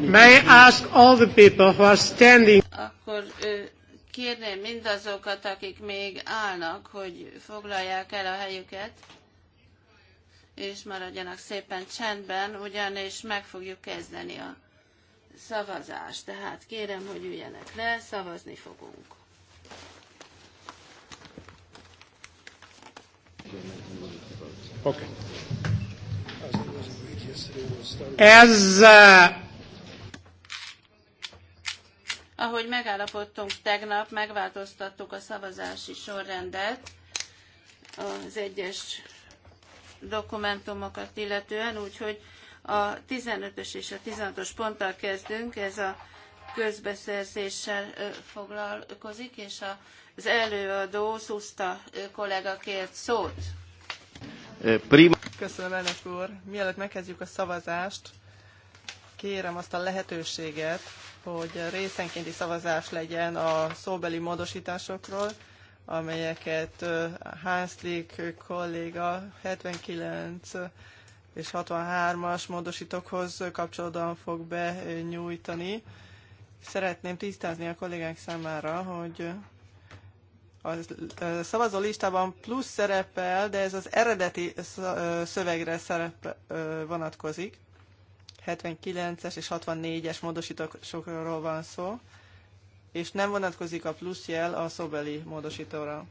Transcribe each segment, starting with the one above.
May I ask all the people who are standing? Akkor kérném mindazokat, akik még állnak, hogy foglalják el a helyüket, és maradjanak szépen csendben, ugyanis meg fogjuk kezdeni a szavazást. Tehát kérem, hogy üljenek le, szavazni fogunk. Okay. Ez... Ahogy megállapodtunk tegnap, megváltoztattuk a szavazási sorrendet az egyes dokumentumokat illetően, úgyhogy a 15-ös és a 16-os ponttal kezdünk, ez a közbeszerzéssel foglalkozik, és az előadó Szuszta kollega kért szót. Prima. Köszönöm, elnök úr. Mielőtt megkezdjük a szavazást, kérem azt a lehetőséget, hogy részenkénti szavazás legyen a szóbeli módosításokról, amelyeket Hánszlik kolléga 79 és 63-as módosítókhoz kapcsolódóan fog benyújtani. Szeretném tisztázni a kollégák számára, hogy a szavazó listában plusz szerepel, de ez az eredeti szövegre szerep vonatkozik. 79-es és 64-es módosítókról van szó, és nem vonatkozik a plusz jel a szóbeli módosítóra.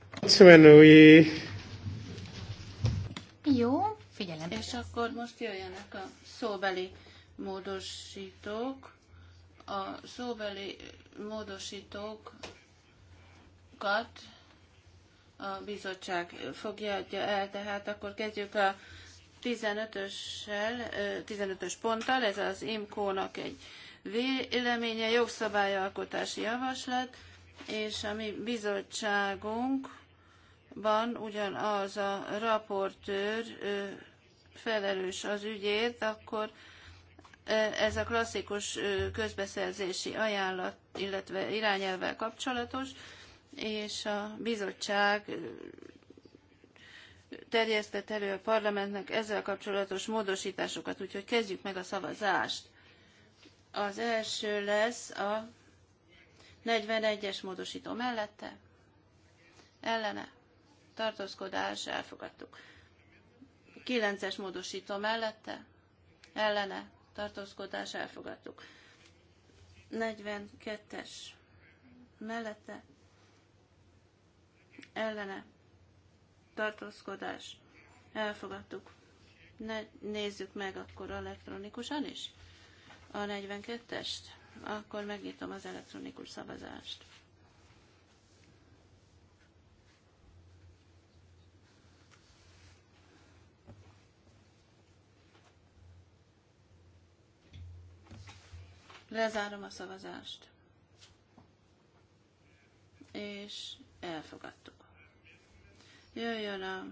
Jó, figyelem. És akkor most jöjjenek a szóbeli módosítók. A szóbeli módosítókat a bizottság adja el, tehát akkor kezdjük a 15-össel, 15-ös ponttal, ez az IMCO-nak egy véleménye, jogszabályalkotási javaslat, és a mi bizottságunkban ugyanaz a raportőr felelős az ügyért, akkor ez a klasszikus közbeszerzési ajánlat, illetve irányelvvel kapcsolatos, és a bizottság terjesztett elő a parlamentnek ezzel kapcsolatos módosításokat, úgyhogy kezdjük meg a szavazást. Az első lesz a 41-es módosító mellette, ellene, tartózkodás, elfogadtuk. 9-es módosító mellette, ellene, tartózkodás, elfogadtuk. 42-es mellette, ellene tartózkodás elfogadtuk. Ne, nézzük meg akkor elektronikusan is a 42-est, akkor megnyitom az elektronikus szavazást. Lezárom a szavazást. És elfogadtuk. Jöjjön a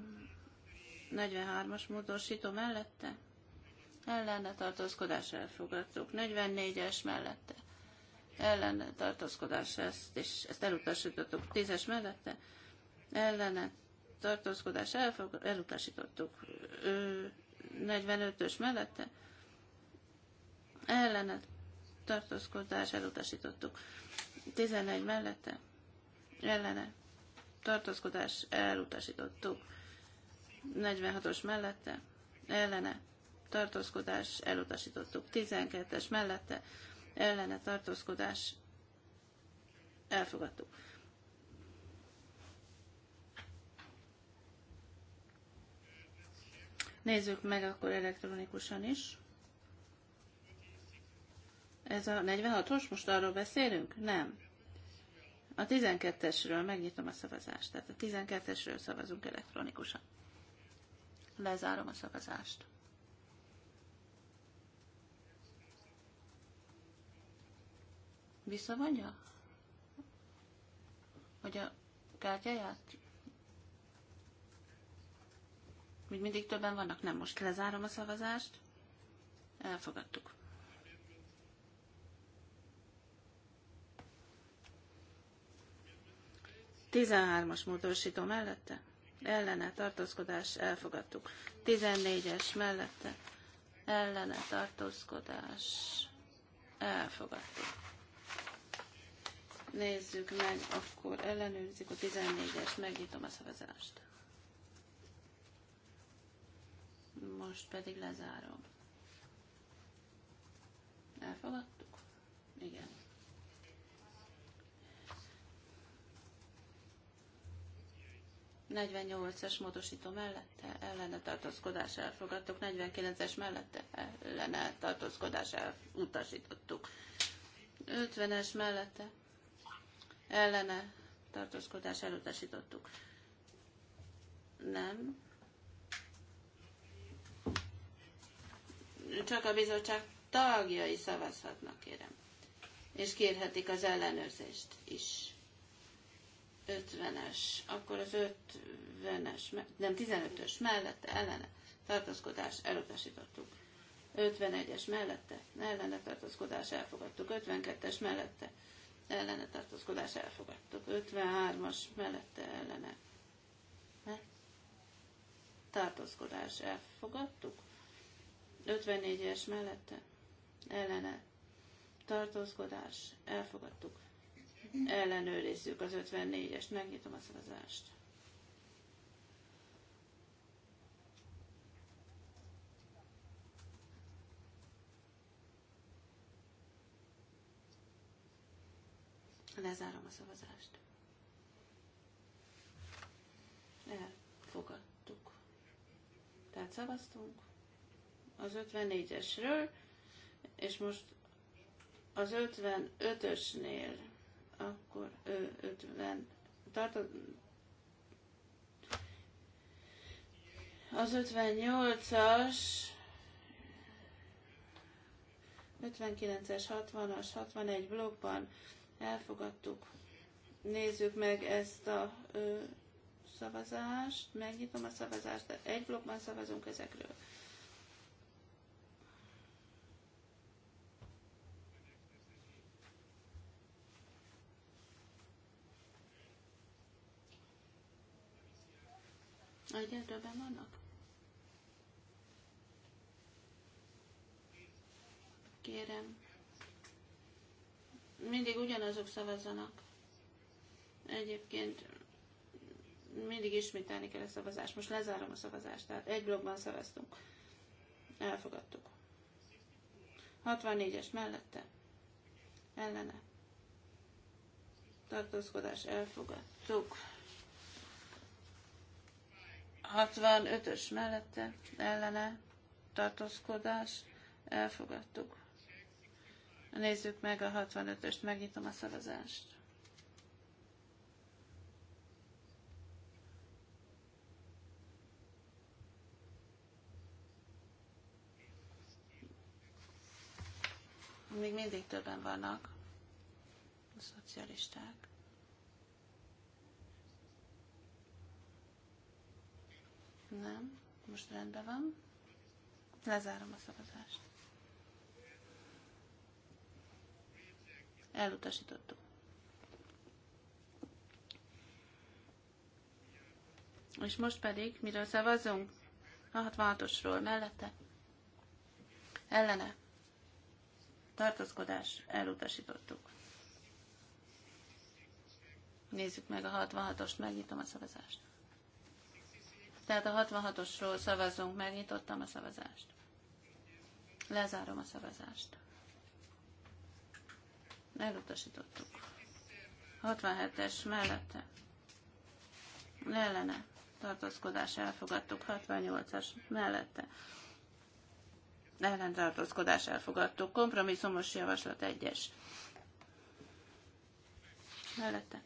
43-as módosító mellette. Ellene tartózkodás elfogadtuk. 44-es mellette. Ellene tartózkodás ezt, és ezt elutasítottuk. 10-es mellette. Ellene tartózkodás elfog, elutasítottuk. 45-ös mellette. Ellene tartózkodás elutasítottuk. 11 mellette. Ellene tartózkodás elutasítottuk. 46-os mellette ellene tartózkodás elutasítottuk. 12-es mellette ellene tartózkodás elfogadtuk. Nézzük meg akkor elektronikusan is. Ez a 46-os, most arról beszélünk? Nem. A 12-esről megnyitom a szavazást. Tehát a 12-esről szavazunk elektronikusan. Lezárom a szavazást. Visszavonja? Hogy a kártyáját? Úgy mindig többen vannak, nem most lezárom a szavazást. Elfogadtuk. 13-as módosító mellette, ellene tartózkodás elfogadtuk. 14-es mellette, ellene tartózkodás elfogadtuk. Nézzük meg, akkor ellenőrzik a 14-es, megnyitom a szavazást. Most pedig lezárom. Elfogadtuk? Igen. 48-as módosító mellette ellene tartózkodás elfogadtuk, 49-es mellette ellene tartózkodás elutasítottuk. 50-es mellette ellene tartózkodás elutasítottuk. Nem. Csak a bizottság tagjai szavazhatnak, kérem. És kérhetik az ellenőrzést is. 50-es, akkor az 50-es, nem 15-ös mellette, ellene tartózkodás elutasítottuk. 51-es mellette, ellene tartózkodás elfogadtuk. 52-es mellette, ellene tartózkodás elfogadtuk. 53-as mellette, ellene tartózkodás elfogadtuk. 54-es mellette, ellene tartózkodás elfogadtuk ellenőrizzük az 54-est, megnyitom a szavazást. Lezárom a szavazást. Elfogadtuk. Tehát szavaztunk az 54-esről, és most az 55-ösnél akkor 50 tartod, az 58-as 59-es, 60-as, 61 blokkban elfogadtuk. Nézzük meg ezt a ö, szavazást. Megnyitom a szavazást, egy blokkban szavazunk ezekről. Egyedül ben vannak? Kérem. Mindig ugyanazok szavazzanak. Egyébként mindig ismételni kell a szavazást. Most lezárom a szavazást, tehát egy blogban szavaztunk. Elfogadtuk. 64-es mellette. Ellene. Tartózkodás elfogadtuk. 65-ös mellette ellene tartózkodás elfogadtuk. Nézzük meg a 65-öst, megnyitom a szavazást. Még mindig többen vannak a szocialisták. Nem, most rendben van. Lezárom a szavazást. Elutasítottuk. És most pedig, miről szavazunk? A 66-osról mellette. Ellene. Tartózkodás. Elutasítottuk. Nézzük meg a 66-ost, megnyitom a szavazást. Tehát a 66-osról szavazzunk, megnyitottam a szavazást. Lezárom a szavazást. Elutasítottuk. 67-es mellette. Ellene. Tartózkodás elfogadtuk. 68-as mellette. Ellen tartózkodás elfogadtuk. Kompromisszumos javaslat 1-es. Mellette.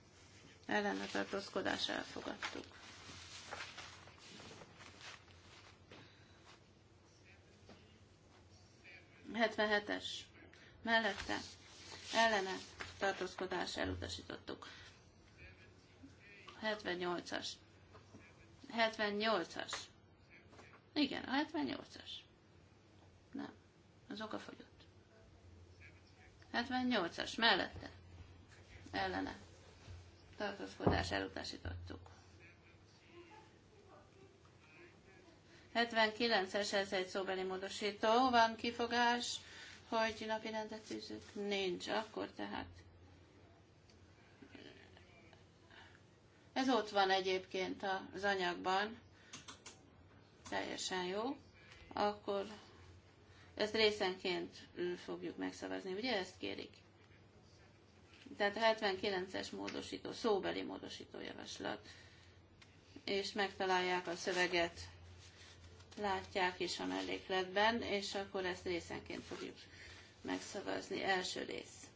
Ellene tartózkodás elfogadtuk. 77-es mellette ellene tartózkodás elutasítottuk. 78-as. 78-as. Igen, a 78-as. Nem, az oka fogyott. 78-as mellette ellene tartózkodás elutasítottuk. 79-es, ez egy szóbeli módosító. Van kifogás, hogy napi rendet tűzünk? Nincs. Akkor tehát Ez ott van egyébként az anyagban. Teljesen jó. Akkor ezt részenként fogjuk megszavazni. Ugye ezt kérik? Tehát 79-es módosító, szóbeli módosító javaslat. És megtalálják a szöveget látják is a mellékletben, és akkor ezt részenként fogjuk megszavazni. Első rész.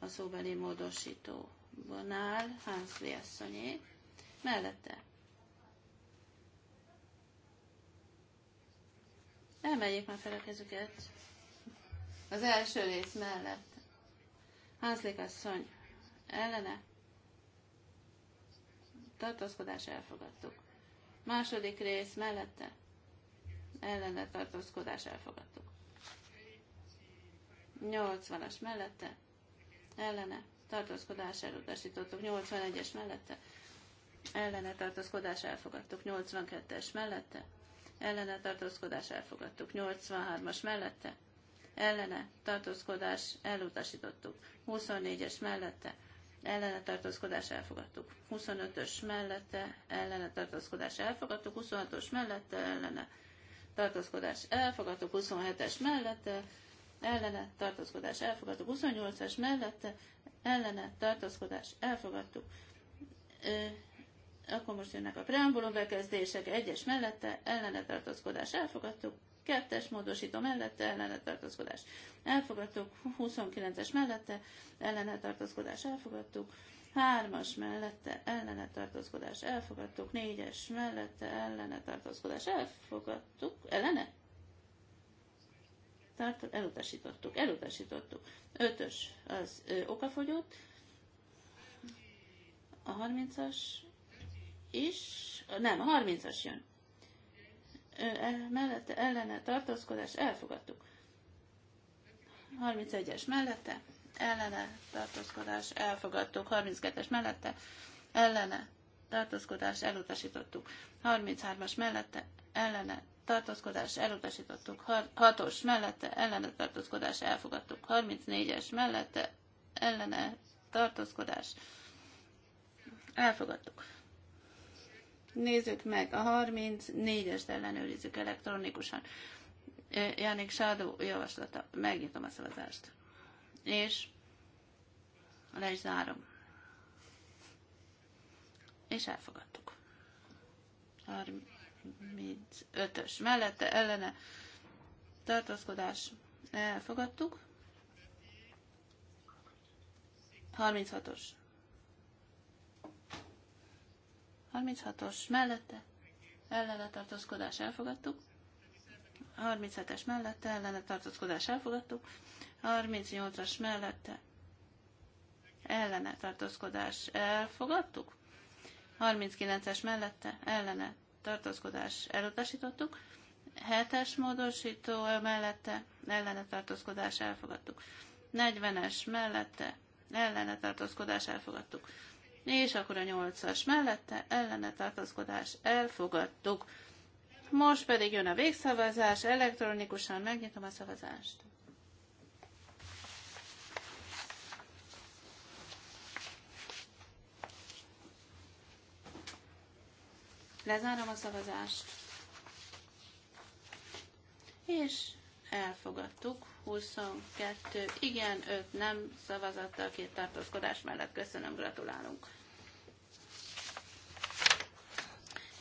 A szóbeli módosító vonál, Hans asszonyé. Mellette. Emeljék már fel a kezüket. Az első rész mellett. Hans asszony. Ellene. Tartózkodás elfogadtuk. Második rész mellette ellene tartózkodás elfogadtuk. 80-as mellette ellene tartózkodás elutasítottuk. 81-es mellette ellene tartózkodás elfogadtuk. 82-es mellette ellene tartózkodás elfogadtuk. 83-as mellette ellene tartózkodás elutasítottuk. 24-es mellette ellene tartózkodás elfogadtuk. 25-ös mellette ellene tartózkodás elfogadtuk, 26-os mellette ellene tartózkodás elfogadtuk, 27-es mellette ellene tartózkodás elfogadtuk, 28-as mellette ellene tartózkodás elfogadtuk. Ö, akkor most jönnek a preambulum bekezdések, egyes mellette ellene tartózkodás elfogadtuk, Kettes módosító mellette ellenetartozkodás. elfogadtuk. 29-es mellette ellenetartozkodás. elfogadtuk. 3-as mellette ellenetartozkodás. elfogadtuk. 4-es mellette ellenetartozkodás. elfogadtuk. Ellene? Tart, elutasítottuk, elutasítottuk. 5-ös az ö, okafogyott. A 30-as is, nem, a 30-as jön. E, mellette ellene tartózkodás elfogadtuk. 31-es mellette ellene tartózkodás elfogadtuk. 32-es mellette ellene tartózkodás elutasítottuk. 33-as mellette ellene tartózkodás elutasítottuk. 6-os mellette ellene tartózkodás elfogadtuk. 34-es mellette ellene tartózkodás elfogadtuk. Nézzük meg, a 34-est ellenőrizzük elektronikusan. E, Jánik Sádó javaslata. Megnyitom a szavazást. És le is zárom. És elfogadtuk. 35-ös mellette ellene tartózkodás elfogadtuk. 36-os 36-os mellette ellene tartózkodás elfogadtuk. 37-es mellette ellene tartózkodás elfogadtuk. 38-as mellette ellene tartózkodás elfogadtuk. 39-es mellette ellene tartózkodás elutasítottuk. 7-es módosító mellette ellene tartózkodás elfogadtuk. 40-es mellette ellene tartózkodás elfogadtuk és akkor a nyolcas mellette ellene tartozkodás elfogadtuk. Most pedig jön a végszavazás, elektronikusan megnyitom a szavazást. Lezárom a szavazást. És elfogadtuk. 22 igen, 5 nem szavazattal, két tartózkodás mellett. Köszönöm, gratulálunk.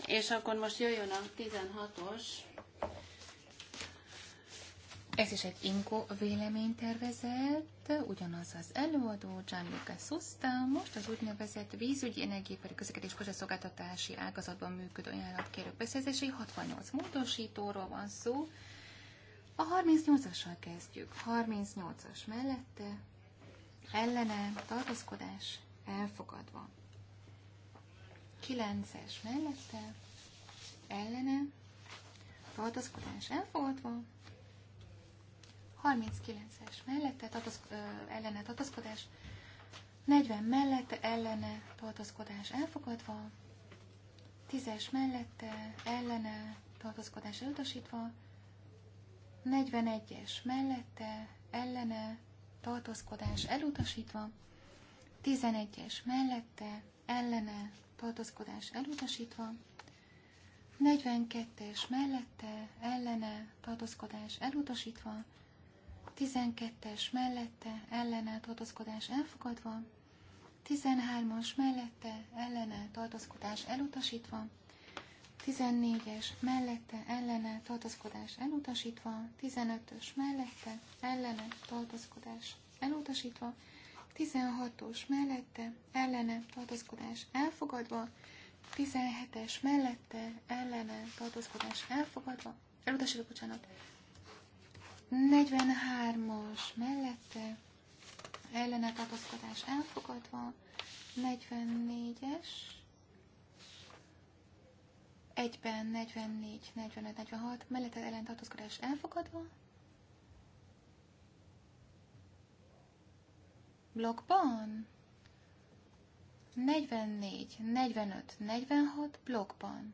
És akkor most jöjjön a 16-os. Ez is egy Inko véleménytervezet, ugyanaz az előadó, Gianluca Susta, most az úgynevezett vízügyi energiaipari közlekedés közösszolgáltatási ágazatban működő ajánlatkérők beszerzései 68 módosítóról van szó. A 38-assal kezdjük. 38-as mellette, ellene, tartózkodás, elfogadva. 9-es mellette, ellene, tartozkodás elfogadva, 39-es mellette, tartozk, ö, ellene tartozkodás, 40 mellette, ellene tartozkodás elfogadva, 10-es mellette, ellene tartozkodás elutasítva, 41-es mellette, ellene tartózkodás elutasítva, 11-es mellette, ellene tartózkodás elutasítva, 42-es mellette, ellene, tartózkodás elutasítva, 12-es mellette, ellene, tartózkodás elfogadva, 13-as mellette, ellene, tartózkodás elutasítva, 14-es mellette, ellene, tartózkodás elutasítva, 15-ös mellette, ellene, tartózkodás elutasítva, 16-os mellette, ellene, tartózkodás elfogadva, 17-es mellette, ellene, tartózkodás elfogadva, elutasítok, bocsánat, 43-as mellette, ellene tartózkodás elfogadva, 44-es, egyben 44, 45, 46, mellette ellen tartózkodás elfogadva, Blokkban? 44, 45, 46 blokkban.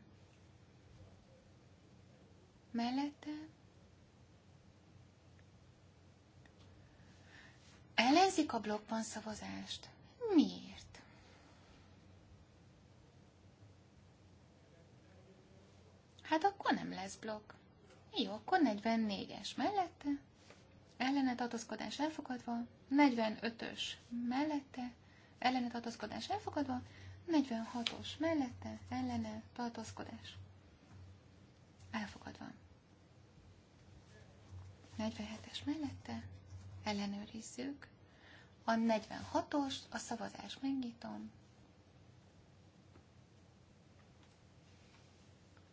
Mellette? Ellenzik a blokkban szavazást. Miért? Hát akkor nem lesz blokk. Jó, akkor 44-es mellette ellene tartózkodás elfogadva, 45-ös mellette, ellene tartózkodás elfogadva, 46-os mellette, ellene tartózkodás elfogadva. 47-es mellette ellenőrizzük. A 46-os, a szavazás megnyitom.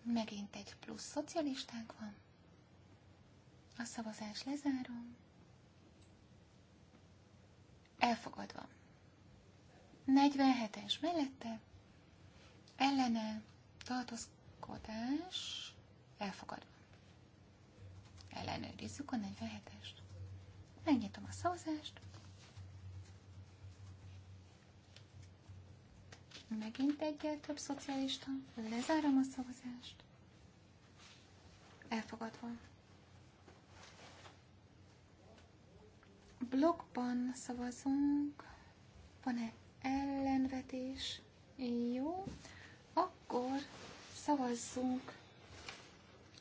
Megint egy plusz szocialistánk van. A szavazás lezárom. Elfogadva. 47-es mellette. Ellene tartózkodás. Elfogadva. Ellenőrizzük a 47-est. Megnyitom a szavazást. Megint egyel több szocialista. Lezárom a szavazást. Elfogadva. Blogban szavazunk. Van-e ellenvetés? Jó. Akkor szavazzunk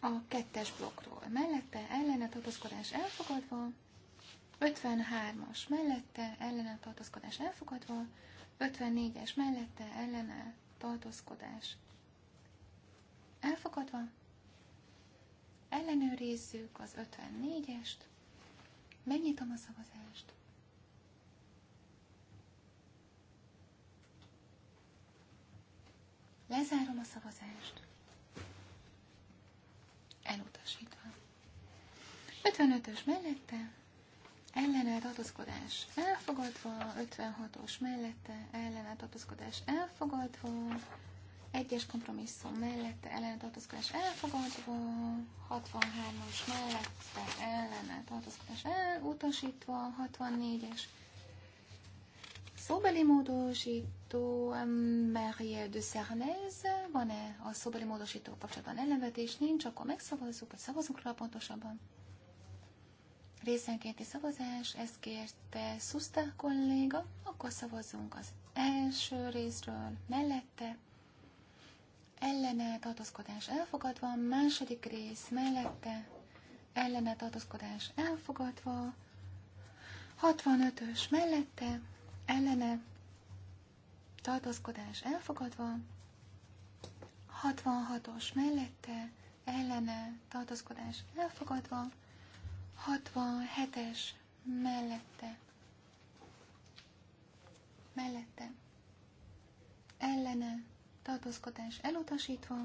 a kettes blokkról. Mellette ellene tartózkodás elfogadva. 53-as mellette ellene tartózkodás elfogadva. 54-es mellette ellene tartózkodás elfogadva. Ellenőrizzük az 54-est. Megnyitom a szavazást. Lezárom a szavazást. Elutasítva. 55-ös mellette, ellene tartózkodás elfogadva, 56-os mellette, ellene tartózkodás elfogadva, egyes kompromisszum mellette ellentartozkodás elfogadva, 63-as mellette ellene tartozkodás elutasítva, 64-es szóbeli módosító Marie de Cernez, van-e a szóbeli módosító kapcsolatban ellenvetés? Nincs, akkor megszavazzuk, vagy szavazunk rá pontosabban. Részenkénti szavazás, ezt kérte Szuszta kolléga, akkor szavazzunk az első részről, mellette, ellene tartózkodás elfogadva, második rész mellette ellene tartózkodás elfogadva, 65-ös mellette ellene tartózkodás elfogadva, 66-os mellette ellene tartózkodás elfogadva, 67-es mellette mellette ellene tartózkodás elutasítva.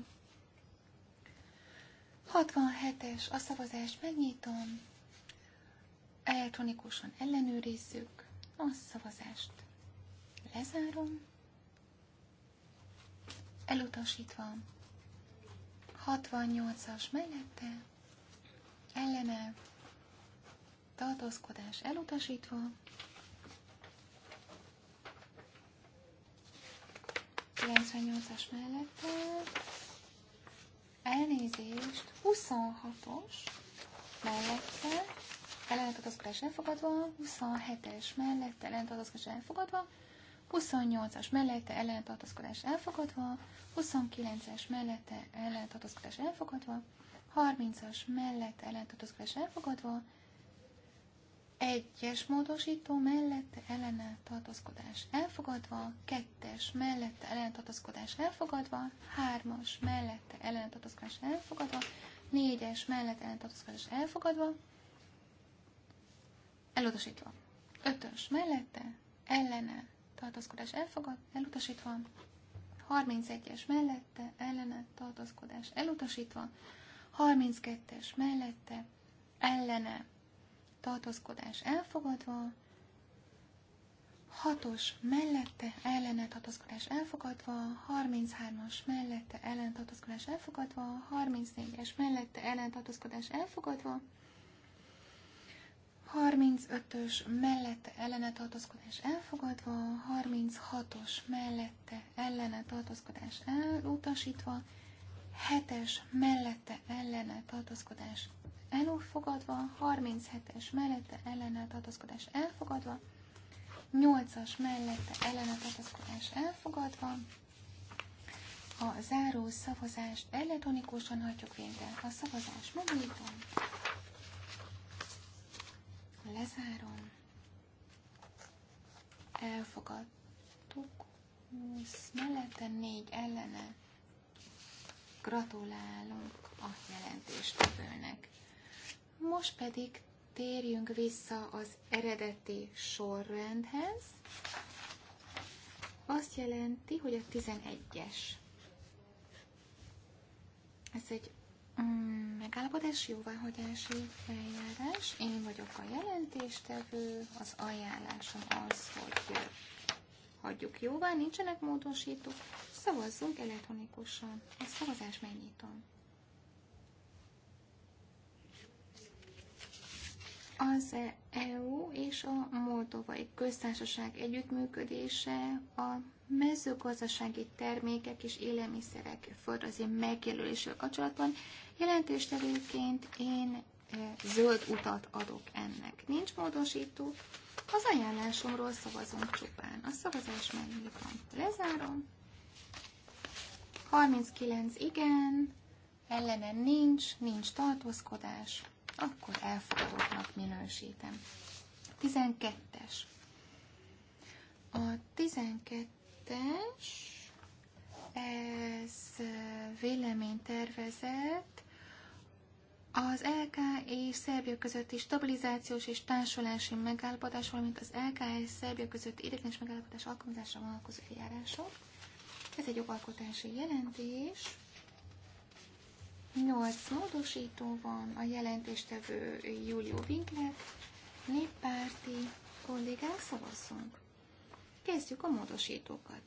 67-es, a szavazást megnyitom, elektronikusan ellenőrizzük, a szavazást lezárom, elutasítva. 68-as mellette, ellene, tartózkodás elutasítva, 98-as mellette. Elnézést. 26-os mellette. Ellentartozkodás elfogadva. 27-es mellette. Ellentartozkodás elfogadva. 28-as mellette ellentartozkodás elfogadva, 29-es mellette ellentartozkodás elfogadva, 30-as mellette ellentartozkodás elfogadva, egyes módosító mellette ellene tartózkodás elfogadva, kettes mellette ellene tartózkodás elfogadva, hármas mellette ellene tartózkodás elfogadva, négyes mellette ellene tartózkodás elfogadva, elutasítva. Ötös mellette ellene tartózkodás elfogad, elutasítva, 31-es mellette ellene tartózkodás elutasítva, 32-es mellette ellene tartózkodás elfogadva, hatos mellette ellene tartózkodás elfogadva, 33-as mellette ellen tartózkodás elfogadva, 34-es mellette ellen tartózkodás elfogadva, 35-ös mellette ellene tartózkodás elfogadva, 36-os mellette ellene tartózkodás elutasítva, 7-es mellette ellene tartózkodás elfogadva, 37-es mellette ellene tartózkodás elfogadva, 8-as mellette ellene tartózkodás elfogadva, a záró szavazást elektronikusan hagyjuk végre. A szavazás megnyitom, lezárom, elfogadtuk, 20 mellette 4 ellene Gratulálunk a jelentéstevőnek. Most pedig térjünk vissza az eredeti sorrendhez. Azt jelenti, hogy a 11-es. Ez egy mm, megállapodás, jóváhagyási eljárás. Én vagyok a jelentéstevő, az ajánlásom az, hogy hagyjuk jóvá, nincsenek módosítók. Szavazzunk elektronikusan. A szavazás megnyitom. Az EU és a Moldovai Köztársaság együttműködése a mezőgazdasági termékek és élelmiszerek földrajzi megjelölésével kapcsolatban jelentéstevőként én e, zöld utat adok ennek. Nincs módosító, az ajánlásomról szavazunk csupán. A szavazás megnyitom, lezárom. 39 igen, ellene nincs, nincs tartózkodás, akkor elfogadóknak minősítem. 12-es. A 12-es, ez véleménytervezet, az LK és Szerbia közötti stabilizációs és társulási megállapodás, valamint az LK és Szerbia közötti ideiglenes megállapodás alkalmazásra vonatkozó eljárások. Ez egy jogalkotási jelentés. Nyolc módosító van, a jelentéstevő Júlió Winkler, néppárti kollégák szavazzunk. Kezdjük a módosítókat.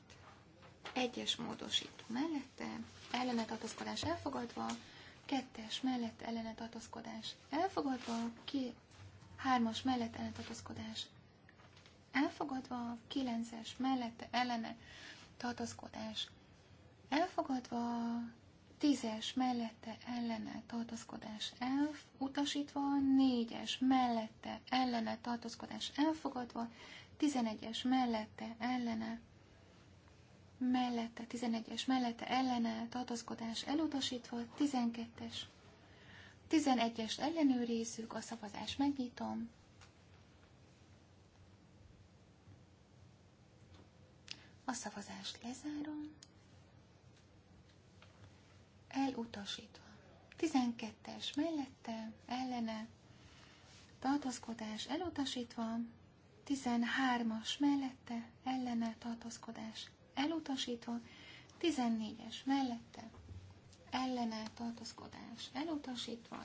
Egyes módosító mellette, ellene tartózkodás elfogadva, kettes mellett ellene tartózkodás elfogadva, ki hármas mellett ellene tartózkodás elfogadva, kilences mellette ellene tartózkodás elfogadva, tízes mellette ellene tartózkodás elf, utasítva, négyes mellette ellene tartózkodás elfogadva, tizenegyes mellette ellene mellette, tizenegyes mellette ellene tartózkodás elutasítva, tizenkettes es 11-est ellenőrizzük, a szavazás megnyitom. A szavazást lezárom. Elutasítva. 12-es mellette, ellene, tartózkodás elutasítva, 13-as mellette, ellene, tartózkodás elutasítva, 14-es mellette, ellene, tartózkodás elutasítva,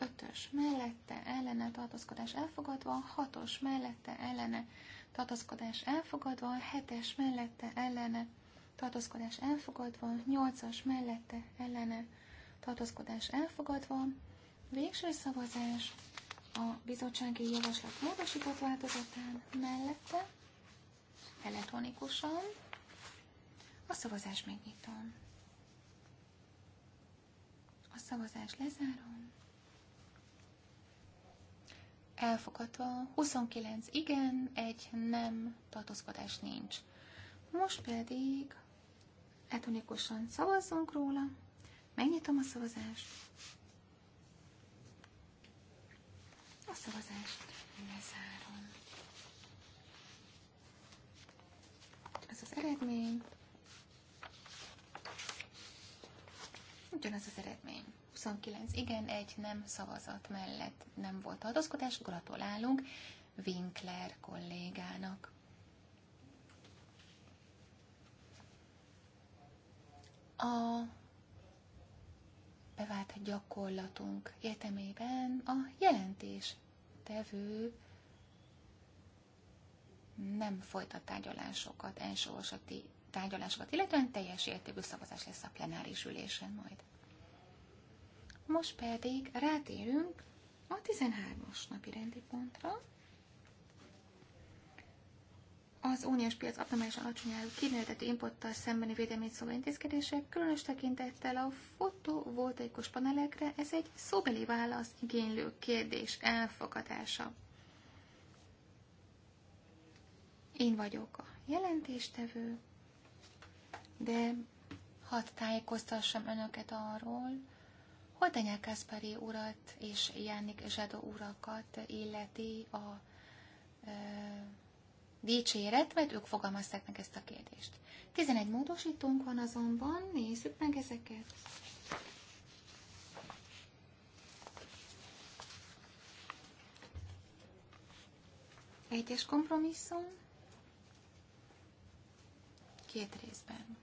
5-ös mellette, ellene, tartózkodás elfogadva, 6-os mellette, ellene, tartózkodás elfogadva, 7-es mellette ellene, tartózkodás elfogadva, 8-as mellette ellene, tartózkodás elfogadva, végső szavazás a bizottsági javaslat módosított változatán mellette, elektronikusan, a szavazás megnyitom. A szavazás lezárom elfogadva, 29 igen, egy nem, tartózkodás nincs. Most pedig etonikusan szavazzunk róla, megnyitom a szavazást, a szavazást lezárom. Ez az eredmény, ugyanaz az eredmény. 29 igen, egy nem szavazat mellett nem volt tartózkodás. Gratulálunk Winkler kollégának. A bevált gyakorlatunk értelmében a jelentés tevő nem folytat tárgyalásokat, elsősorosati tárgyalásokat, illetően teljes értékű szavazás lesz a plenáris ülésen majd. Most pedig rátérünk a 13-as napi rendi pontra. Az uniós piac abnormálisan alacsony áru kínáltató importtal szembeni védelmét szóló intézkedések, különös tekintettel a fotovoltaikus panelekre, ez egy szóbeli válasz igénylő kérdés elfogadása. Én vagyok a jelentéstevő, de hadd tájékoztassam önöket arról, Holtanyák Kaspari urat és Jánik Zsadó urakat illeti a e, dicséret, vagy ők fogalmazták meg ezt a kérdést. 11 módosítónk van azonban, nézzük meg ezeket. Egyes kompromisszum, két részben.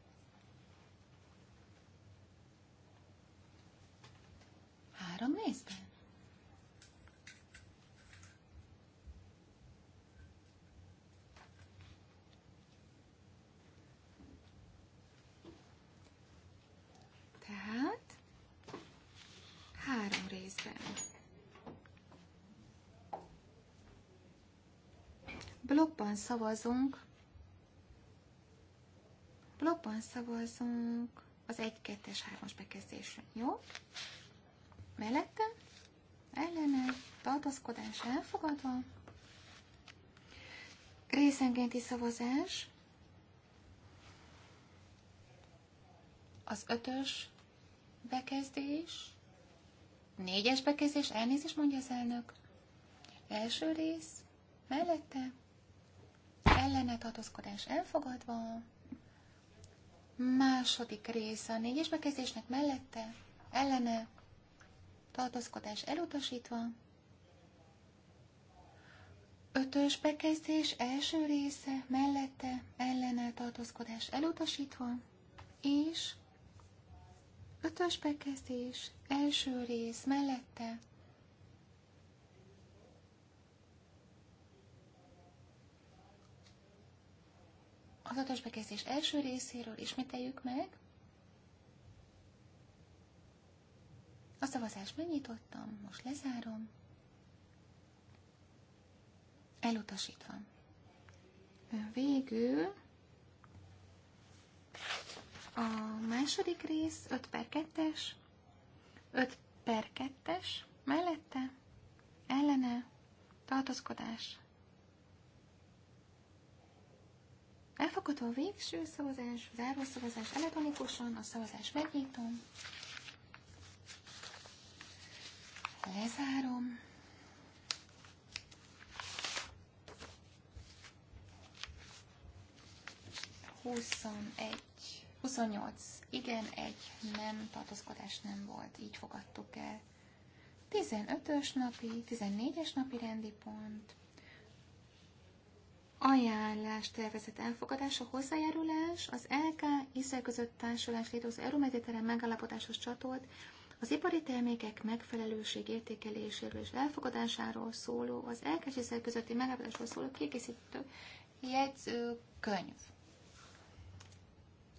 Három részben? Tehát három részben. Blokkban szavazunk. Blokkban szavazunk az 1, 2-es, 3-as bekezdésre. Jó? mellette, ellene, tartózkodás elfogadva, részenkénti szavazás, az ötös bekezdés, négyes bekezdés, elnézést mondja az elnök, első rész, mellette, ellene tartózkodás elfogadva, második rész a négyes bekezdésnek mellette, ellene tartózkodás elutasítva. Ötös bekezdés első része mellette ellene tartózkodás elutasítva, és ötös bekezdés első rész mellette az ötös bekezdés első részéről ismételjük meg, szavazást megnyitottam, most lezárom. Elutasítva. Végül a második rész 5 per 2-es, 5 per 2-es, mellette, ellene, tartozkodás. Elfogadó a végső szavazás, zárva szavazás elektronikusan, a szavazás megnyitom. Lezárom. Huszonegy, 28, igen, egy nem, tartozkodás nem volt, így fogadtuk el. 15-ös napi, 14-es napi rendi pont, ajánlás tervezett elfogadása, hozzájárulás, az LK Izrael között társulás az Euromediterrán megállapodáshoz csatolt az ipari termékek megfelelőség értékeléséről és elfogadásáról szóló, az elkezdések közötti megállapodásról szóló kiegészítő jegyzőkönyv.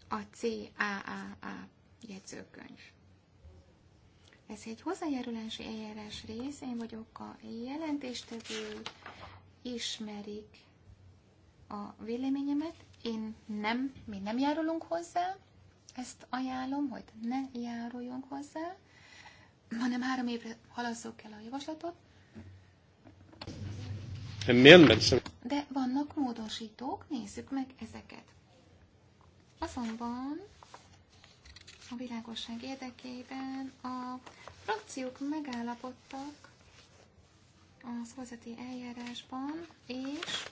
A CAAA jegyzőkönyv. Ez egy hozzájárulási eljárás rész, én vagyok a jelentéstevő, ismerik a véleményemet, én nem, mi nem járulunk hozzá, ezt ajánlom, hogy ne járuljunk hozzá hanem három évre halasszuk el a javaslatot. De vannak módosítók, nézzük meg ezeket. Azonban a világosság érdekében a frakciók megállapodtak a szavazati eljárásban, és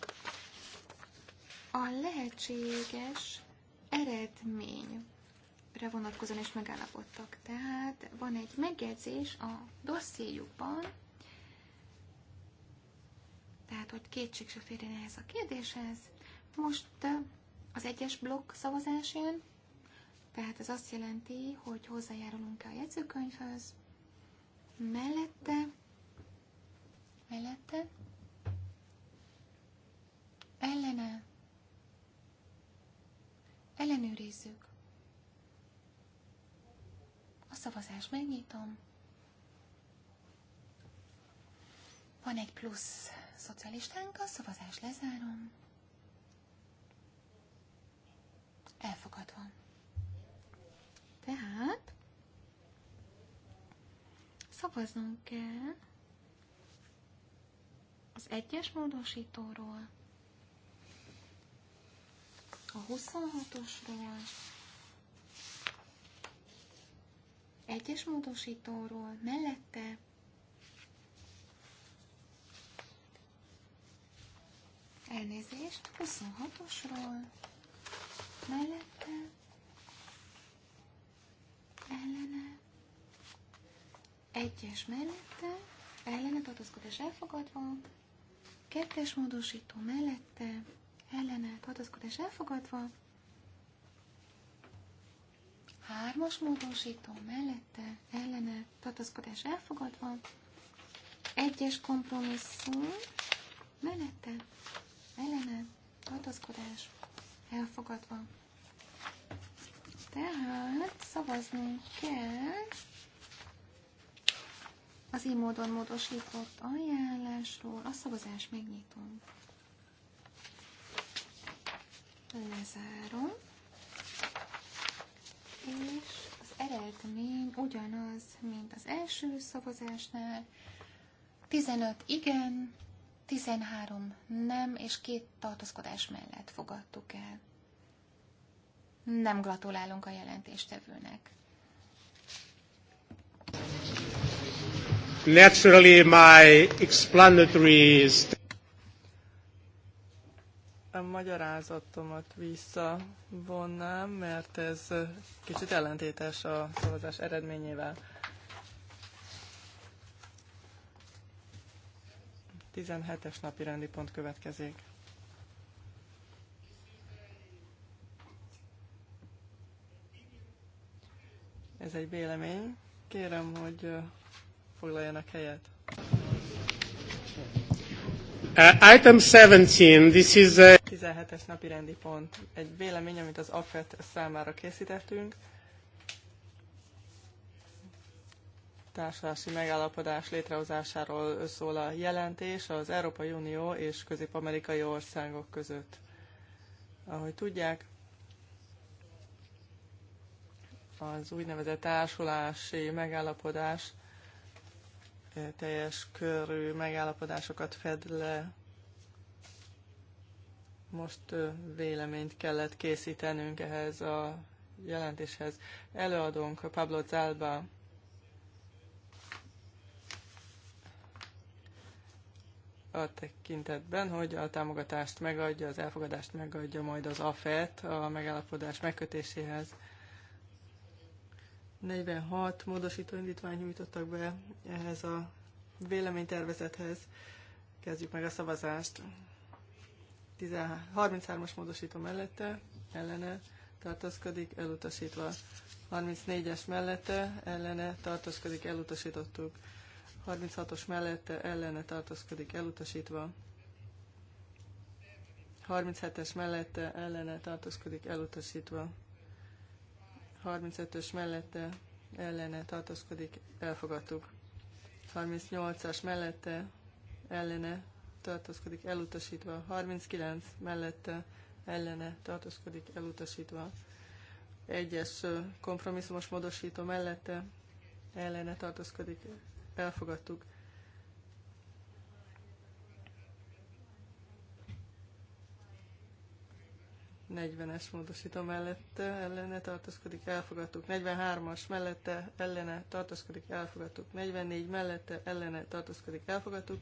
a lehetséges eredmény re vonatkozóan is megállapodtak. Tehát van egy megjegyzés a dossziéjukban, tehát hogy kétség se férjen ehhez a kérdéshez. Most az egyes blokk szavazás jön, tehát ez azt jelenti, hogy hozzájárulunk-e a jegyzőkönyvhöz, mellette, mellette, ellene, ellenőrizzük. Szavazás megnyitom. Van egy plusz szocialistánk, a szavazás lezárom. Elfogadva. Tehát szavaznunk kell az egyes módosítóról, a 26-osról, egyes módosítóról mellette elnézést 26-osról mellette ellene egyes mellette ellene tartozkodás elfogadva kettes módosító mellette ellene tartozkodás elfogadva Hármas módosító mellette ellene tartózkodás elfogadva. Egyes kompromisszum mellette ellene tartózkodás elfogadva. Tehát szavaznunk kell az így módon módosított ajánlásról. A szavazás megnyitom. Lezárom és az eredmény ugyanaz, mint az első szavazásnál. 15 igen, 13 nem, és két tartózkodás mellett fogadtuk el. Nem gratulálunk a jelentéstevőnek. Naturally, my explanatory a magyarázatomat visszavonnám, mert ez kicsit ellentétes a szavazás eredményével. 17-es napi rendi pont következik. Ez egy vélemény. Kérem, hogy foglaljanak helyet. Uh, item 17, this is a... Uh, 17-es napi rendi pont. Egy vélemény, amit az AFET számára készítettünk. Társulási megállapodás létrehozásáról szól a jelentés az Európai Unió és közép-amerikai országok között. Ahogy tudják, az úgynevezett társulási megállapodás eh, teljes körű megállapodásokat fed le most véleményt kellett készítenünk ehhez a jelentéshez. Előadónk Pablo Zálba a tekintetben, hogy a támogatást megadja, az elfogadást megadja majd az AFET a megállapodás megkötéséhez. 46 módosító indítványt nyújtottak be ehhez a véleménytervezethez. Kezdjük meg a szavazást. 33-as módosító mellette, ellene tartózkodik, elutasítva. 34-es mellette, ellene tartózkodik, elutasítottuk. 36-os mellette, ellene tartózkodik, elutasítva. 37-es mellette, ellene tartózkodik, elutasítva. 35-ös mellette, ellene tartózkodik, elfogadtuk. 38-as mellette, ellene tartózkodik elutasítva, 39 mellette ellene tartózkodik elutasítva, egyes kompromisszumos módosító mellette ellene tartózkodik, elfogadtuk. Negyvenes módosító mellette ellene tartózkodik, elfogadtuk. 43-as mellette ellene tartózkodik, elfogadtuk. 44 mellette ellene tartózkodik, elfogadtuk.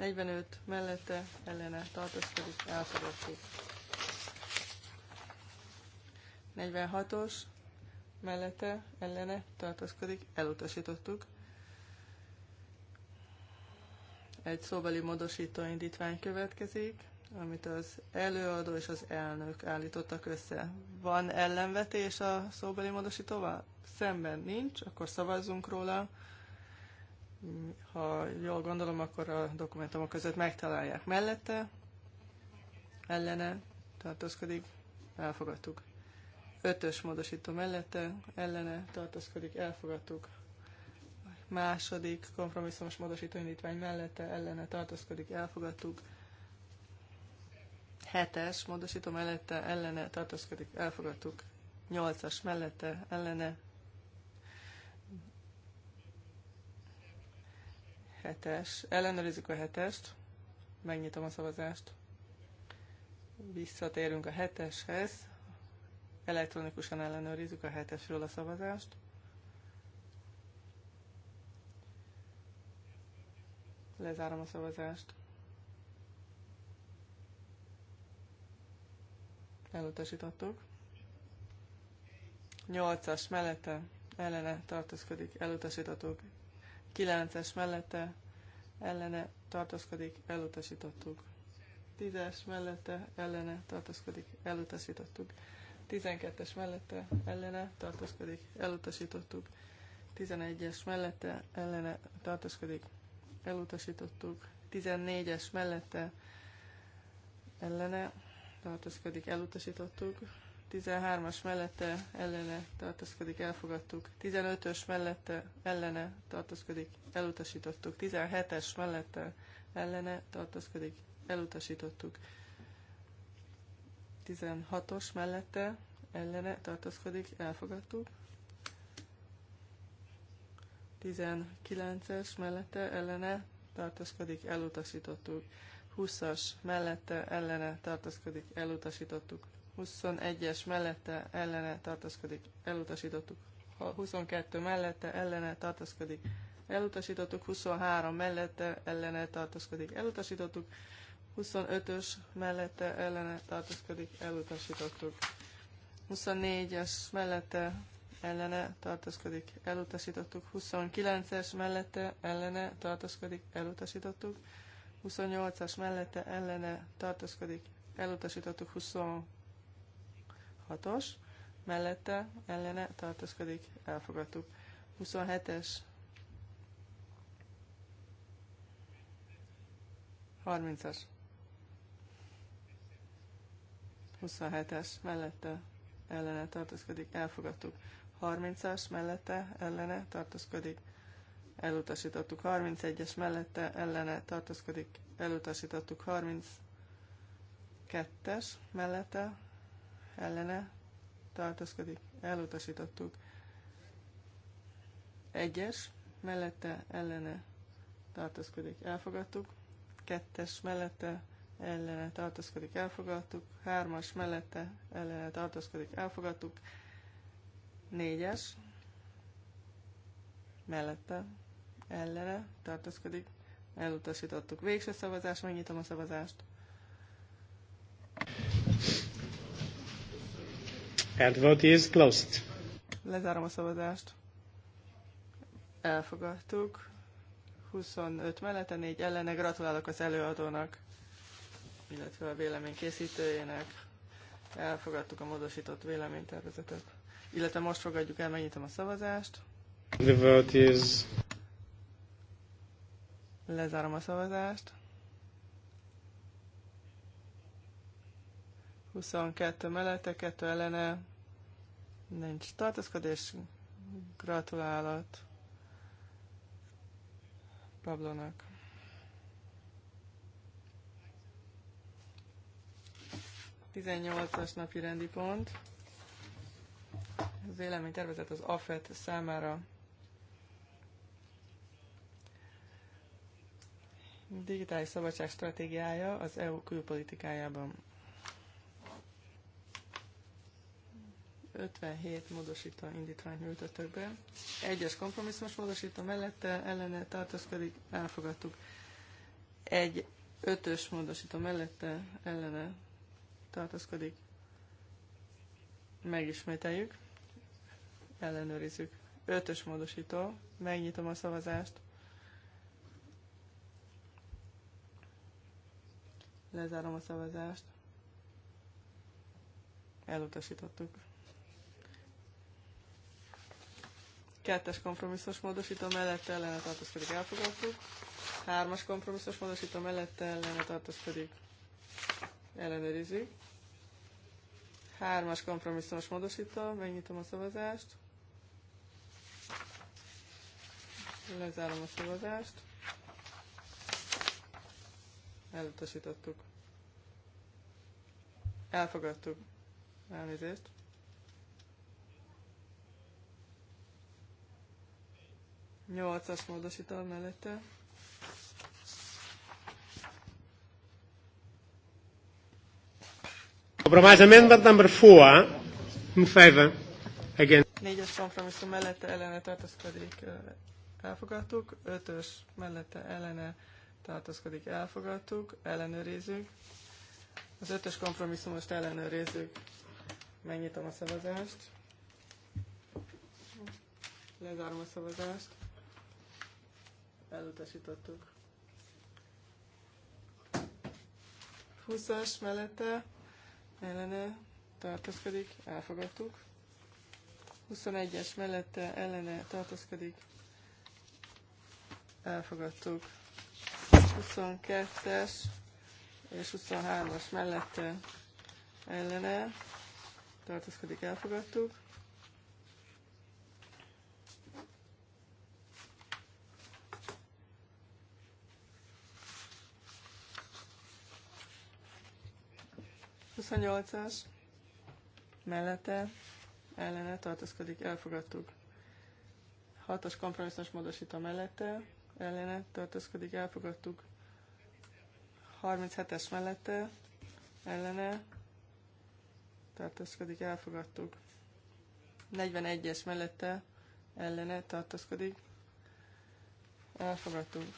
45 mellette ellene tartózkodik, elfogadtuk. 46-os mellette ellene tartózkodik, elutasítottuk. Egy szóbeli módosító indítvány következik, amit az előadó és az elnök állítottak össze. Van ellenvetés a szóbeli módosítóval? Szemben nincs, akkor szavazzunk róla ha jól gondolom, akkor a dokumentumok között megtalálják mellette, ellene tartózkodik, elfogadtuk. Ötös módosító mellette, ellene tartózkodik, elfogadtuk. Második kompromisszumos módosító indítvány mellette, ellene tartózkodik, elfogadtuk. Hetes módosító mellette, ellene tartózkodik, elfogadtuk. Nyolcas mellette, ellene Hetes. Ellenőrizzük a hetest. Megnyitom a szavazást. Visszatérünk a heteshez. Elektronikusan ellenőrizzük a hetesről a szavazást. Lezárom a szavazást. Elutasítottuk. 8-as mellette ellene tartózkodik, elutasítottuk. 9-es mellette ellene tartozkodik elutasítottuk. 10-es mellette ellene tartozkodik elutasítottuk. 12-es mellette ellene tartozkodik elutasítottuk. 11-es mellette ellene tartozkodik elutasítottuk. 14-es mellette ellene tartozkodik elutasítottuk. 13-as mellette ellene tartózkodik, elfogadtuk. 15-ös mellette ellene tartózkodik, elutasítottuk. 17-es mellette ellene tartózkodik, elutasítottuk. 16-os mellette ellene tartózkodik, elfogadtuk. 19-es mellette ellene tartózkodik, elutasítottuk. 20-as mellette ellene tartózkodik, elutasítottuk. 21-es mellette ellene tartózkodik, elutasítottuk. 22 mellette ellene tartózkodik, elutasítottuk. 23 mellette ellene tartózkodik, elutasítottuk. 25-ös mellette ellene tartózkodik, elutasítottuk. 24-es mellette ellene tartózkodik, elutasítottuk. 29-es mellette ellene tartózkodik, elutasítottuk. 28-as mellette ellene tartózkodik, elutasítottuk. 20 26-os mellette ellene tartózkodik, elfogadtuk. 27-es 30-as 27-es mellette ellene tartózkodik, elfogadtuk. 30-as mellette ellene tartózkodik, elutasítottuk. 31-es mellette ellene tartózkodik, elutasítottuk. 32 kettes mellette ellene tartózkodik, elutasítottuk. Egyes, mellette ellene tartózkodik, elfogadtuk. Kettes, mellette ellene tartózkodik, elfogadtuk. Hármas, mellette ellene tartózkodik, elfogadtuk. Négyes, mellette ellene tartózkodik, elutasítottuk. Végső szavazás, megnyitom a szavazást. And vote is closed. Lezárom a szavazást. Elfogadtuk. 25 mellette, 4 ellene. Gratulálok az előadónak, illetve a vélemény készítőjének. Elfogadtuk a módosított véleménytervezetet. Illetve most fogadjuk el, megnyitom a szavazást. The vote is... Lezárom a szavazást. 22 mellette, 2 ellene, Nincs tartózkodás. Gratulálat Pablonak. Tizennyolcas napi rendi pont. Véleménytervezet az AFET számára. Digitális szabadság stratégiája az EU külpolitikájában. 57 módosító indítványt nyújtottak be. Egyes kompromisszumos módosító mellette ellene tartózkodik, elfogadtuk. Egy ötös módosító mellette ellene tartózkodik. Megismételjük, ellenőrizzük. Ötös módosító, megnyitom a szavazást. Lezárom a szavazást. Elutasítottuk. Kettes kompromisszos módosító mellett ellene pedig elfogadtuk. Hármas kompromisszos módosító mellett ellene pedig ellenőrizzük. Hármas kompromisszos módosító, megnyitom a szavazást. Lezárom a szavazást. Elutasítottuk. Elfogadtuk. Elnézést. 8-as módosító mellette. Compromise amendment number 4, in favor, again. 4-es kompromisszum mellette ellene tartozkodik elfogadtuk. 5-ös mellette ellene tartozkodik elfogadtuk. Ellenőrizzük. Az 5-ös kompromisszumost ellenőrizzük. Megnyitom a szavazást. Lezárom a szavazást elutasítottuk. 20-as mellette ellene tartozkodik, elfogadtuk. 21-es mellette ellene tartozkodik, elfogadtuk. 22-es és 23-as mellette ellene tartozkodik, elfogadtuk. 28-as mellette ellene tartózkodik, elfogadtuk. 6 as kompromisszumos módosító mellette ellene tartózkodik, elfogadtuk. 37-es mellette ellene tartózkodik, elfogadtuk. 41-es mellette ellene tartózkodik, elfogadtuk.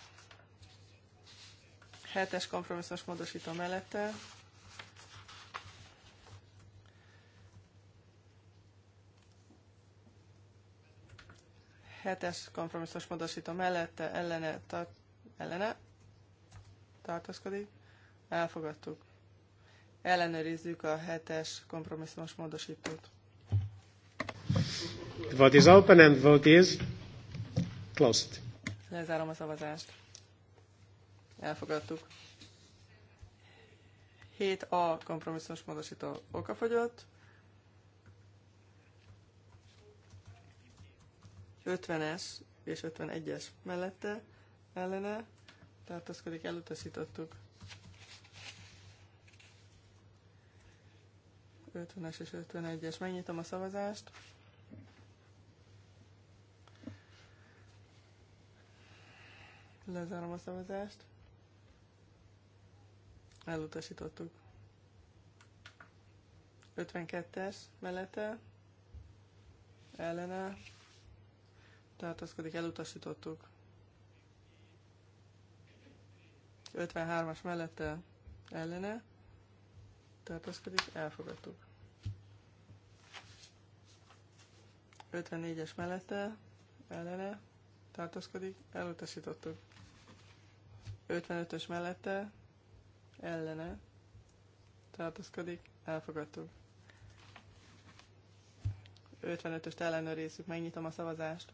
7-es kompromisszumos módosító mellette hetes kompromisszos módosító mellette ellene, tar- ellene tartózkodik. Elfogadtuk. Ellenőrizzük a hetes kompromisszumos módosítót. Vote is open and vote is closed. Lezárom a szavazást. Elfogadtuk. 7A kompromisszumos módosító okafogyott. 50-es és 51-es mellette ellene pedig elutasítottuk. 50-es és 51-es. Megnyitom a szavazást. Lezárom a szavazást. Elutasítottuk. 52-es mellette ellene tartózkodik, elutasítottuk. 53-as mellette ellene tartózkodik, elfogadtuk. 54-es mellette ellene tartózkodik, elutasítottuk. 55-ös mellette ellene tartózkodik, elfogadtuk. 55-öst ellenőrizzük, megnyitom a szavazást.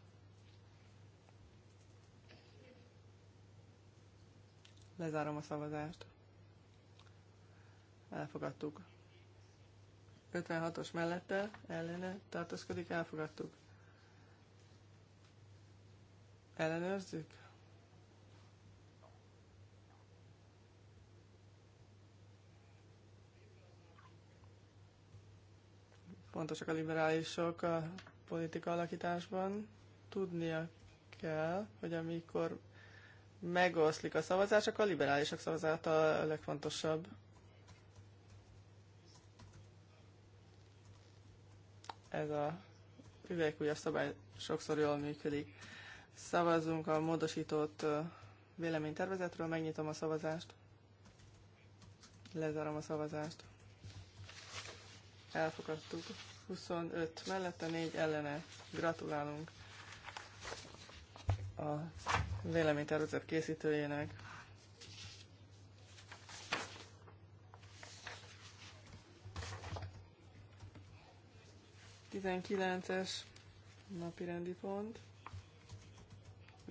Lezárom a szavazást. Elfogadtuk. 56-os mellette, ellene tartózkodik, elfogadtuk. Ellenőrzzük? Fontosak a liberálisok a politika alakításban. Tudnia kell, hogy amikor megoszlik a szavazás, akkor a liberálisok szavazata a legfontosabb. Ez a üvegkújas szabály sokszor jól működik. Szavazunk a módosított véleménytervezetről, megnyitom a szavazást. Lezárom a szavazást. Elfogadtuk. 25 mellette, 4 ellene. Gratulálunk a véleménytervezet készítőjének. Tizenkilences napi rendi pont.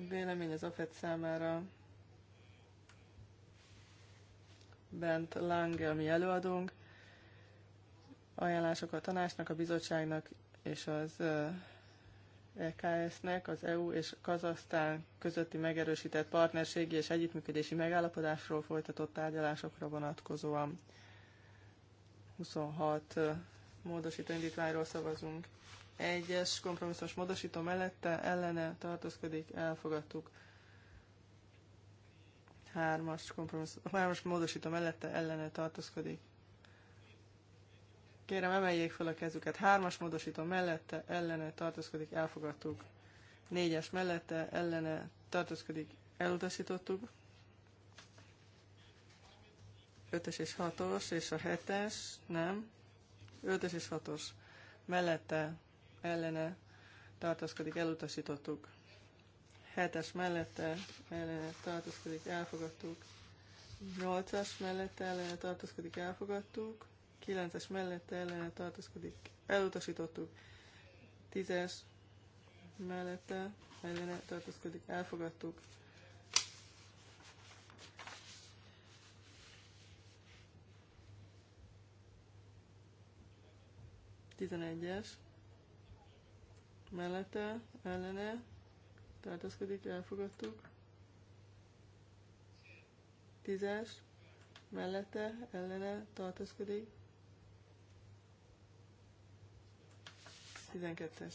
Vélemény az AFET számára Bent Lange, ami előadunk. Ajánlások a tanácsnak, a bizottságnak és az EKS-nek az EU és Kazasztán közötti megerősített partnerségi és együttműködési megállapodásról folytatott tárgyalásokra vonatkozóan. 26 módosító indítványról szavazunk. Egyes kompromisszos módosító mellette ellene tartózkodik, elfogadtuk. Hármas, kompromisszum, hármas módosító mellette ellene tartózkodik, Kérem, emeljék fel a kezüket. Hármas módosító mellette, ellene tartózkodik, elfogadtuk. Négyes mellette, ellene tartózkodik, elutasítottuk. Ötös és hatos, és a hetes, nem. Ötös és hatos. Mellette, ellene tartózkodik, elutasítottuk. Hetes mellette, ellene tartózkodik, elfogadtuk. Nyolcas mellette, ellene tartózkodik, elfogadtuk. 9-es mellette ellene tartózkodik, elutasítottuk. 10-es mellette ellene tartózkodik, elfogadtuk. Tizenegyes mellette, ellene tartózkodik, elfogadtuk. Tízes mellette, ellene tartózkodik, 12-es.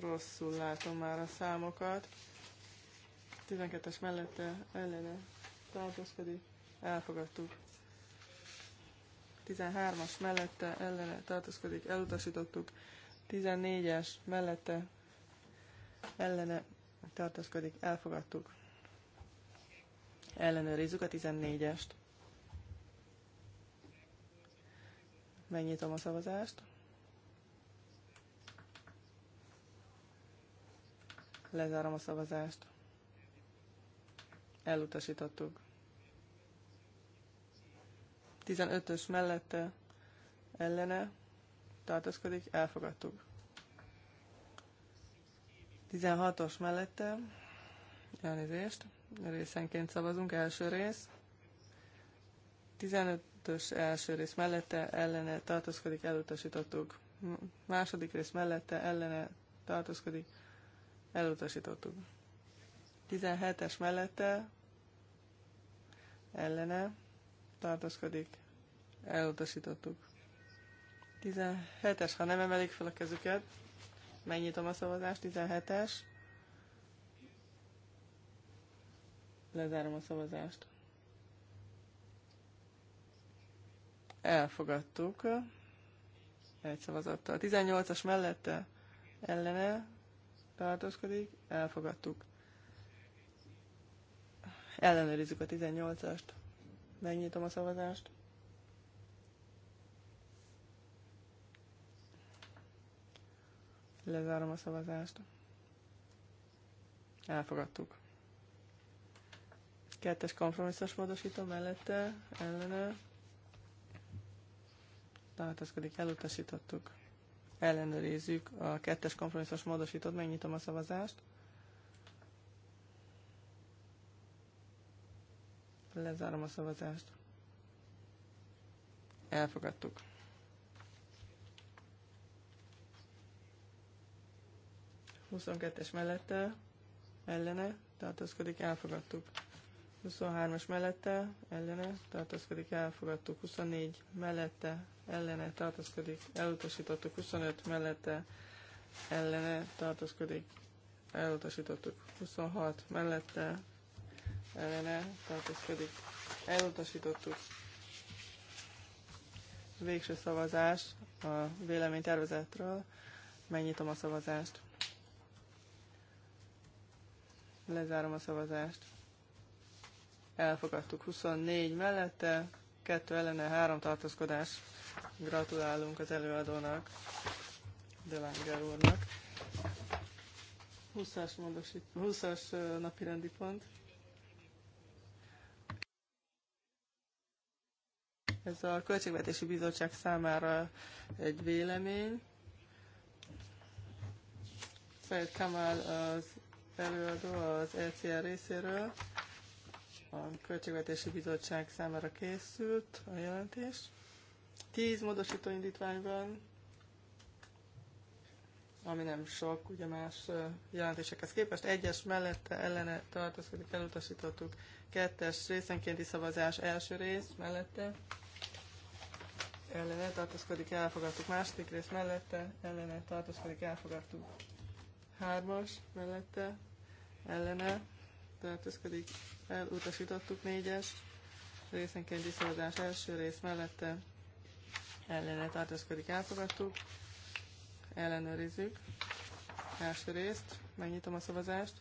Rosszul látom már a számokat. 12-es mellette ellene tartózkodik. Elfogadtuk. 13-as mellette ellene tartózkodik. Elutasítottuk. 14-es mellette ellene tartózkodik. Elfogadtuk. Ellenőrizzük a 14-est. Megnyitom a szavazást. Lezárom a szavazást. Elutasítottuk. 15-ös mellette ellene tartózkodik, elfogadtuk. 16-os mellette, elnézést, részenként szavazunk, első rész. 15-ös első rész mellette, ellene tartózkodik, elutasítottuk. Második rész mellette, ellene tartózkodik, Elutasítottuk. 17-es mellette ellene tartózkodik. Elutasítottuk. 17-es, ha nem emelik fel a kezüket, megnyitom a szavazást, 17-es. Lezárom a szavazást. Elfogadtuk. Egy szavazattal. 18-as mellette ellene tartózkodik, elfogadtuk. Ellenőrizzük a 18-ast. Megnyitom a szavazást. Lezárom a szavazást. Elfogadtuk. Kettes kompromisszos módosító mellette, ellene. Tartózkodik, elutasítottuk ellenőrizzük a kettes kompromisszos módosítót, megnyitom a szavazást. Lezárom a szavazást. Elfogadtuk. Huszonkettes mellette, ellene, tartózkodik, elfogadtuk. 23-as mellette, ellene tartózkodik, elfogadtuk. 24 mellette, ellene tartózkodik, elutasítottuk. 25 mellette, ellene tartózkodik, elutasítottuk. 26 mellette, ellene tartózkodik, elutasítottuk. Végső szavazás a véleménytervezetről. Megnyitom a szavazást. Lezárom a szavazást elfogadtuk 24 mellette, kettő ellene, 3 tartózkodás. Gratulálunk az előadónak, Delanger úrnak. 20-as, módosít, 20-as napi rendi pont. Ez a Költségvetési Bizottság számára egy vélemény. Fejt Kamal az előadó az ECR részéről a Költségvetési Bizottság számára készült a jelentés. Tíz módosító indítvány van, ami nem sok, ugye más jelentésekhez képest. Egyes mellette ellene tartozkodik, elutasítottuk. Kettes részenkénti szavazás első rész mellette ellene tartozkodik, elfogadtuk. Második rész mellette ellene tartozkodik, elfogadtuk. Hármas mellette ellene tartózkodik, elutasítottuk négyes részenként viszadás első rész mellette ellene tartózkodik, elfogadtuk, ellenőrizzük első részt, megnyitom a szavazást,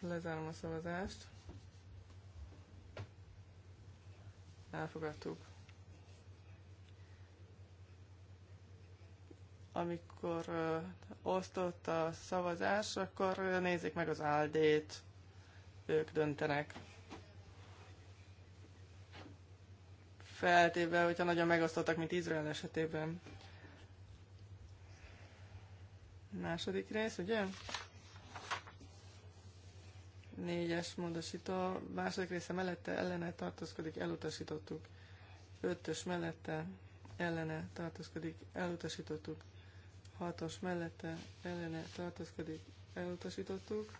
lezárom a szavazást, elfogadtuk amikor osztott a szavazás, akkor nézzék meg az áldét, ők döntenek. Feltéve, hogyha nagyon megosztottak, mint Izrael esetében. Második rész, ugye? Négyes módosító, második része mellette ellene tartózkodik, elutasítottuk. Ötös mellette ellene tartózkodik, elutasítottuk 6-os mellette ellene tartózkodik, elutasítottuk.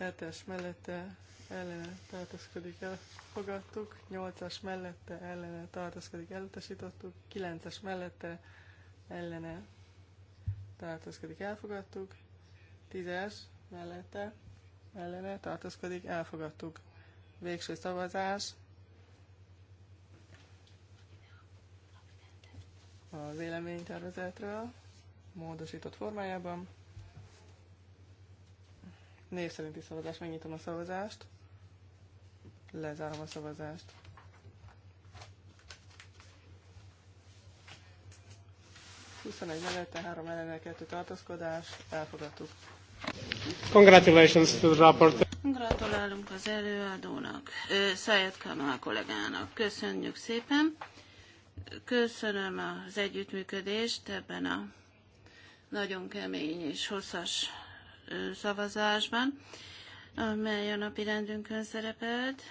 7-es mellette ellene tartózkodik, elfogadtuk. 8-as mellette ellene tartózkodik, elutasítottuk. 9-es mellette ellene tartózkodik, elfogadtuk. 10-es mellette ellene tartózkodik, elfogadtuk. Végső szavazás. A véleménytervezetről módosított formájában. Név szerinti szavazás, megnyitom a szavazást. Lezárom a szavazást. Huszonegy mellette, három ellene, kettő tartózkodás, elfogadtuk. Congratulations to the rapport. Gratulálunk az előadónak, Szájed Kamal kollégának. Köszönjük szépen. Köszönöm az együttműködést ebben a nagyon kemény és hosszas szavazásban, amely a napi rendünkön szerepelt.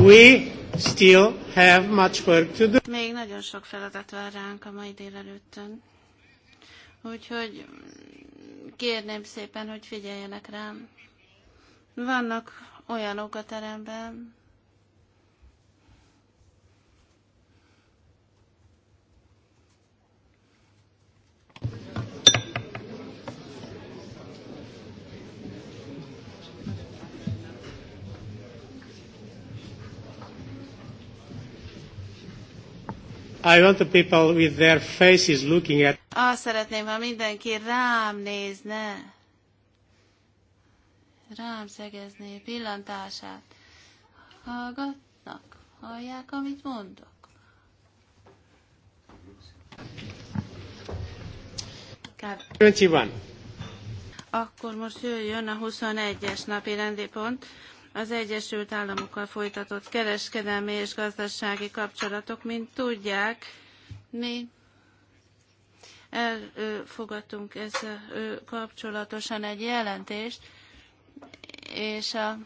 We still have much work to do. Még nagyon sok feladat vár ránk a mai délelőttön. Úgyhogy kérném szépen, hogy figyeljenek rám. Vannak olyanok a teremben, I want the people with their faces looking at. Azt szeretném, ha mindenki rám nézne. Rám szegezné pillantását. Hallgatnak, hallják, amit mondok. Kár. 21. Akkor most jöjjön a 21-es napi rendi pont az Egyesült Államokkal folytatott kereskedelmi és gazdasági kapcsolatok, mint tudják, mi elfogadtunk ezzel kapcsolatosan egy jelentést, és a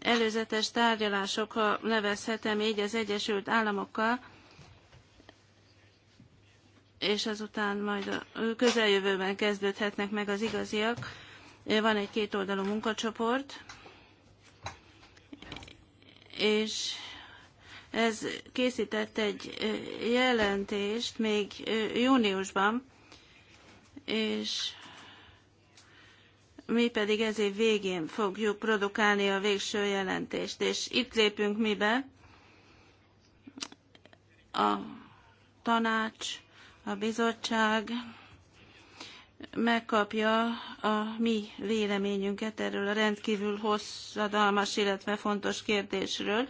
előzetes tárgyalások, ha nevezhetem így, az Egyesült Államokkal, és azután majd a közeljövőben kezdődhetnek meg az igaziak. Van egy kétoldalú munkacsoport, és ez készített egy jelentést még júniusban, és mi pedig ez év végén fogjuk produkálni a végső jelentést. És itt lépünk mi be, a tanács, a bizottság, megkapja a mi véleményünket erről a rendkívül hosszadalmas, illetve fontos kérdésről.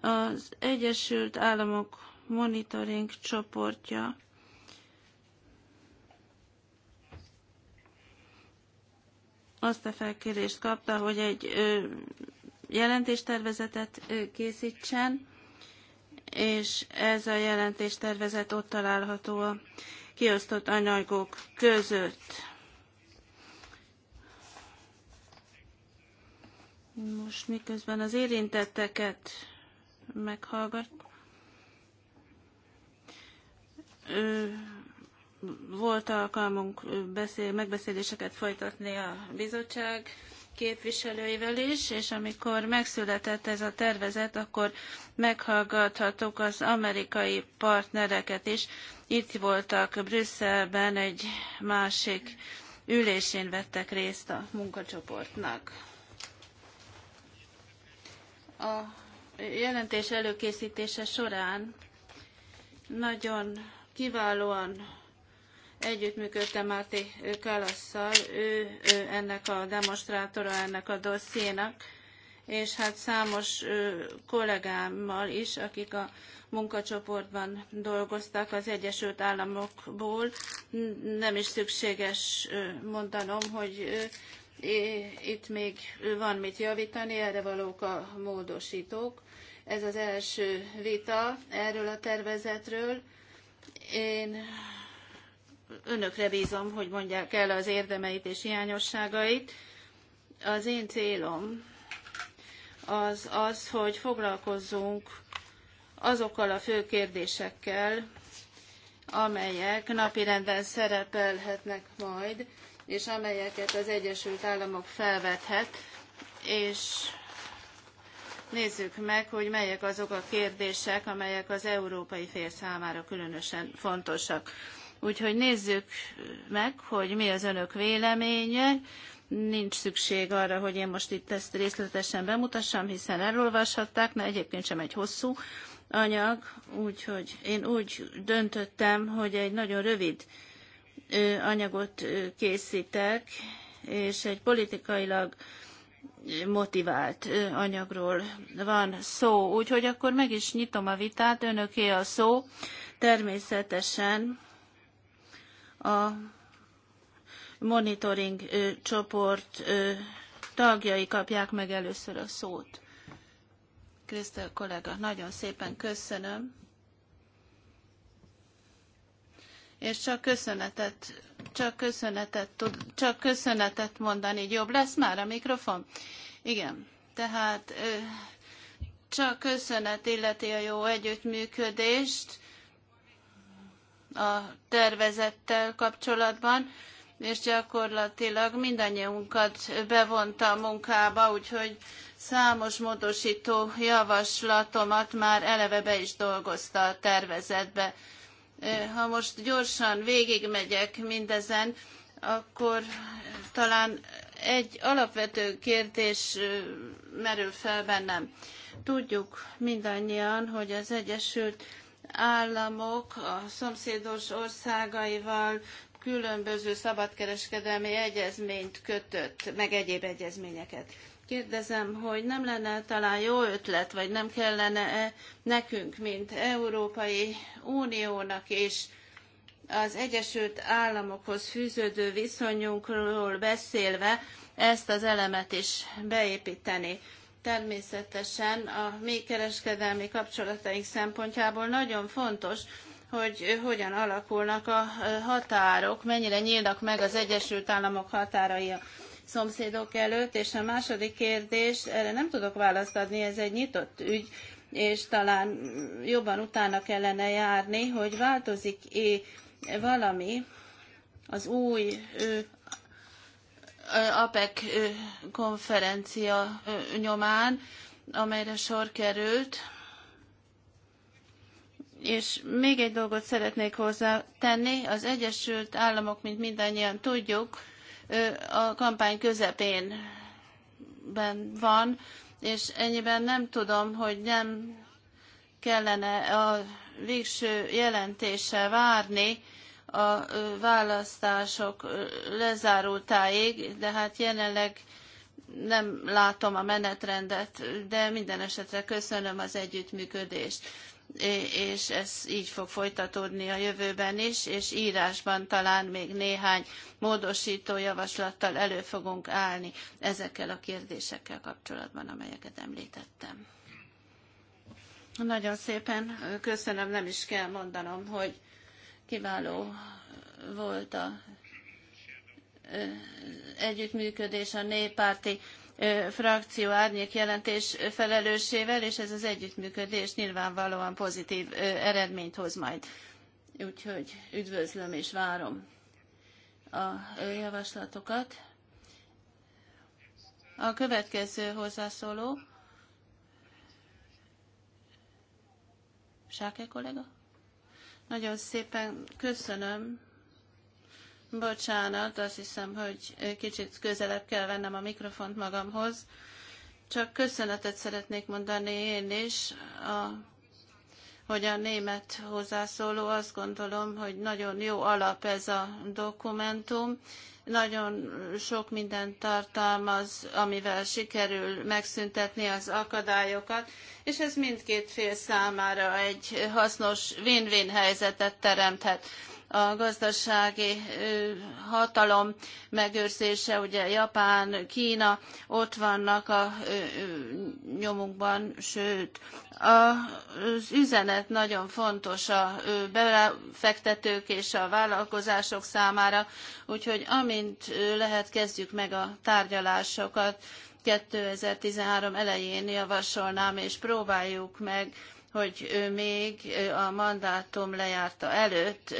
Az Egyesült Államok Monitoring csoportja azt a felkérést kapta, hogy egy jelentéstervezetet készítsen, és ez a jelentéstervezet ott található a kiosztott anyagok között. Most miközben az érintetteket meghallgat, volt alkalmunk beszél, megbeszéléseket folytatni a bizottság képviselőivel is, és amikor megszületett ez a tervezet, akkor meghallgathattuk az amerikai partnereket is. Itt voltak Brüsszelben egy másik ülésén vettek részt a munkacsoportnak. A jelentés előkészítése során nagyon kiválóan Együttműködtem Máté Kalasszal, ő, ő ennek a demonstrátora, ennek a dossziénak, és hát számos kollégámmal is, akik a munkacsoportban dolgoztak az Egyesült Államokból. Nem is szükséges mondanom, hogy itt még van mit javítani, erre valók a módosítók. Ez az első vita erről a tervezetről. Én önökre bízom, hogy mondják el az érdemeit és hiányosságait. Az én célom az az, hogy foglalkozzunk azokkal a fő kérdésekkel, amelyek napirenden szerepelhetnek majd, és amelyeket az Egyesült Államok felvethet, és nézzük meg, hogy melyek azok a kérdések, amelyek az európai fél számára különösen fontosak. Úgyhogy nézzük meg, hogy mi az önök véleménye. Nincs szükség arra, hogy én most itt ezt részletesen bemutassam, hiszen elolvashatták, mert egyébként sem egy hosszú anyag, úgyhogy én úgy döntöttem, hogy egy nagyon rövid anyagot készítek, és egy politikailag motivált anyagról van szó. Úgyhogy akkor meg is nyitom a vitát, önöké a szó. Természetesen a monitoring csoport tagjai kapják meg először a szót. Krisztel kollega, nagyon szépen köszönöm. És csak köszönetet, csak köszönetet, tud, csak köszönetet mondani. Jobb lesz már a mikrofon? Igen. Tehát csak köszönet illeti a jó együttműködést a tervezettel kapcsolatban, és gyakorlatilag mindannyiunkat bevonta a munkába, úgyhogy számos módosító javaslatomat már eleve be is dolgozta a tervezetbe. Ha most gyorsan végigmegyek mindezen, akkor talán egy alapvető kérdés merül fel bennem. Tudjuk mindannyian, hogy az Egyesült államok a szomszédos országaival különböző szabadkereskedelmi egyezményt kötött, meg egyéb egyezményeket. Kérdezem, hogy nem lenne talán jó ötlet, vagy nem kellene -e nekünk, mint Európai Uniónak és az Egyesült Államokhoz fűződő viszonyunkról beszélve ezt az elemet is beépíteni természetesen a mi kereskedelmi kapcsolataink szempontjából nagyon fontos, hogy hogyan alakulnak a határok, mennyire nyílnak meg az Egyesült Államok határai a szomszédok előtt, és a második kérdés, erre nem tudok választ adni, ez egy nyitott ügy, és talán jobban utána kellene járni, hogy változik-e valami az új APEC konferencia nyomán, amelyre sor került. És még egy dolgot szeretnék hozzátenni. Az Egyesült Államok, mint mindannyian tudjuk, a kampány közepén van, és ennyiben nem tudom, hogy nem kellene a végső jelentése várni, a választások lezárultáig, de hát jelenleg nem látom a menetrendet, de minden esetre köszönöm az együttműködést és ez így fog folytatódni a jövőben is, és írásban talán még néhány módosító javaslattal elő fogunk állni ezekkel a kérdésekkel kapcsolatban, amelyeket említettem. Nagyon szépen köszönöm, nem is kell mondanom, hogy Kiváló volt a együttműködés a néppárti frakció árnyék jelentés felelősével, és ez az együttműködés nyilvánvalóan pozitív eredményt hoz majd. Úgyhogy üdvözlöm és várom a javaslatokat. A következő hozzászóló. Sáke kollega? Nagyon szépen köszönöm. Bocsánat, azt hiszem, hogy kicsit közelebb kell vennem a mikrofont magamhoz. Csak köszönetet szeretnék mondani én is a hogy a német hozzászóló azt gondolom, hogy nagyon jó alap ez a dokumentum. Nagyon sok mindent tartalmaz, amivel sikerül megszüntetni az akadályokat, és ez mindkét fél számára egy hasznos win-win helyzetet teremthet a gazdasági hatalom megőrzése, ugye Japán, Kína ott vannak a nyomunkban, sőt, az üzenet nagyon fontos a befektetők és a vállalkozások számára, úgyhogy amint lehet, kezdjük meg a tárgyalásokat. 2013 elején javasolnám, és próbáljuk meg hogy még a mandátum lejárta előtt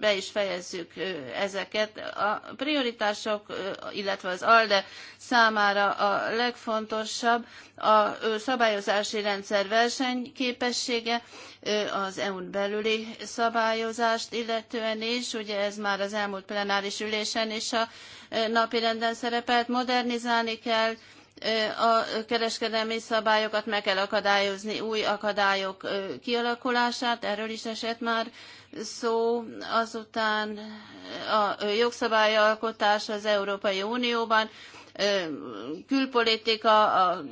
be is fejezzük ezeket. A prioritások, illetve az ALDE számára a legfontosabb a szabályozási rendszer versenyképessége, az EU-n belüli szabályozást illetően is, ugye ez már az elmúlt plenáris ülésen is a napirenden szerepelt, modernizálni kell, a kereskedelmi szabályokat meg kell akadályozni, új akadályok kialakulását, erről is esett már szó, azután a jogszabályalkotás az Európai Unióban, külpolitika, a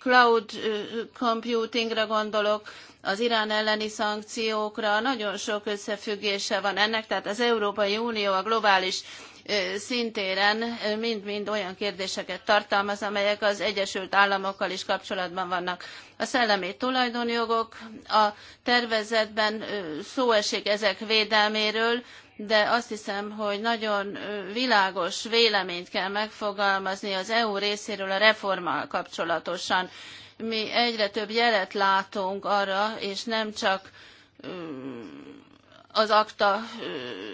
cloud computingra gondolok, az Irán elleni szankciókra, nagyon sok összefüggése van ennek, tehát az Európai Unió a globális szintéren mind-mind olyan kérdéseket tartalmaz, amelyek az Egyesült Államokkal is kapcsolatban vannak. A szellemi tulajdonjogok, a tervezetben szó esik ezek védelméről, de azt hiszem, hogy nagyon világos véleményt kell megfogalmazni az EU részéről a reformmal kapcsolatosan. Mi egyre több jelet látunk arra, és nem csak az akta,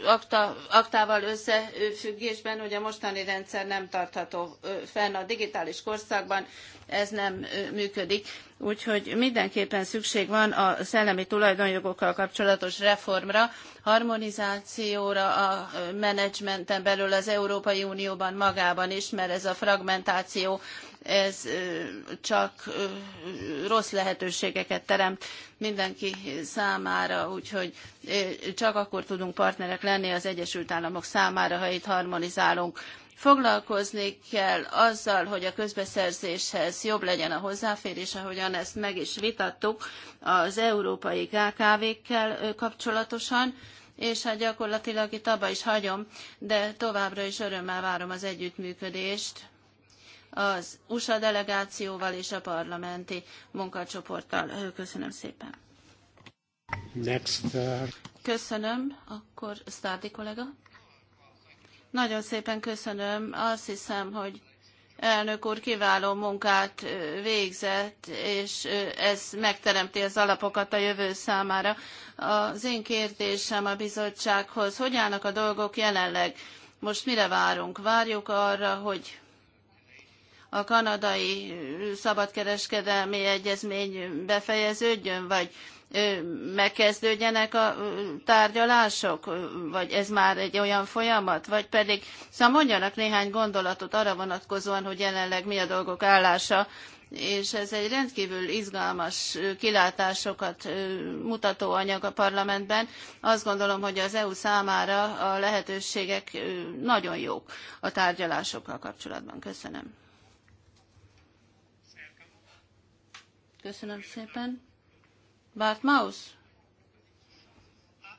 akta, aktával összefüggésben, hogy a mostani rendszer nem tartható fenn a digitális korszakban, ez nem működik. Úgyhogy mindenképpen szükség van a szellemi tulajdonjogokkal kapcsolatos reformra, harmonizációra a menedzsmenten belül az Európai Unióban magában is, mert ez a fragmentáció ez csak rossz lehetőségeket teremt mindenki számára, úgyhogy csak akkor tudunk partnerek lenni az Egyesült Államok számára, ha itt harmonizálunk Foglalkozni kell azzal, hogy a közbeszerzéshez jobb legyen a hozzáférés, ahogyan ezt meg is vitattuk az európai KKV-kkel kapcsolatosan és hát gyakorlatilag itt abba is hagyom, de továbbra is örömmel várom az együttműködést az USA delegációval és a parlamenti munkacsoporttal. Köszönöm szépen. Next. Uh, köszönöm. Akkor Sztárdi kollega. Nagyon szépen köszönöm. Azt hiszem, hogy elnök úr kiváló munkát végzett, és ez megteremti az alapokat a jövő számára. Az én kérdésem a bizottsághoz, hogy állnak a dolgok jelenleg? Most mire várunk? Várjuk arra, hogy a kanadai szabadkereskedelmi egyezmény befejeződjön, vagy megkezdődjenek a tárgyalások, vagy ez már egy olyan folyamat, vagy pedig szóval mondjanak néhány gondolatot arra vonatkozóan, hogy jelenleg mi a dolgok állása, és ez egy rendkívül izgalmas kilátásokat mutató anyag a parlamentben. Azt gondolom, hogy az EU számára a lehetőségek nagyon jók a tárgyalásokkal kapcsolatban. Köszönöm. Köszönöm szépen. Bart Maus?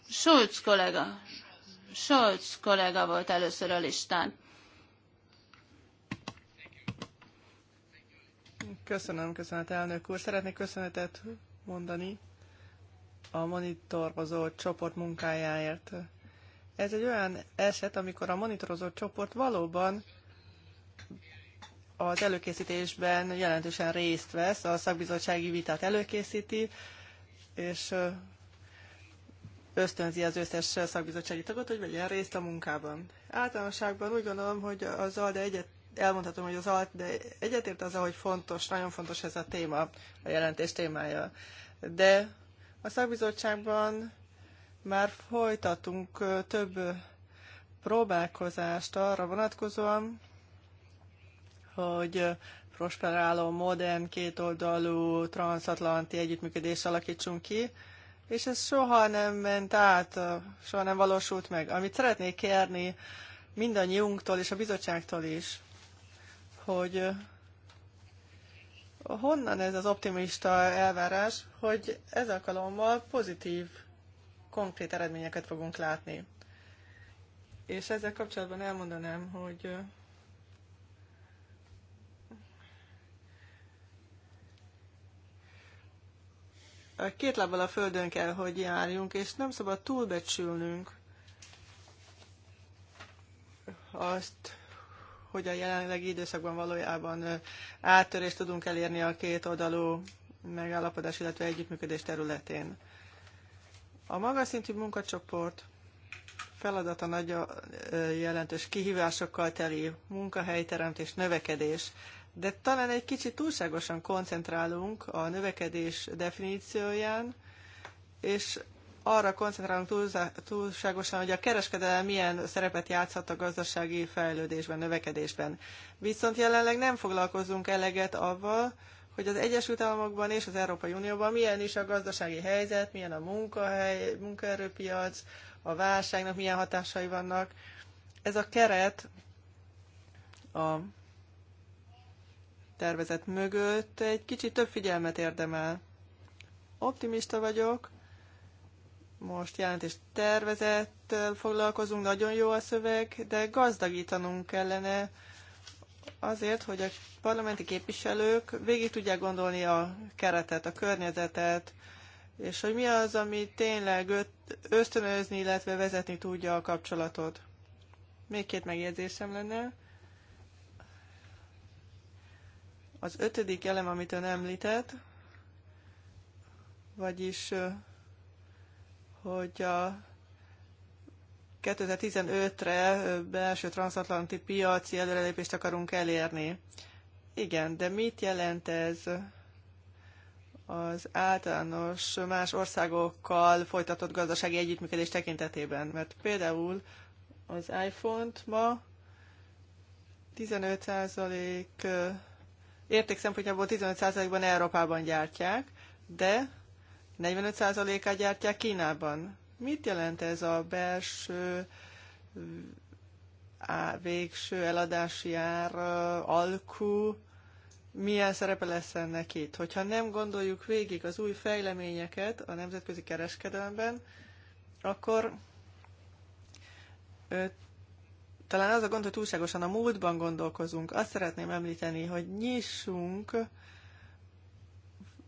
Schulz kollega. Scholz kollega volt először a listán. Köszönöm, köszönet elnök úr. Szeretnék köszönetet mondani a monitorozó csoport munkájáért. Ez egy olyan eset, amikor a monitorozó csoport valóban az előkészítésben jelentősen részt vesz, a szakbizottsági vitát előkészíti, és ösztönzi az összes szakbizottsági tagot, hogy vegyen részt a munkában. Általánosságban úgy gondolom, hogy az ALDE egyet, elmondhatom, hogy az ALDE egyetért azzal, hogy fontos, nagyon fontos ez a téma, a jelentés témája. De a szakbizottságban már folytatunk több próbálkozást arra vonatkozóan, hogy prosperáló, modern, kétoldalú, transatlanti együttműködést alakítsunk ki, és ez soha nem ment át, soha nem valósult meg. Amit szeretnék kérni mindannyiunktól és a bizottságtól is, hogy honnan ez az optimista elvárás, hogy ez alkalommal pozitív, konkrét eredményeket fogunk látni. És ezzel kapcsolatban elmondanám, hogy A két lábbal a földön kell, hogy járjunk, és nem szabad túlbecsülnünk azt, hogy a jelenlegi időszakban valójában áttörést tudunk elérni a két oldalú megállapodás, illetve együttműködés területén. A magas szintű munkacsoport feladata nagy jelentős kihívásokkal teli munkahelyteremtés, növekedés de talán egy kicsit túlságosan koncentrálunk a növekedés definícióján, és arra koncentrálunk túlságosan, hogy a kereskedelem milyen szerepet játszhat a gazdasági fejlődésben, növekedésben. Viszont jelenleg nem foglalkozunk eleget avval, hogy az Egyesült Államokban és az Európai Unióban milyen is a gazdasági helyzet, milyen a munkahely, munkaerőpiac, a válságnak milyen hatásai vannak. Ez a keret a tervezet mögött egy kicsit több figyelmet érdemel. Optimista vagyok, most jelentés tervezettel foglalkozunk, nagyon jó a szöveg, de gazdagítanunk kellene azért, hogy a parlamenti képviselők végig tudják gondolni a keretet, a környezetet, és hogy mi az, ami tényleg ösztönözni, illetve vezetni tudja a kapcsolatot. Még két megjegyzésem lenne. Az ötödik elem, amit ön említett, vagyis hogy a 2015-re belső transatlanti piaci előrelépést akarunk elérni. Igen, de mit jelent ez az általános más országokkal folytatott gazdasági együttműködés tekintetében? Mert például az iPhone-t ma 15 érték szempontjából 15%-ban Európában gyártják, de 45%-át gyártják Kínában. Mit jelent ez a belső á, végső eladási ár, alkú, milyen szerepe lesz ennek itt? Hogyha nem gondoljuk végig az új fejleményeket a nemzetközi kereskedelemben, akkor talán az a gond, hogy túlságosan a múltban gondolkozunk. Azt szeretném említeni, hogy nyissunk,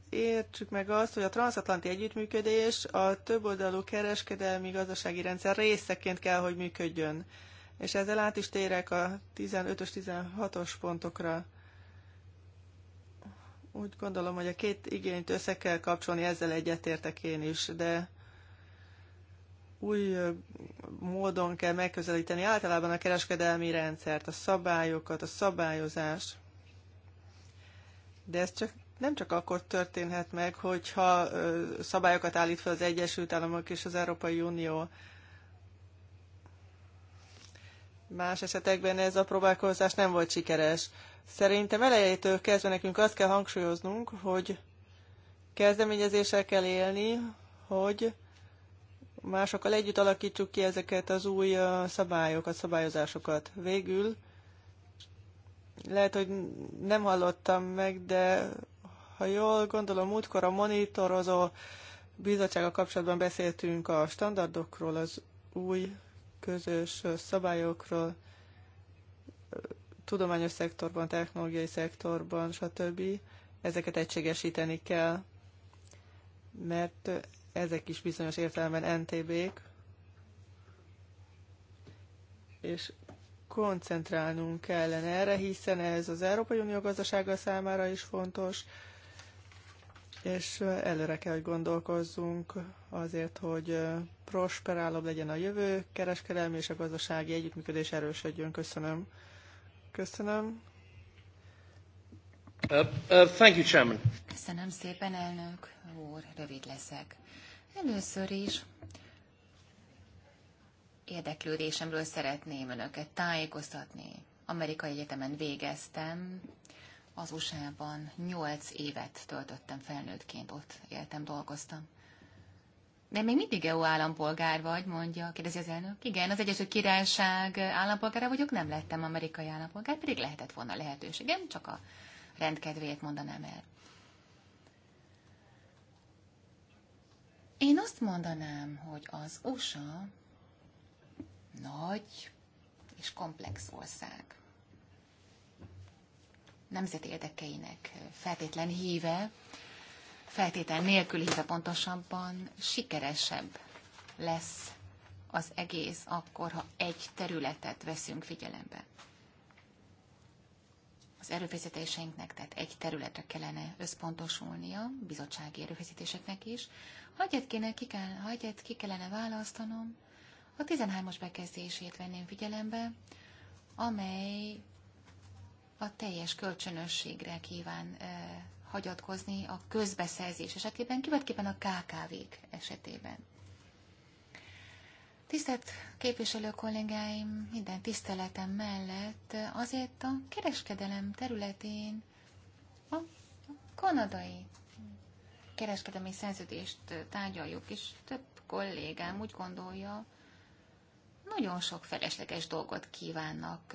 értsük meg azt, hogy a transatlanti együttműködés a többoldalú kereskedelmi gazdasági rendszer részeként kell, hogy működjön. És ezzel át is térek a 15-ös, 16-os pontokra. Úgy gondolom, hogy a két igényt össze kell kapcsolni, ezzel egyetértek én is, de új módon kell megközelíteni általában a kereskedelmi rendszert, a szabályokat, a szabályozást. De ez csak nem csak akkor történhet meg, hogyha szabályokat állít fel az Egyesült Államok és az Európai Unió. Más esetekben ez a próbálkozás nem volt sikeres. Szerintem elejétől kezdve nekünk azt kell hangsúlyoznunk, hogy kezdeményezéssel kell élni, hogy másokkal együtt alakítsuk ki ezeket az új szabályokat, szabályozásokat. Végül lehet, hogy nem hallottam meg, de ha jól gondolom, múltkor a monitorozó bizottsága kapcsolatban beszéltünk a standardokról, az új közös szabályokról, tudományos szektorban, technológiai szektorban, stb. Ezeket egységesíteni kell, mert ezek is bizonyos értelemben NTB-k, és koncentrálnunk kellene erre, hiszen ez az Európai Unió gazdasága számára is fontos, és előre kell, hogy gondolkozzunk azért, hogy prosperálóbb legyen a jövő, kereskedelmi és a gazdasági együttműködés erősödjön. Köszönöm. Köszönöm. Uh, uh, Köszönöm szépen, elnök úr, rövid leszek. Először is érdeklődésemről szeretném önöket tájékoztatni. Amerikai Egyetemen végeztem, az USA-ban nyolc évet töltöttem felnőttként, ott éltem, dolgoztam. De még mindig EU állampolgár vagy, mondja, kérdezi az elnök. Igen, az Egyesült Királyság állampolgára vagyok, nem lettem amerikai állampolgár, pedig lehetett volna lehetőségem, csak a rendkedvéért mondanám el. Én azt mondanám, hogy az USA nagy és komplex ország. Nemzeti érdekeinek feltétlen híve, feltétlen nélkül híve pontosabban sikeresebb lesz az egész akkor, ha egy területet veszünk figyelembe az erőfeszítéseinknek, tehát egy területre kellene összpontosulnia, bizottsági erőfeszítéseknek is. egyet, kéne, ki, kell, hagyját ki kellene választanom, a 13-as bekezdését venném figyelembe, amely a teljes kölcsönösségre kíván eh, hagyatkozni a közbeszerzés esetében, kivetképpen a KKV-k esetében. Tisztelt képviselő kollégáim, minden tiszteletem mellett azért a kereskedelem területén a kanadai kereskedelmi szerződést tárgyaljuk, és több kollégám úgy gondolja, nagyon sok felesleges dolgot kívánnak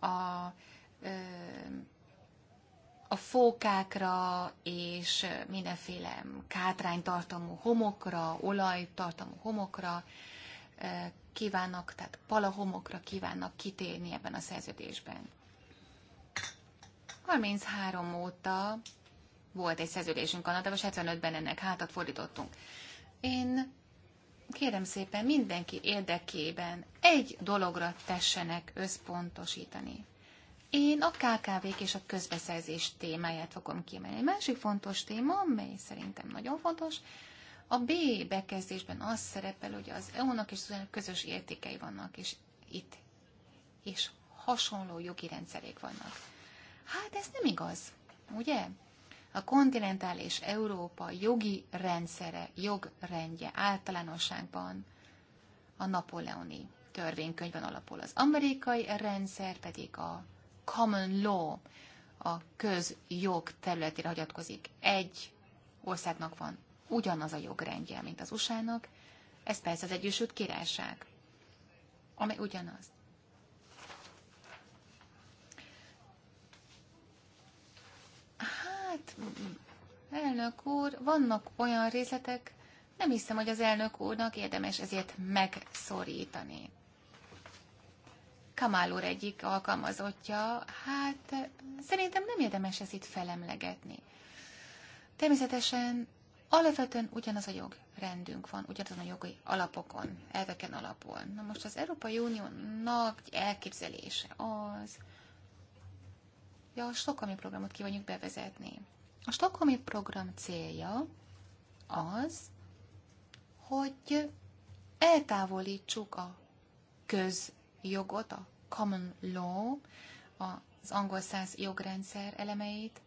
a a fókákra és mindenféle kátránytartalmú homokra, olajtartalmú homokra kívánnak, tehát palahomokra kívánnak kitérni ebben a szerződésben. 33 óta volt egy szerződésünk Kanadában, most 75-ben ennek hátat fordítottunk. Én kérem szépen mindenki érdekében egy dologra tessenek összpontosítani. Én a KKV-k és a közbeszerzés témáját fogom kiemelni. Egy másik fontos téma, amely szerintem nagyon fontos, a B bekezdésben az szerepel, hogy az EU-nak és az közös értékei vannak, és itt, és hasonló jogi rendszerék vannak. Hát ez nem igaz, ugye? A kontinentális Európa jogi rendszere, jogrendje általánosságban a napoleoni törvénykönyvben alapul. Az amerikai rendszer pedig a common law, a közjog területére hagyatkozik. Egy országnak van ugyanaz a jogrendje, mint az USA-nak, ez persze az Egyesült Királyság, amely ugyanaz. Hát, elnök úr, vannak olyan részletek, nem hiszem, hogy az elnök úrnak érdemes ezért megszorítani. Kamál úr egyik alkalmazottja, hát szerintem nem érdemes ezt itt felemlegetni. Természetesen alapvetően ugyanaz a jogrendünk van, ugyanazon a jogi alapokon, elveken alapul. Na most az Európai Unió nagy elképzelése az, hogy a stokholmi programot kívánjuk bevezetni. A stokholmi program célja az, hogy eltávolítsuk a köz jogot, a common law, az angol száz jogrendszer elemeit,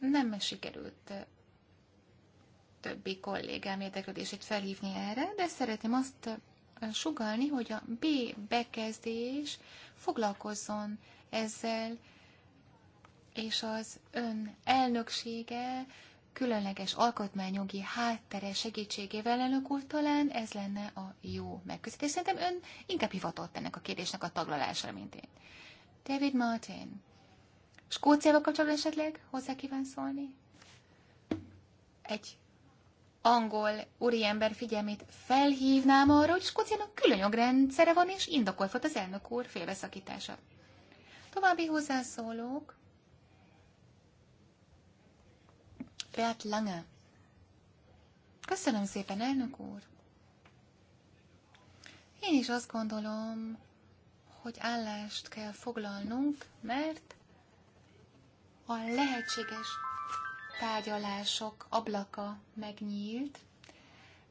nem sikerült többi kollégám érdeklődését felhívni erre, de szeretném azt sugalni, hogy a B bekezdés foglalkozzon ezzel, és az ön elnöksége különleges alkotmányogi háttere segítségével, elnök úr, talán ez lenne a jó megközelítés. Szerintem ön inkább hivatott ennek a kérdésnek a taglalásra mint én. David Martin. Skóciával kapcsolatban esetleg hozzá kíván szólni? Egy angol úriember figyelmét felhívnám arra, hogy Skóciának külön jogrendszere van, és indokolt volt az elnök úr félbeszakítása. További hozzászólók. Bert Lange. Köszönöm szépen, elnök úr. Én is azt gondolom, hogy állást kell foglalnunk, mert a lehetséges tárgyalások ablaka megnyílt,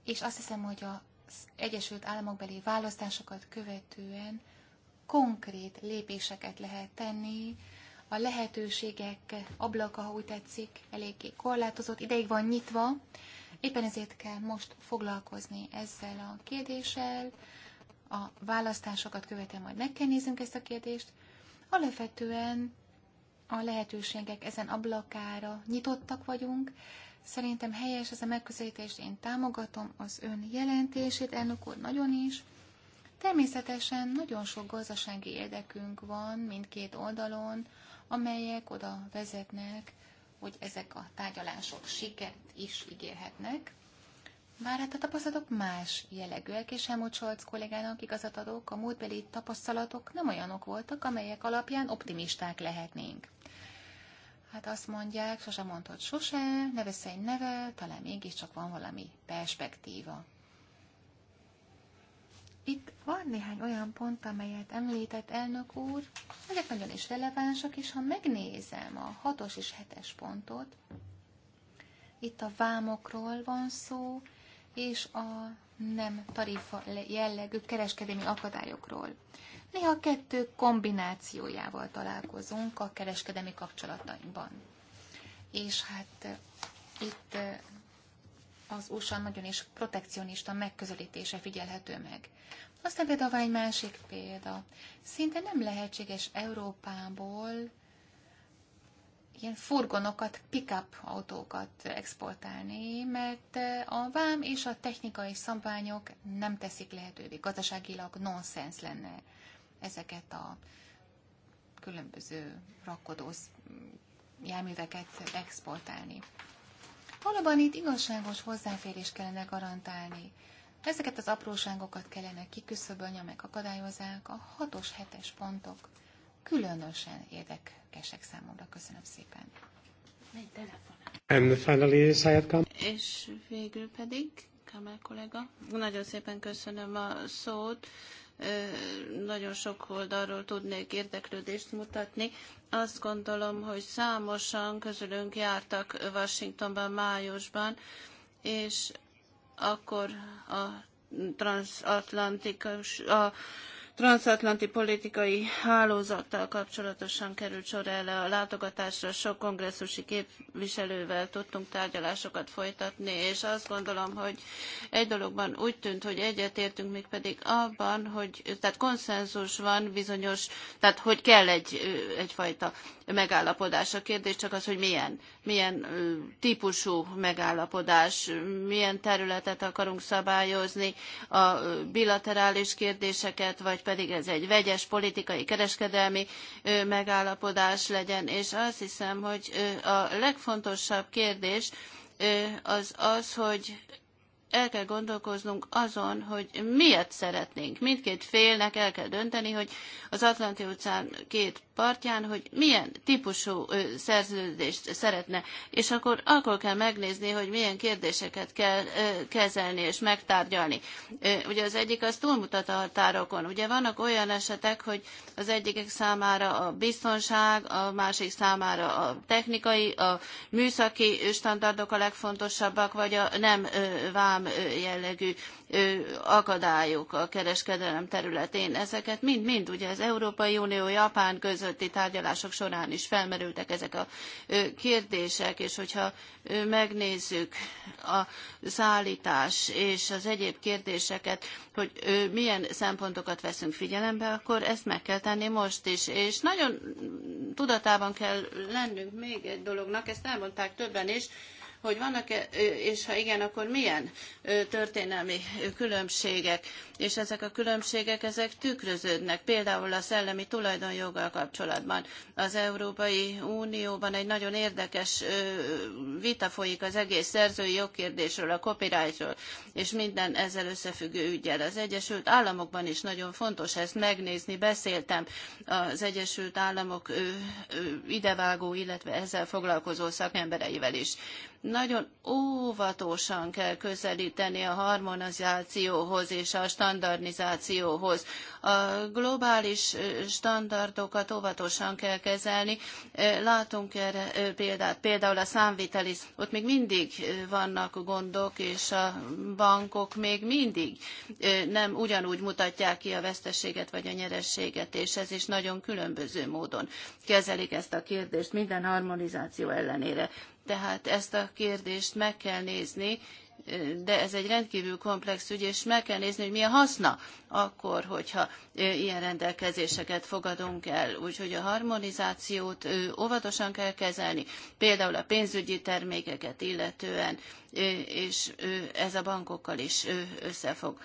és azt hiszem, hogy az Egyesült Államokbeli választásokat követően konkrét lépéseket lehet tenni a lehetőségek ablaka, ha úgy tetszik, eléggé korlátozott, ideig van nyitva, éppen ezért kell most foglalkozni ezzel a kérdéssel, a választásokat követően majd meg kell néznünk ezt a kérdést. Alapvetően a lehetőségek ezen ablakára nyitottak vagyunk. Szerintem helyes ez a megközelítés, én támogatom az ön jelentését, elnök úr, nagyon is. Természetesen nagyon sok gazdasági érdekünk van mindkét oldalon, amelyek oda vezetnek, hogy ezek a tárgyalások sikert is ígérhetnek. Már hát a tapasztalatok más jellegűek, és Helmut Scholz kollégának igazat adok, a múltbeli tapasztalatok nem olyanok voltak, amelyek alapján optimisták lehetnénk. Hát azt mondják, sose mondtad sose, ne vesz egy neve, talán mégiscsak van valami perspektíva. Itt van néhány olyan pont, amelyet említett elnök úr, ezek nagyon is relevánsak, és ha megnézem a 6-os és 7-es pontot, itt a vámokról van szó, és a nem tarifa jellegű kereskedelmi akadályokról. Néha a kettő kombinációjával találkozunk a kereskedelmi kapcsolatainkban. És hát eh, itt eh, az USA nagyon is protekcionista megközelítése figyelhető meg. Aztán például van egy másik példa. Szinte nem lehetséges Európából ilyen furgonokat, pick-up autókat exportálni, mert a vám és a technikai szabványok nem teszik lehetővé. Gazdaságilag nonsens lenne ezeket a különböző rakodós járműveket exportálni. Valóban itt igazságos hozzáférés kellene garantálni. Ezeket az apróságokat kellene kiküszöbölni, amelyek akadályozzák a 6-os, 7-es pontok. Különösen érdekesek számomra. Köszönöm szépen. Egy telefon. And finally, És végül pedig, Kamel kollega, nagyon szépen köszönöm a szót nagyon sok oldalról tudnék érdeklődést mutatni. Azt gondolom, hogy számosan közülünk jártak Washingtonban májusban, és akkor a transatlantikus, a transatlanti politikai hálózattal kapcsolatosan került sor erre a látogatásra, sok kongresszusi képviselővel tudtunk tárgyalásokat folytatni, és azt gondolom, hogy egy dologban úgy tűnt, hogy egyetértünk, még pedig abban, hogy tehát konszenzus van bizonyos, tehát hogy kell egy, egyfajta megállapodás. A kérdés csak az, hogy milyen, milyen típusú megállapodás, milyen területet akarunk szabályozni, a bilaterális kérdéseket, vagy pedig ez egy vegyes politikai kereskedelmi megállapodás legyen. És azt hiszem, hogy a legfontosabb kérdés az az, hogy el kell gondolkoznunk azon, hogy miért szeretnénk. Mindkét félnek el kell dönteni, hogy az Atlanti utcán két partján, hogy milyen típusú szerződést szeretne, és akkor akkor kell megnézni, hogy milyen kérdéseket kell kezelni és megtárgyalni. Ugye az egyik az túlmutat a határokon. Ugye vannak olyan esetek, hogy az egyikek számára a biztonság, a másik számára a technikai, a műszaki standardok a legfontosabbak, vagy a nem vám jellegű akadályok a kereskedelem területén. Ezeket mind-mind ugye az Európai Unió-Japán közötti tárgyalások során is felmerültek ezek a kérdések, és hogyha megnézzük a szállítás és az egyéb kérdéseket, hogy milyen szempontokat veszünk figyelembe, akkor ezt meg kell tenni most is. És nagyon tudatában kell lennünk még egy dolognak, ezt elmondták többen is, hogy vannak-e, és ha igen, akkor milyen történelmi különbségek, és ezek a különbségek ezek tükröződnek, például a szellemi tulajdonjoggal kapcsolatban. Az Európai Unióban egy nagyon érdekes vita folyik az egész szerzői jogkérdésről, a copyrightról, és minden ezzel összefüggő ügyel. Az Egyesült Államokban is nagyon fontos ezt megnézni, beszéltem az Egyesült Államok idevágó, illetve ezzel foglalkozó szakembereivel is nagyon óvatosan kell közelíteni a harmonizációhoz és a standardizációhoz. A globális standardokat óvatosan kell kezelni. Látunk erre példát, például a számviteli, ott még mindig vannak gondok, és a bankok még mindig nem ugyanúgy mutatják ki a veszteséget vagy a nyerességet, és ez is nagyon különböző módon kezelik ezt a kérdést minden harmonizáció ellenére. Tehát ezt a kérdést meg kell nézni, de ez egy rendkívül komplex ügy, és meg kell nézni, hogy mi a haszna akkor, hogyha ilyen rendelkezéseket fogadunk el. Úgyhogy a harmonizációt óvatosan kell kezelni, például a pénzügyi termékeket illetően, és ez a bankokkal is összefog.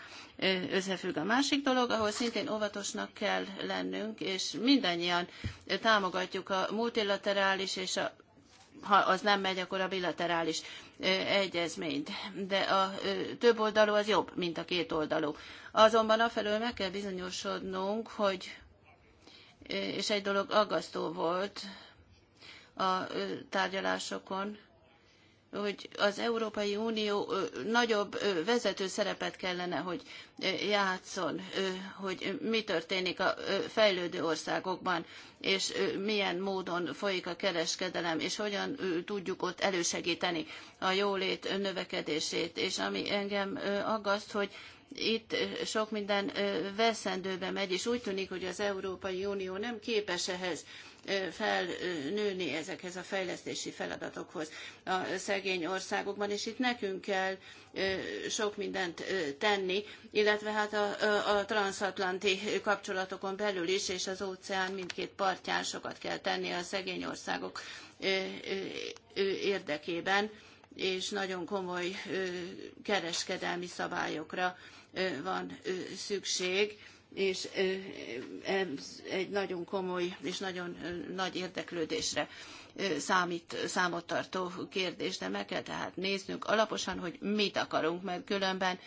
Összefügg a másik dolog, ahol szintén óvatosnak kell lennünk, és mindannyian támogatjuk a multilaterális és a ha az nem megy, akkor a bilaterális egyezményt. De a több oldalú az jobb, mint a két oldalú. Azonban afelől meg kell bizonyosodnunk, hogy és egy dolog aggasztó volt a tárgyalásokon, hogy az Európai Unió nagyobb vezető szerepet kellene, hogy játszon, hogy mi történik a fejlődő országokban, és milyen módon folyik a kereskedelem, és hogyan tudjuk ott elősegíteni a jólét növekedését. És ami engem aggaszt, hogy itt sok minden veszendőbe megy, és úgy tűnik, hogy az Európai Unió nem képes ehhez felnőni ezekhez a fejlesztési feladatokhoz a szegény országokban, és itt nekünk kell sok mindent tenni, illetve hát a, a transatlanti kapcsolatokon belül is, és az óceán mindkét partján sokat kell tenni a szegény országok érdekében és nagyon komoly kereskedelmi szabályokra van szükség és egy nagyon komoly és nagyon nagy érdeklődésre számít, számottartó kérdés, de meg kell tehát néznünk alaposan, hogy mit akarunk, mert különben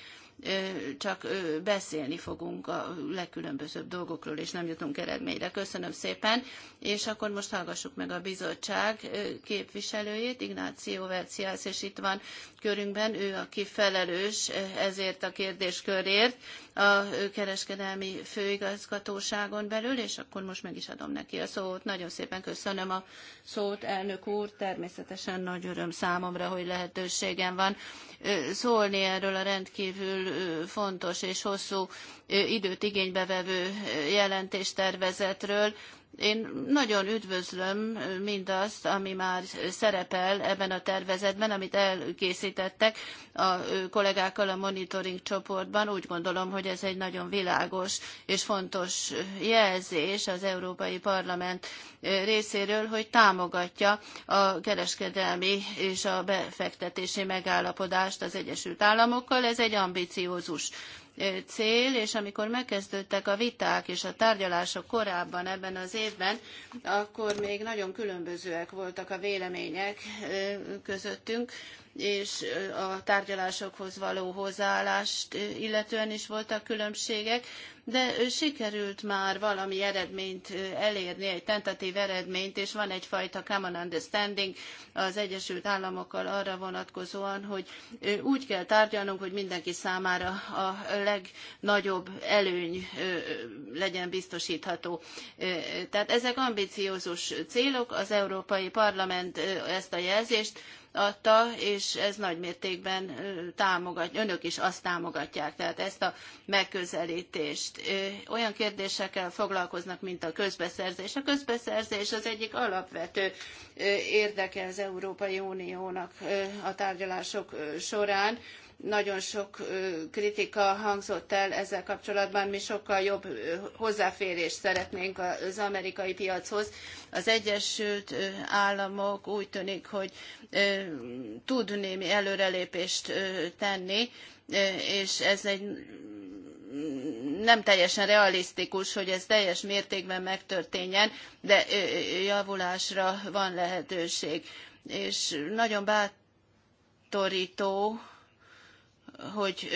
csak beszélni fogunk a legkülönbözőbb dolgokról, és nem jutunk eredményre. Köszönöm szépen, és akkor most hallgassuk meg a bizottság képviselőjét, Ignáció Verciász, és itt van körünkben, ő aki felelős ezért a kérdéskörért, a kereskedelmi főigazgatóságon belül, és akkor most meg is adom neki a szót. Nagyon szépen köszönöm a szót, elnök úr. Természetesen nagy öröm számomra, hogy lehetőségem van szólni erről a rendkívül fontos és hosszú időt igénybevevő jelentéstervezetről. Én nagyon üdvözlöm mindazt, ami már szerepel ebben a tervezetben, amit elkészítettek a kollégákkal a monitoring csoportban. Úgy gondolom, hogy ez egy nagyon világos és fontos jelzés az Európai Parlament részéről, hogy támogatja a kereskedelmi és a befektetési megállapodást az Egyesült Államokkal. Ez egy ambiciózus cél, és amikor megkezdődtek a viták és a tárgyalások korábban ebben az évben, akkor még nagyon különbözőek voltak a vélemények közöttünk, és a tárgyalásokhoz való hozzáállást illetően is voltak különbségek, de sikerült már valami eredményt elérni, egy tentatív eredményt, és van egyfajta common understanding az Egyesült Államokkal arra vonatkozóan, hogy úgy kell tárgyalnunk, hogy mindenki számára a legnagyobb előny legyen biztosítható. Tehát ezek ambiciózus célok, az Európai Parlament ezt a jelzést adta, és ez nagy mértékben támogat, önök is azt támogatják, tehát ezt a megközelítést. Olyan kérdésekkel foglalkoznak, mint a közbeszerzés. A közbeszerzés az egyik alapvető érdeke az Európai Uniónak a tárgyalások során nagyon sok kritika hangzott el ezzel kapcsolatban, mi sokkal jobb hozzáférést szeretnénk az amerikai piachoz. Az Egyesült Államok úgy tűnik, hogy tud némi előrelépést tenni, és ez egy nem teljesen realisztikus, hogy ez teljes mértékben megtörténjen, de javulásra van lehetőség. És nagyon bátorító hogy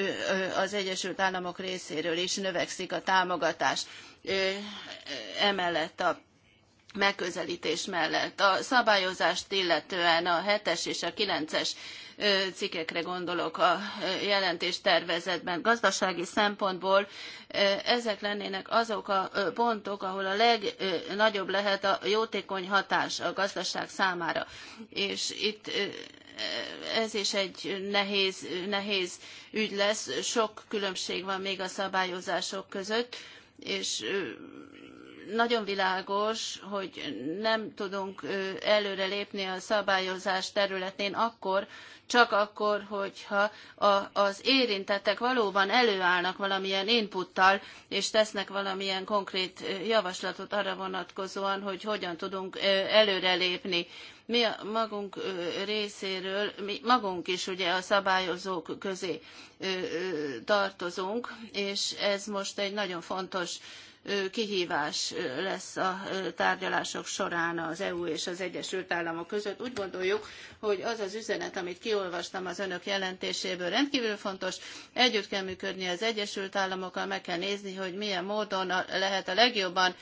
az Egyesült Államok részéről is növekszik a támogatás emellett a megközelítés mellett. A szabályozást illetően a 7-es és a 9-es cikkekre gondolok a jelentés tervezetben. Gazdasági szempontból ezek lennének azok a pontok, ahol a legnagyobb lehet a jótékony hatás a gazdaság számára. És itt ez is egy nehéz, nehéz ügy lesz. Sok különbség van még a szabályozások között, és nagyon világos, hogy nem tudunk előrelépni a szabályozás területén akkor, csak akkor, hogyha az érintettek valóban előállnak valamilyen inputtal, és tesznek valamilyen konkrét javaslatot arra vonatkozóan, hogy hogyan tudunk előrelépni mi a magunk részéről, mi magunk is ugye a szabályozók közé tartozunk, és ez most egy nagyon fontos kihívás lesz a tárgyalások során az EU és az Egyesült Államok között. Úgy gondoljuk, hogy az az üzenet, amit kiolvastam az önök jelentéséből rendkívül fontos. Együtt kell működni az Egyesült Államokkal, meg kell nézni, hogy milyen módon lehet a legjobban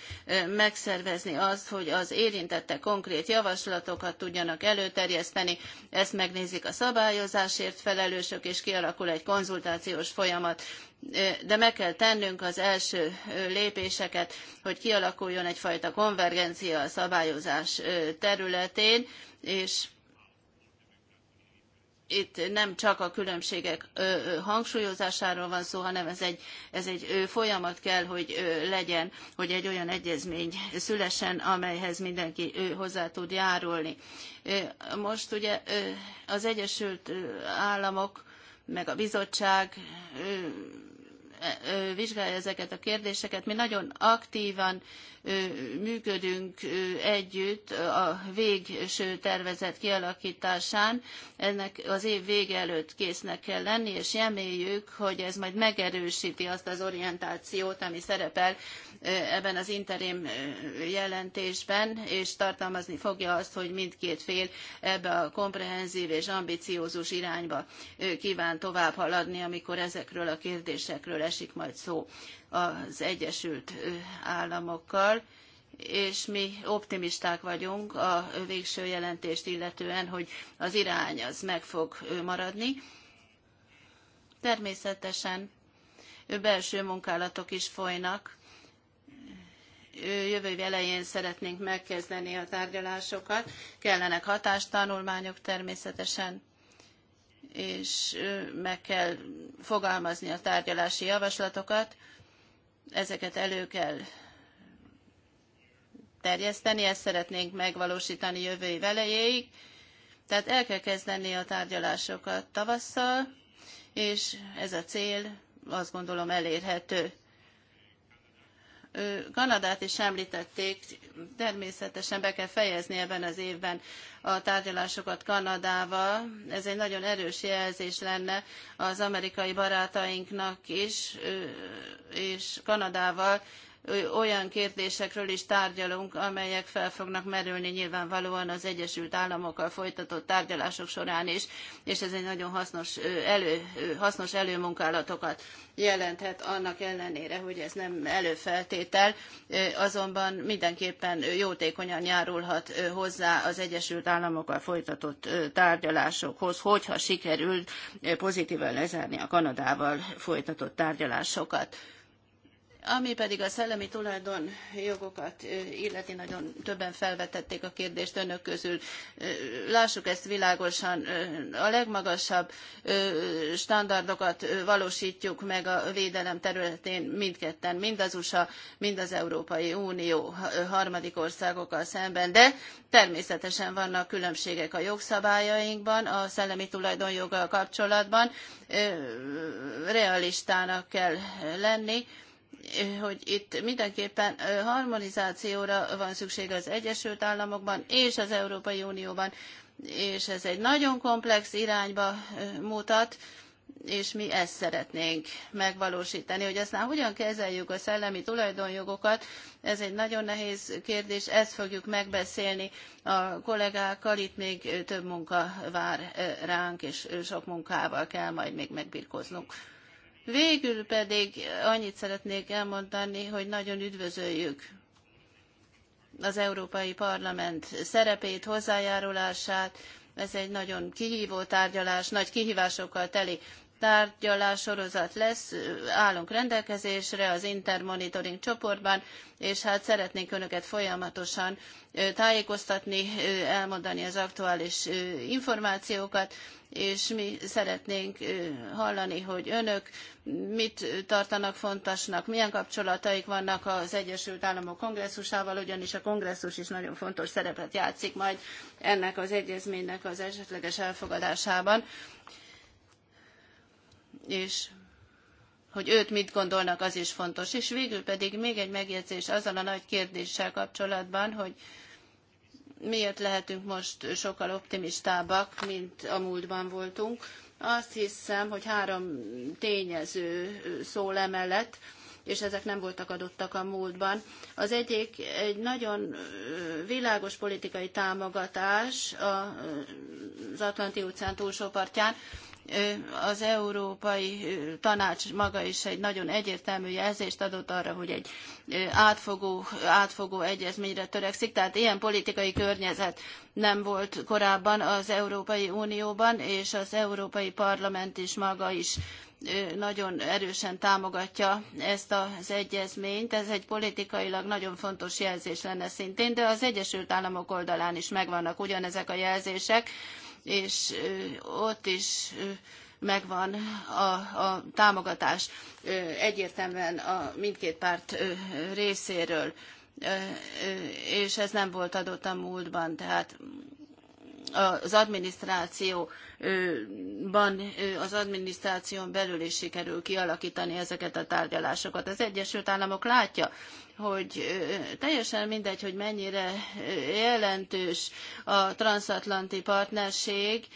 megszervezni azt, hogy az érintettek konkrét javaslatokat tudjanak előterjeszteni. Ezt megnézik a szabályozásért felelősök, és kialakul egy konzultációs folyamat de meg kell tennünk az első lépéseket, hogy kialakuljon egyfajta konvergencia a szabályozás területén, és itt nem csak a különbségek hangsúlyozásáról van szó, hanem ez egy, ez egy folyamat kell, hogy legyen, hogy egy olyan egyezmény szülessen, amelyhez mindenki hozzá tud járulni. Most ugye az Egyesült Államok meg a bizottság vizsgálja ezeket a kérdéseket. Mi nagyon aktívan működünk együtt a végső tervezet kialakításán. Ennek az év vége előtt késznek kell lenni, és reméljük, hogy ez majd megerősíti azt az orientációt, ami szerepel ebben az interim jelentésben, és tartalmazni fogja azt, hogy mindkét fél ebbe a komprehenzív és ambiciózus irányba kíván tovább haladni, amikor ezekről a kérdésekről esik majd szó az Egyesült Államokkal és mi optimisták vagyunk a végső jelentést illetően, hogy az irány az meg fog maradni. Természetesen belső munkálatok is folynak. Jövő elején szeretnénk megkezdeni a tárgyalásokat. Kellenek hatástanulmányok természetesen és meg kell fogalmazni a tárgyalási javaslatokat, ezeket elő kell terjeszteni, ezt szeretnénk megvalósítani jövő év elejéig, tehát el kell kezdeni a tárgyalásokat tavasszal, és ez a cél azt gondolom elérhető. Kanadát is említették, természetesen be kell fejezni ebben az évben a tárgyalásokat Kanadával. Ez egy nagyon erős jelzés lenne az amerikai barátainknak is, és Kanadával olyan kérdésekről is tárgyalunk, amelyek fel fognak merülni nyilvánvalóan az Egyesült Államokkal folytatott tárgyalások során is, és ez egy nagyon hasznos, elő, hasznos előmunkálatokat jelenthet annak ellenére, hogy ez nem előfeltétel, azonban mindenképpen jótékonyan járulhat hozzá az Egyesült Államokkal folytatott tárgyalásokhoz, hogyha sikerül pozitívan lezárni a Kanadával folytatott tárgyalásokat. Ami pedig a szellemi tulajdon jogokat illeti, nagyon többen felvetették a kérdést önök közül. Lássuk ezt világosan, a legmagasabb standardokat valósítjuk meg a védelem területén mindketten, mind az USA, mind az Európai Unió harmadik országokkal szemben, de természetesen vannak különbségek a jogszabályainkban, a szellemi tulajdon joggal kapcsolatban. Realistának kell lenni, hogy itt mindenképpen harmonizációra van szükség az Egyesült Államokban és az Európai Unióban, és ez egy nagyon komplex irányba mutat, és mi ezt szeretnénk megvalósítani, hogy aztán hogyan kezeljük a szellemi tulajdonjogokat, ez egy nagyon nehéz kérdés, ezt fogjuk megbeszélni a kollégákkal, itt még több munka vár ránk, és sok munkával kell majd még megbirkóznunk. Végül pedig annyit szeretnék elmondani, hogy nagyon üdvözöljük az Európai Parlament szerepét, hozzájárulását. Ez egy nagyon kihívó tárgyalás, nagy kihívásokkal teli tárgyalás sorozat lesz, állunk rendelkezésre az intermonitoring csoportban, és hát szeretnénk önöket folyamatosan tájékoztatni, elmondani az aktuális információkat, és mi szeretnénk hallani, hogy önök mit tartanak fontosnak, milyen kapcsolataik vannak az Egyesült Államok kongresszusával, ugyanis a kongresszus is nagyon fontos szerepet játszik majd ennek az egyezménynek az esetleges elfogadásában és hogy őt mit gondolnak, az is fontos. És végül pedig még egy megjegyzés azzal a nagy kérdéssel kapcsolatban, hogy miért lehetünk most sokkal optimistábbak, mint a múltban voltunk. Azt hiszem, hogy három tényező szól emellett, és ezek nem voltak adottak a múltban. Az egyik egy nagyon világos politikai támogatás az Atlanti óceán túlsó partján, az Európai Tanács maga is egy nagyon egyértelmű jelzést adott arra, hogy egy átfogó, átfogó egyezményre törekszik. Tehát ilyen politikai környezet nem volt korábban az Európai Unióban, és az Európai Parlament is maga is nagyon erősen támogatja ezt az egyezményt. Ez egy politikailag nagyon fontos jelzés lenne szintén, de az Egyesült Államok oldalán is megvannak ugyanezek a jelzések, és ott is megvan a, a támogatás egyértelműen a mindkét párt részéről, és ez nem volt adott a múltban, tehát az adminisztrációban, az adminisztráción belül is sikerül kialakítani ezeket a tárgyalásokat. Az Egyesült Államok látja, hogy teljesen mindegy, hogy mennyire jelentős a transatlanti partnerség,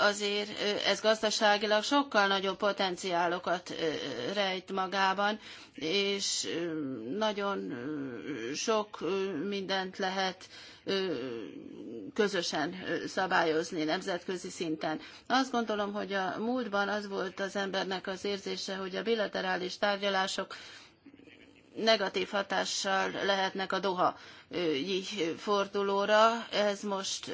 azért ez gazdaságilag sokkal nagyobb potenciálokat rejt magában, és nagyon sok mindent lehet közösen szabályozni nemzetközi szinten. Azt gondolom, hogy a múltban az volt az embernek az érzése, hogy a bilaterális tárgyalások negatív hatással lehetnek a Doha fordulóra. Ez most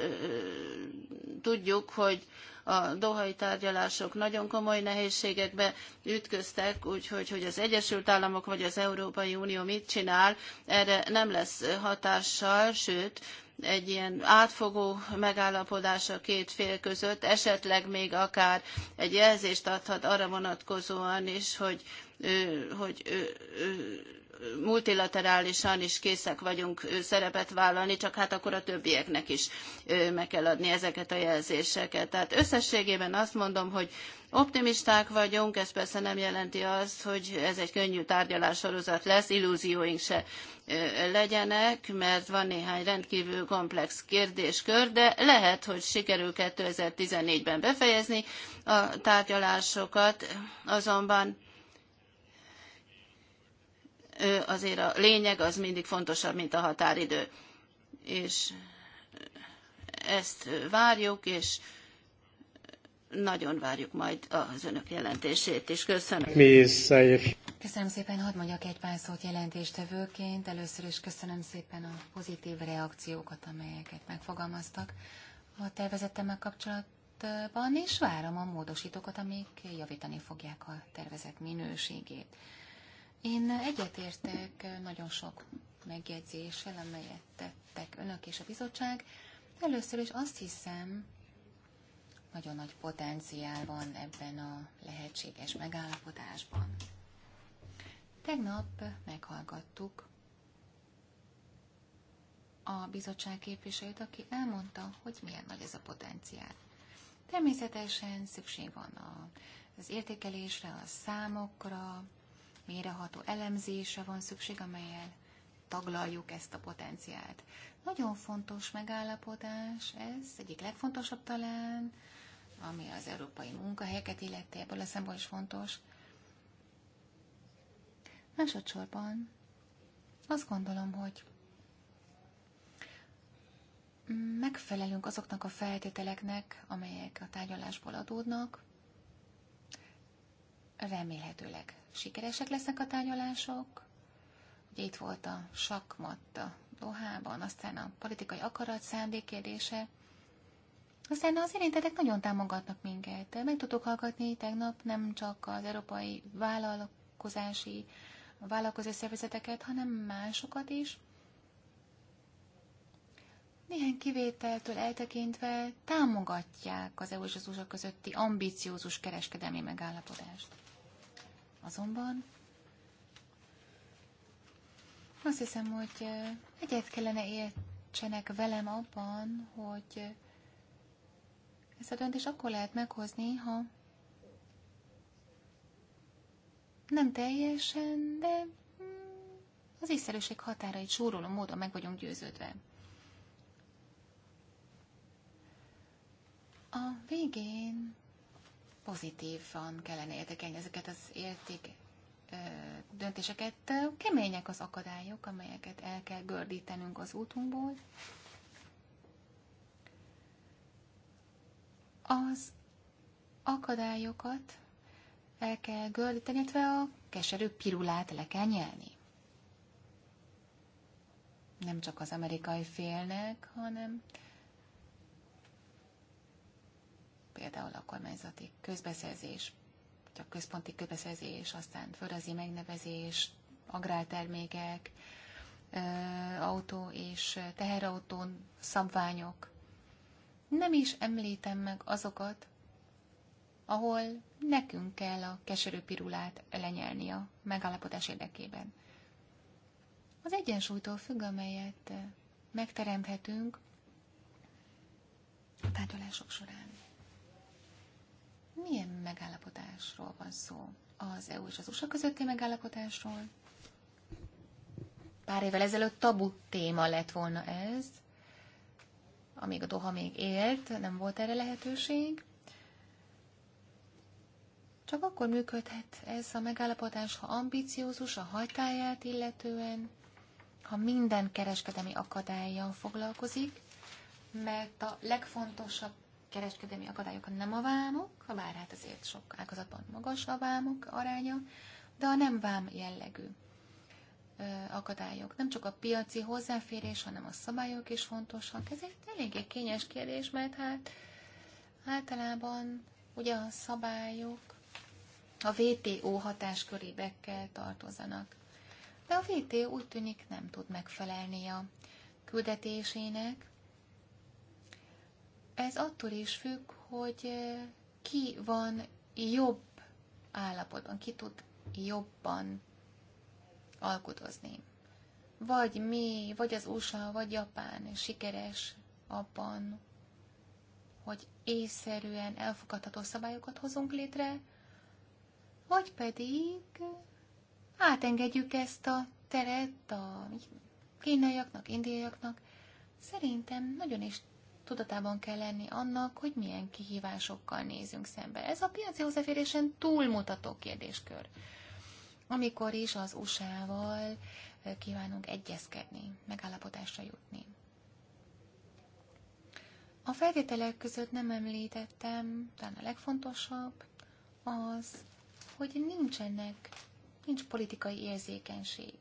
tudjuk, hogy a dohai tárgyalások nagyon komoly nehézségekbe ütköztek, úgyhogy hogy az Egyesült Államok vagy az Európai Unió mit csinál, erre nem lesz hatással, sőt, egy ilyen átfogó megállapodás a két fél között, esetleg még akár egy jelzést adhat arra vonatkozóan is, hogy, hogy, hogy multilaterálisan is készek vagyunk szerepet vállalni, csak hát akkor a többieknek is meg kell adni ezeket a jelzéseket. Tehát összességében azt mondom, hogy optimisták vagyunk, ez persze nem jelenti azt, hogy ez egy könnyű tárgyalássorozat lesz, illúzióink se legyenek, mert van néhány rendkívül komplex kérdéskör, de lehet, hogy sikerül 2014-ben befejezni a tárgyalásokat, azonban azért a lényeg az mindig fontosabb, mint a határidő. És ezt várjuk, és nagyon várjuk majd az önök jelentését is. Köszönöm. Köszönöm szépen, hadd mondjak egy pár szót jelentéstevőként. Először is köszönöm szépen a pozitív reakciókat, amelyeket megfogalmaztak a tervezettemmel kapcsolatban, és várom a módosítókat, amik javítani fogják a tervezet minőségét. Én egyetértek nagyon sok megjegyzéssel, amelyet tettek önök és a bizottság. Először is azt hiszem, nagyon nagy potenciál van ebben a lehetséges megállapodásban. Tegnap meghallgattuk a bizottság képviselőt, aki elmondta, hogy milyen nagy ez a potenciál. Természetesen szükség van az értékelésre, a számokra, méreható elemzése van szükség, amelyel taglaljuk ezt a potenciált. Nagyon fontos megállapodás ez, egyik legfontosabb talán, ami az európai munkahelyeket illeti, ebből a szemben is fontos. Másodszorban azt gondolom, hogy megfelelünk azoknak a feltételeknek, amelyek a tárgyalásból adódnak, Remélhetőleg sikeresek lesznek a tárgyalások. Ugye itt volt a sakmat a Dohában, aztán a politikai akarat szándék kérdése. Aztán az érintetek nagyon támogatnak minket. Meg tudtuk hallgatni tegnap nem csak az európai vállalkozási vállalkozói szervezeteket, hanem másokat is. Néhány kivételtől eltekintve támogatják az EU és az USA közötti ambiciózus kereskedelmi megállapodást. Azonban azt hiszem, hogy egyet kellene értsenek velem abban, hogy ezt a döntést akkor lehet meghozni, ha nem teljesen, de mm, az észszerűség határait súroló módon meg vagyunk győződve. A végén pozitívan kellene értékelni ezeket az érték döntéseket. Kemények az akadályok, amelyeket el kell gördítenünk az útunkból. Az akadályokat el kell gördíteni, illetve a keserű pirulát le kell nyelni. Nem csak az amerikai félnek, hanem például a kormányzati közbeszerzés, a központi közbeszerzés, aztán földrajzi megnevezés, agrártermékek, autó és teherautón szabványok. Nem is említem meg azokat, ahol nekünk kell a keserű pirulát lenyelni a megállapodás érdekében. Az egyensúlytól függ, amelyet megteremthetünk a tárgyalások során. Milyen megállapodásról van szó? Az EU és az USA közötti megállapodásról? Pár évvel ezelőtt tabu téma lett volna ez, amíg a Doha még élt, nem volt erre lehetőség. Csak akkor működhet ez a megállapodás, ha ambiciózus a hatáját illetően, ha minden kereskedelmi akadályjal foglalkozik, mert a legfontosabb kereskedelmi akadályok nem a vámok, bár hát azért sok ágazatban magas a vámok aránya, de a nem vám jellegű akadályok. Nem csak a piaci hozzáférés, hanem a szabályok is fontosak. Ez egy eléggé kényes kérdés, mert hát általában ugye a szabályok a VTO hatáskörébe kell tartozanak. De a VTO úgy tűnik nem tud megfelelni a küldetésének, ez attól is függ, hogy ki van jobb állapotban, ki tud jobban alkudozni. Vagy mi, vagy az USA, vagy Japán sikeres abban, hogy észszerűen elfogadható szabályokat hozunk létre, vagy pedig átengedjük ezt a teret a kínaiaknak, indiaiaknak. Szerintem nagyon is tudatában kell lenni annak, hogy milyen kihívásokkal nézünk szembe. Ez a piaci hozzáférésen túlmutató kérdéskör. Amikor is az USA-val kívánunk egyezkedni, megállapotásra jutni. A feltételek között nem említettem, talán a legfontosabb az, hogy nincsenek, nincs politikai érzékenység.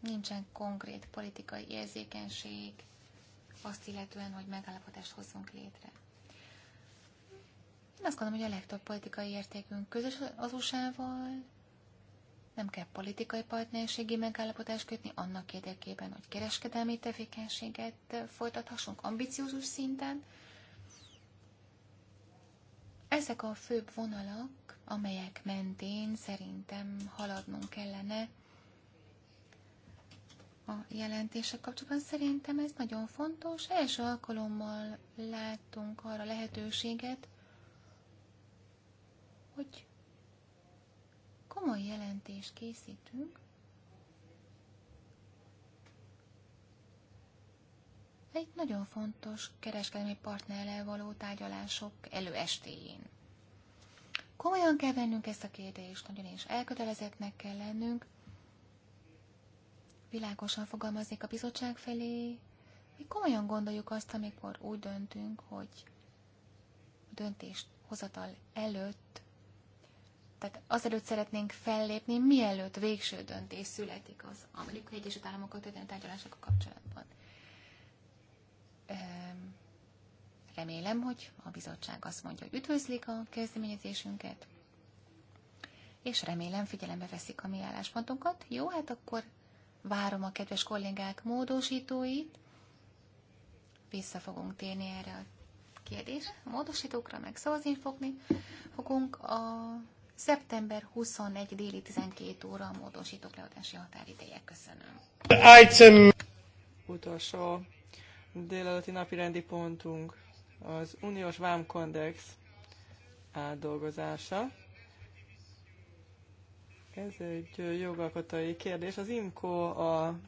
Nincsen konkrét politikai érzékenység azt illetően, hogy megállapodást hozzunk létre. Én azt gondolom, hogy a legtöbb politikai értékünk közös az USA-val, nem kell politikai partnerségi megállapodást kötni annak érdekében, hogy kereskedelmi tevékenységet folytathassunk ambiciózus szinten. Ezek a főbb vonalak, amelyek mentén szerintem haladnunk kellene a jelentések kapcsolatban. Szerintem ez nagyon fontos. Első alkalommal láttunk arra lehetőséget, hogy komoly jelentést készítünk, egy nagyon fontos kereskedelmi partnerrel való tárgyalások előestéjén. Komolyan kell vennünk ezt a kérdést, nagyon is elkötelezettnek kell lennünk, világosan fogalmaznék a bizottság felé, mi komolyan gondoljuk azt, amikor úgy döntünk, hogy a döntést hozatal előtt, tehát azelőtt szeretnénk fellépni, mielőtt végső döntés születik az Amerikai Egyesült Államokkal történő a kapcsolatban. Ehm, remélem, hogy a bizottság azt mondja, hogy üdvözlik a kezdeményezésünket, és remélem figyelembe veszik a mi álláspontunkat. Jó, hát akkor várom a kedves kollégák módosítóit. Vissza fogunk térni erre a kérdésre. A módosítókra meg szózni fogni. Fogunk a szeptember 21 déli 12 óra a módosítók leadási határideje. Köszönöm. Item. Utolsó délelőtti napi rendi pontunk az uniós vámkondex átdolgozása. Ez egy jogalkotói kérdés. Az IMCO a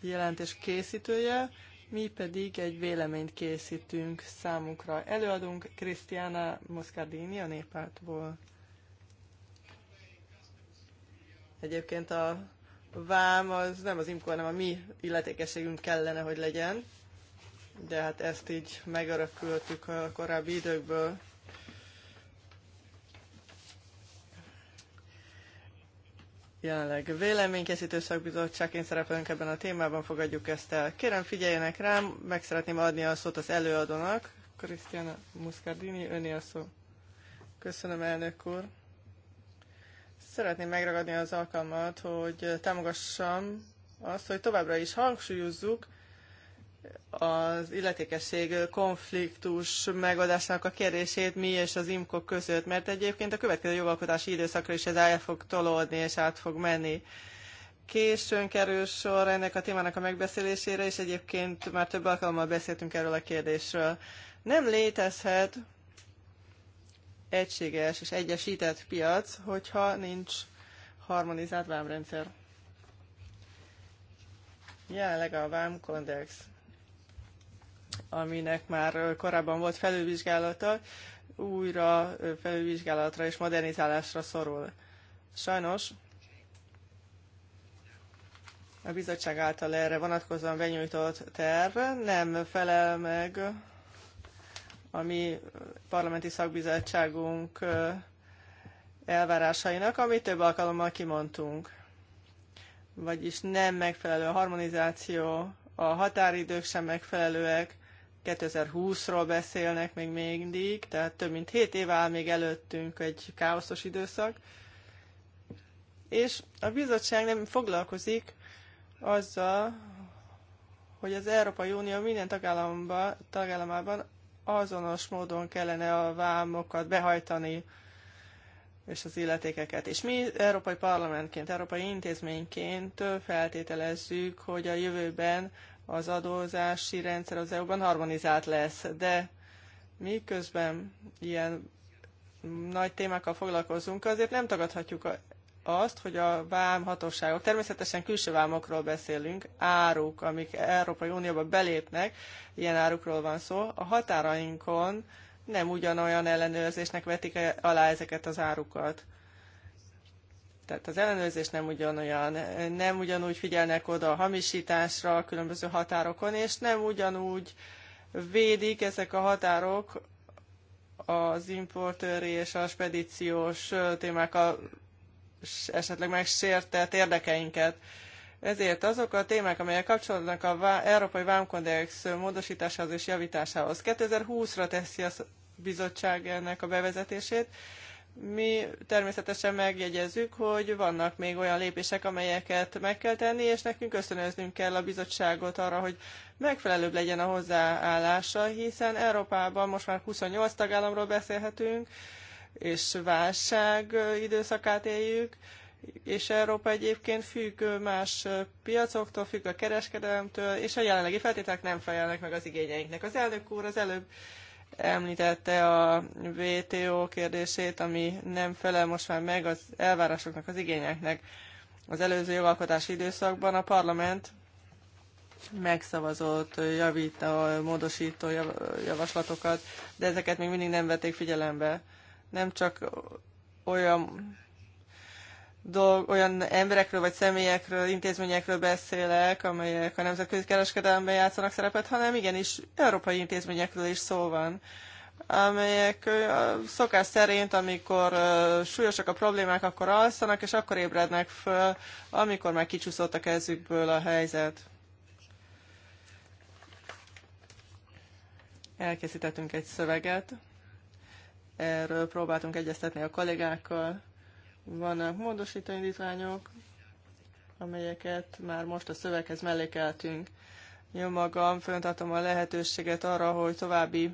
jelentés készítője, mi pedig egy véleményt készítünk számunkra. Előadunk Krisztiána Moscardini a néppártból. Egyébként a vám az nem az IMCO, hanem a mi illetékességünk kellene, hogy legyen. De hát ezt így megörököltük a korábbi időkből. Jelenleg véleménykészítő szakbizottságként szerepelünk ebben a témában, fogadjuk ezt el. Kérem figyeljenek rám, meg szeretném adni a szót az előadónak. Krisztiana Muscardini, öné a szó. Köszönöm, elnök úr. Szeretném megragadni az alkalmat, hogy támogassam azt, hogy továbbra is hangsúlyozzuk, az illetékesség konfliktus megoldásának a kérdését mi és az IMKO között, mert egyébként a következő jogalkotási időszakra is ez el fog tolódni és át fog menni. Későn kerül sor ennek a témának a megbeszélésére, és egyébként már több alkalommal beszéltünk erről a kérdésről. Nem létezhet egységes és egyesített piac, hogyha nincs harmonizált vámrendszer. Jelenleg a vámkondex aminek már korábban volt felülvizsgálata, újra felülvizsgálatra és modernizálásra szorul. Sajnos a bizottság által erre vonatkozóan benyújtott terv nem felel meg a mi parlamenti szakbizottságunk elvárásainak, amit több alkalommal kimondtunk. Vagyis nem megfelelő a harmonizáció, a határidők sem megfelelőek, 2020-ról beszélnek még mindig, tehát több mint 7 év áll még előttünk egy káoszos időszak, és a bizottság nem foglalkozik azzal, hogy az Európai Unió minden tagállamban, tagállamában azonos módon kellene a vámokat behajtani, és az illetékeket. És mi Európai Parlamentként, Európai Intézményként feltételezzük, hogy a jövőben az adózási rendszer az EU-ban harmonizált lesz, de miközben ilyen nagy témákkal foglalkozunk, azért nem tagadhatjuk azt, hogy a vámhatóságok, természetesen külső vámokról beszélünk, áruk, amik Európai Unióba belépnek, ilyen árukról van szó, a határainkon nem ugyanolyan ellenőrzésnek vetik alá ezeket az árukat tehát az ellenőrzés nem ugyanolyan, nem ugyanúgy figyelnek oda a hamisításra a különböző határokon, és nem ugyanúgy védik ezek a határok az importőri és a spedíciós a esetleg megsértett érdekeinket. Ezért azok a témák, amelyek kapcsolódnak a Vá- Európai Vámkondex módosításához és javításához, 2020-ra teszi a bizottság ennek a bevezetését, mi természetesen megjegyezzük, hogy vannak még olyan lépések, amelyeket meg kell tenni, és nekünk ösztönöznünk kell a bizottságot arra, hogy megfelelőbb legyen a hozzáállása, hiszen Európában most már 28 tagállamról beszélhetünk, és válság időszakát éljük, és Európa egyébként függ más piacoktól, függ a kereskedelemtől, és a jelenlegi feltételek nem felelnek meg az igényeinknek. Az elnök úr az előbb említette a WTO kérdését, ami nem felel most már meg az elvárásoknak, az igényeknek. Az előző jogalkotási időszakban a parlament megszavazott, javító, módosító javaslatokat, de ezeket még mindig nem vették figyelembe. Nem csak olyan dolg, olyan emberekről, vagy személyekről, intézményekről beszélek, amelyek a nemzetközi kereskedelemben játszanak szerepet, hanem igenis európai intézményekről is szó van amelyek szokás szerint, amikor súlyosak a problémák, akkor alszanak, és akkor ébrednek föl, amikor már kicsúszott a kezükből a helyzet. Elkészítettünk egy szöveget, erről próbáltunk egyeztetni a kollégákkal, vannak módosító indítványok, amelyeket már most a szöveghez mellékeltünk. Jó magam, föntartom a lehetőséget arra, hogy további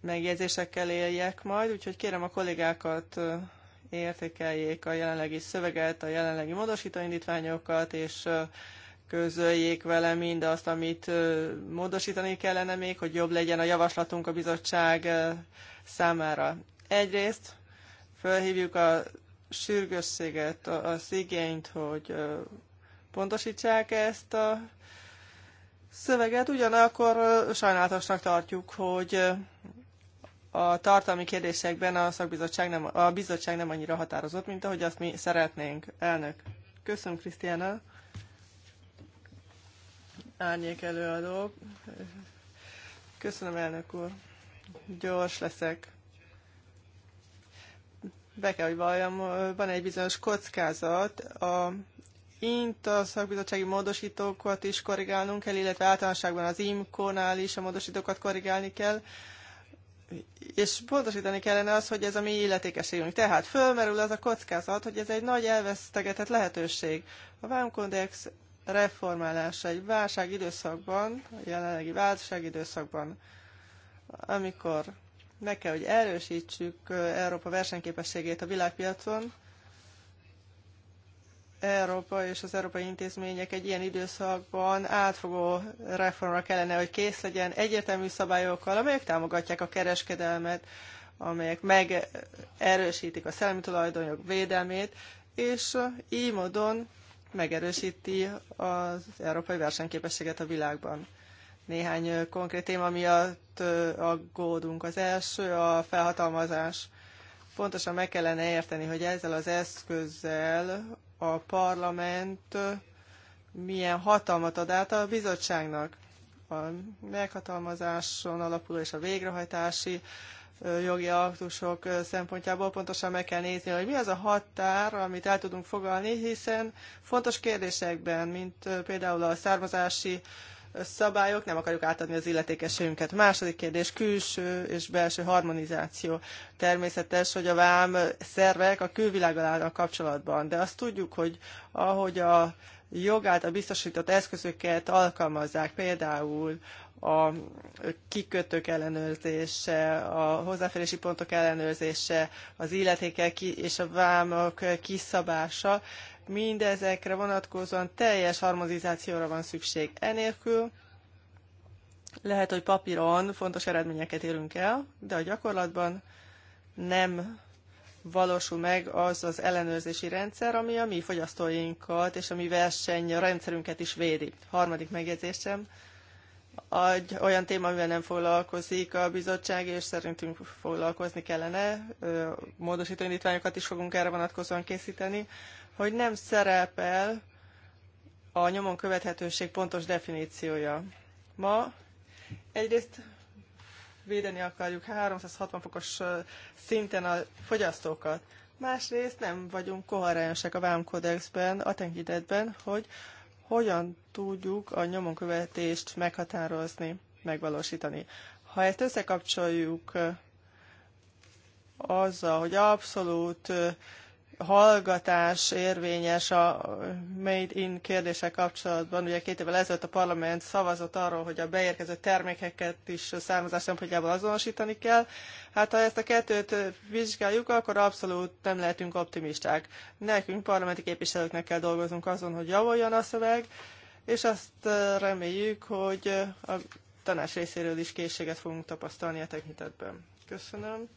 megjegyzésekkel éljek majd, úgyhogy kérem a kollégákat értékeljék a jelenlegi szöveget, a jelenlegi indítványokat és közöljék vele mindazt, amit módosítani kellene még, hogy jobb legyen a javaslatunk a bizottság számára. Egyrészt felhívjuk a sürgősséget, az igényt, hogy pontosítsák ezt a szöveget, ugyanakkor sajnálatosnak tartjuk, hogy a tartalmi kérdésekben a szakbizottság nem, a bizottság nem annyira határozott, mint ahogy azt mi szeretnénk. Elnök. Köszönöm, Krisztiána. Árnyék előadó. Köszönöm, elnök úr. Gyors leszek be kell, hogy valljam, van egy bizonyos kockázat. A int a szakbizottsági módosítókat is korrigálnunk kell, illetve általánosságban az IMCO-nál is a módosítókat korrigálni kell. És pontosítani kellene az, hogy ez a mi illetékességünk. Tehát fölmerül az a kockázat, hogy ez egy nagy elvesztegetett lehetőség. A vámkondex reformálása egy válság időszakban, a jelenlegi válság időszakban, amikor meg kell, hogy erősítsük Európa versenyképességét a világpiacon. Európa és az európai intézmények egy ilyen időszakban átfogó reformra kellene, hogy kész legyen egyértelmű szabályokkal, amelyek támogatják a kereskedelmet, amelyek megerősítik a szellemi tulajdonjog védelmét, és így módon megerősíti az európai versenyképességet a világban. Néhány konkrét téma miatt aggódunk. Az első a felhatalmazás. Pontosan meg kellene érteni, hogy ezzel az eszközzel a parlament milyen hatalmat ad át a bizottságnak. A meghatalmazáson alapuló és a végrehajtási jogi aktusok szempontjából pontosan meg kell nézni, hogy mi az a határ, amit el tudunk fogalni, hiszen fontos kérdésekben, mint például a származási szabályok, nem akarjuk átadni az illetékességünket. Második kérdés, külső és belső harmonizáció. Természetes, hogy a vám szervek a külvilággal állnak kapcsolatban, de azt tudjuk, hogy ahogy a jogát, a biztosított eszközöket alkalmazzák, például a kikötők ellenőrzése, a hozzáférési pontok ellenőrzése, az illetékek és a vámok kiszabása mindezekre vonatkozóan teljes harmonizációra van szükség. Enélkül lehet, hogy papíron fontos eredményeket érünk el, de a gyakorlatban nem valósul meg az az ellenőrzési rendszer, ami a mi fogyasztóinkat és a mi verseny a rendszerünket is védi. Harmadik megjegyzésem, olyan téma, amivel nem foglalkozik a bizottság, és szerintünk foglalkozni kellene, módosító indítványokat is fogunk erre vonatkozóan készíteni, hogy nem szerepel a nyomon követhetőség pontos definíciója. Ma egyrészt védeni akarjuk 360 fokos szinten a fogyasztókat, másrészt nem vagyunk koherensek a vámkódexben, a tekintetben, hogy hogyan tudjuk a nyomon követést meghatározni, megvalósítani. Ha ezt összekapcsoljuk azzal, hogy abszolút hallgatás érvényes a Made in kérdése kapcsolatban. Ugye két évvel ezelőtt a parlament szavazott arról, hogy a beérkező termékeket is származás szempontjából azonosítani kell. Hát ha ezt a kettőt vizsgáljuk, akkor abszolút nem lehetünk optimisták. Nekünk, parlamenti képviselőknek kell dolgoznunk azon, hogy javuljon a szöveg, és azt reméljük, hogy a tanács részéről is készséget fogunk tapasztalni a tekintetben. Köszönöm.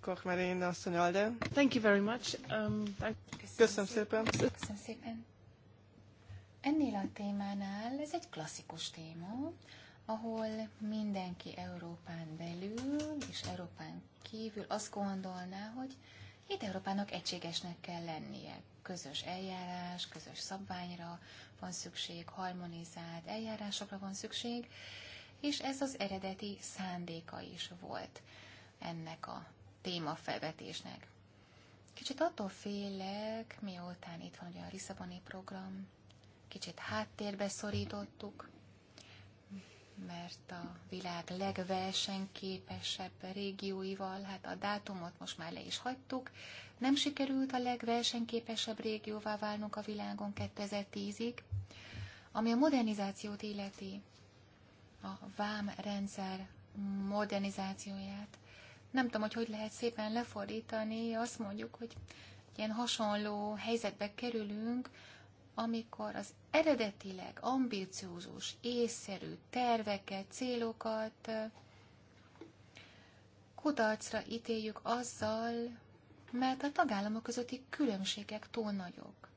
Kochmerin asszony Alde. Thank you very much. Um, thank... Köszönöm, Köszönöm szépen. szépen. Köszönöm szépen. Ennél a témánál ez egy klasszikus téma, ahol mindenki Európán belül és Európán kívül azt gondolná, hogy itt Európának egységesnek kell lennie. Közös eljárás, közös szabványra van szükség, harmonizált eljárásokra van szükség, és ez az eredeti szándéka is volt ennek a témafelvetésnek. Kicsit attól félek, miután itt van ugye a Lisszaboni program, kicsit háttérbe szorítottuk, mert a világ legversenyképesebb régióival, hát a dátumot most már le is hagytuk, nem sikerült a legversenyképesebb régióvá válnunk a világon 2010-ig, ami a modernizációt illeti, a vámrendszer modernizációját, nem tudom, hogy hogy lehet szépen lefordítani, azt mondjuk, hogy ilyen hasonló helyzetbe kerülünk, amikor az eredetileg ambiciózus, észszerű terveket, célokat kudarcra ítéljük azzal, mert a tagállamok közötti különbségek túl nagyok.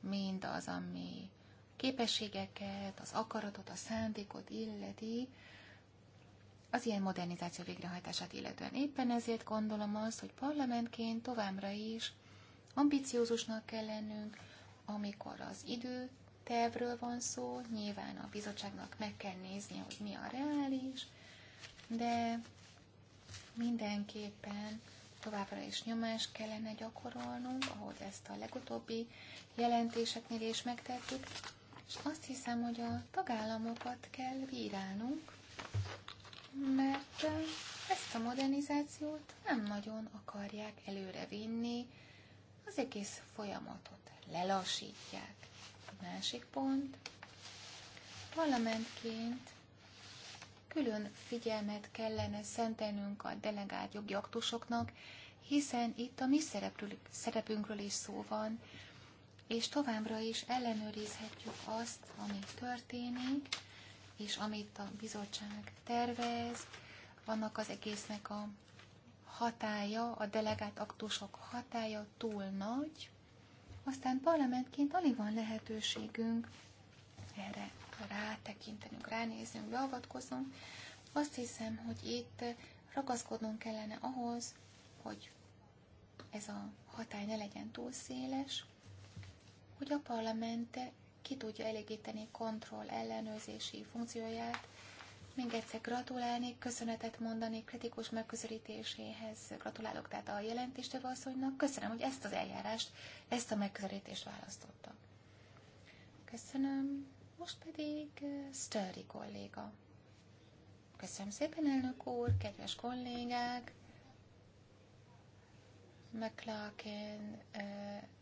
Mindaz, ami képességeket, az akaratot, a szándékot illeti, az ilyen modernizáció végrehajtását illetően. Éppen ezért gondolom azt, hogy parlamentként továbbra is ambiciózusnak kell lennünk, amikor az idő tervről van szó, nyilván a bizottságnak meg kell néznie, hogy mi a reális, de mindenképpen továbbra is nyomást kellene gyakorolnunk, ahogy ezt a legutóbbi jelentéseknél is megtettük, és azt hiszem, hogy a tagállamokat kell bírálnunk mert ezt a modernizációt nem nagyon akarják előre vinni, az egész folyamatot lelassítják. A másik pont, parlamentként külön figyelmet kellene szentelnünk a delegált jogi aktusoknak, hiszen itt a mi szerepünkről is szó van, és továbbra is ellenőrizhetjük azt, ami történik, és amit a bizottság tervez, annak az egésznek a hatája, a delegált aktusok hatája túl nagy, aztán parlamentként alig van lehetőségünk erre rátekintenünk, ránézünk, beavatkozunk. Azt hiszem, hogy itt ragaszkodnunk kellene ahhoz, hogy ez a hatály ne legyen túl széles, hogy a parlament ki tudja elégíteni kontroll ellenőrzési funkcióját. Még egyszer gratulálni, köszönetet mondani kritikus megközelítéséhez. Gratulálok tehát a jelentéstevő asszonynak. Köszönöm, hogy ezt az eljárást, ezt a megközelítést választotta. Köszönöm. Most pedig eh, Störi kolléga. Köszönöm szépen, elnök úr, kedves kollégák! McClarkin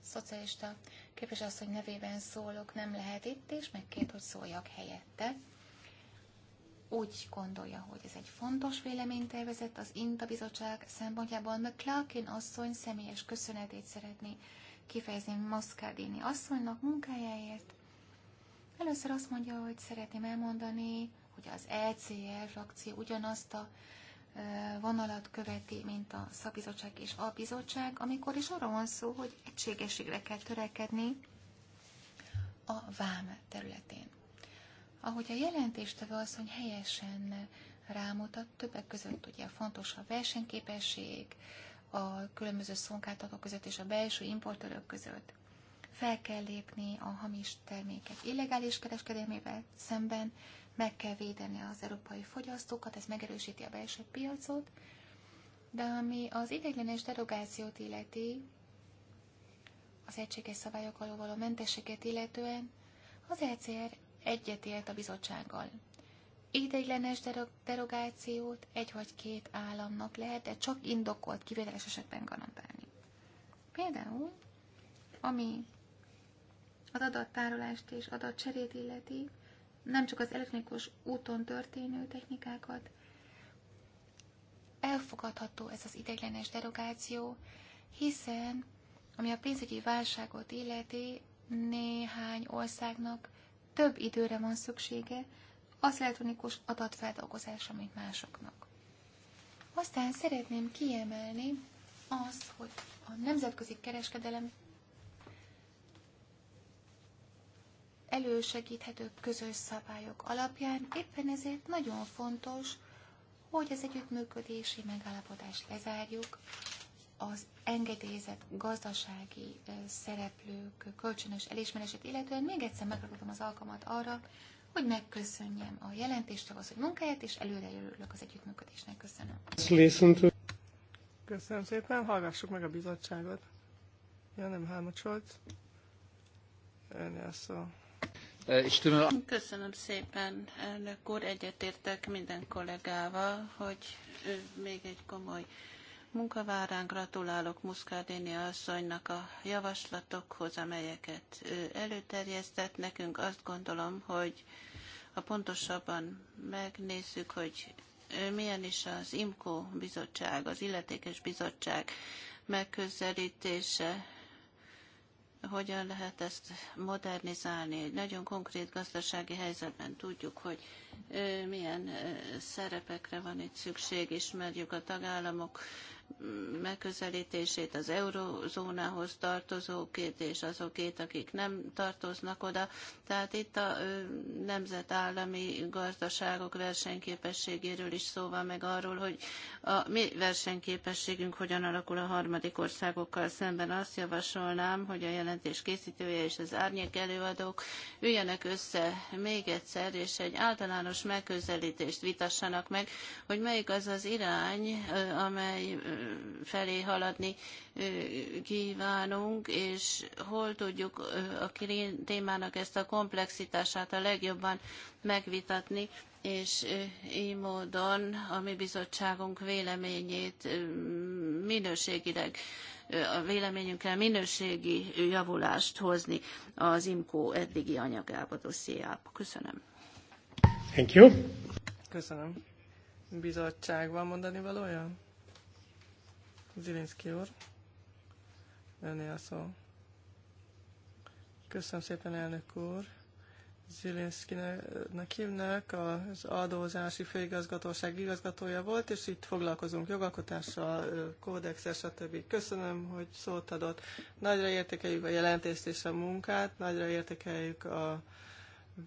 szocialista képviselőasszony nevében szólok, nem lehet itt, és megkért, hogy szóljak helyette. Úgy gondolja, hogy ez egy fontos véleménytervezet az INTA bizottság szempontjából. McClarkin asszony személyes köszönetét szeretné kifejezni Moszkádini asszonynak munkájáért. Először azt mondja, hogy szeretném elmondani, hogy az ECR frakció ugyanazt a vonalat követi, mint a szabizottság és a bizottság, amikor is arra van szó, hogy egységességre kell törekedni a vám területén. Ahogy a jelentéstevő hogy helyesen rámutat, többek között ugye fontos a versenyképesség, a különböző szolgáltatók között és a belső importőrök között. Fel kell lépni a hamis termékek illegális kereskedelmével szemben, meg kell védeni az európai fogyasztókat, ez megerősíti a belső piacot, de ami az ideiglenes derogációt illeti, az egységes szabályok alól való mentességet illetően, az ECR egyetért a bizottsággal. Ideiglenes derogációt egy vagy két államnak lehet, de csak indokolt kivételes esetben garantálni. Például, ami az adattárolást és adatcserét illeti, nem csak az elektronikus úton történő technikákat. Elfogadható ez az ideiglenes derogáció, hiszen ami a pénzügyi válságot illeti, néhány országnak több időre van szüksége az elektronikus adatfeldolgozásra, mint másoknak. Aztán szeretném kiemelni azt, hogy a nemzetközi kereskedelem elősegíthető közös szabályok alapján, éppen ezért nagyon fontos, hogy az együttműködési megállapodást lezárjuk, az engedélyezett gazdasági szereplők kölcsönös elismerését illetően még egyszer megragadom az alkalmat arra, hogy megköszönjem a jelentést, az, hogy munkáját, és előre örülök az együttműködésnek. Köszönöm. Köszönöm szépen, hallgassuk meg a bizottságot. Ja, nem hámocsolt. Ön a szó. Eh, Köszönöm szépen, elnök úr. Egyetértek minden kollégával, hogy még egy komoly munka vár ránk. Gratulálok Muszkárdéni asszonynak a javaslatokhoz, amelyeket előterjesztett nekünk. Azt gondolom, hogy ha pontosabban megnézzük, hogy milyen is az IMCO bizottság, az illetékes bizottság megközelítése hogyan lehet ezt modernizálni. Egy nagyon konkrét gazdasági helyzetben tudjuk, hogy milyen szerepekre van itt szükség, ismerjük a tagállamok megközelítését az eurozónához tartozókét és azokét, akik nem tartoznak oda. Tehát itt a nemzetállami gazdaságok versenyképességéről is szó van, meg arról, hogy a mi versenyképességünk hogyan alakul a harmadik országokkal szemben. Azt javasolnám, hogy a jelentés készítője és az árnyék előadók üljenek össze még egyszer, és egy általános megközelítést vitassanak meg, hogy melyik az az irány, amely felé haladni kívánunk, és hol tudjuk a témának ezt a komplexitását a legjobban megvitatni, és így módon a mi bizottságunk véleményét minőségileg a véleményünkkel minőségi javulást hozni az IMCO eddigi anyagába, dossziába. Köszönöm. Thank you. Köszönöm. Bizottság van mondani valója? Zilinszki úr, öné a szó. Köszönöm szépen, elnök úr. Zilinszkinek hívnak, az adózási főigazgatóság igazgatója volt, és itt foglalkozunk jogalkotással, kódexel, stb. Köszönöm, hogy szót adott. Nagyra értékeljük a jelentést és a munkát, nagyra értékeljük a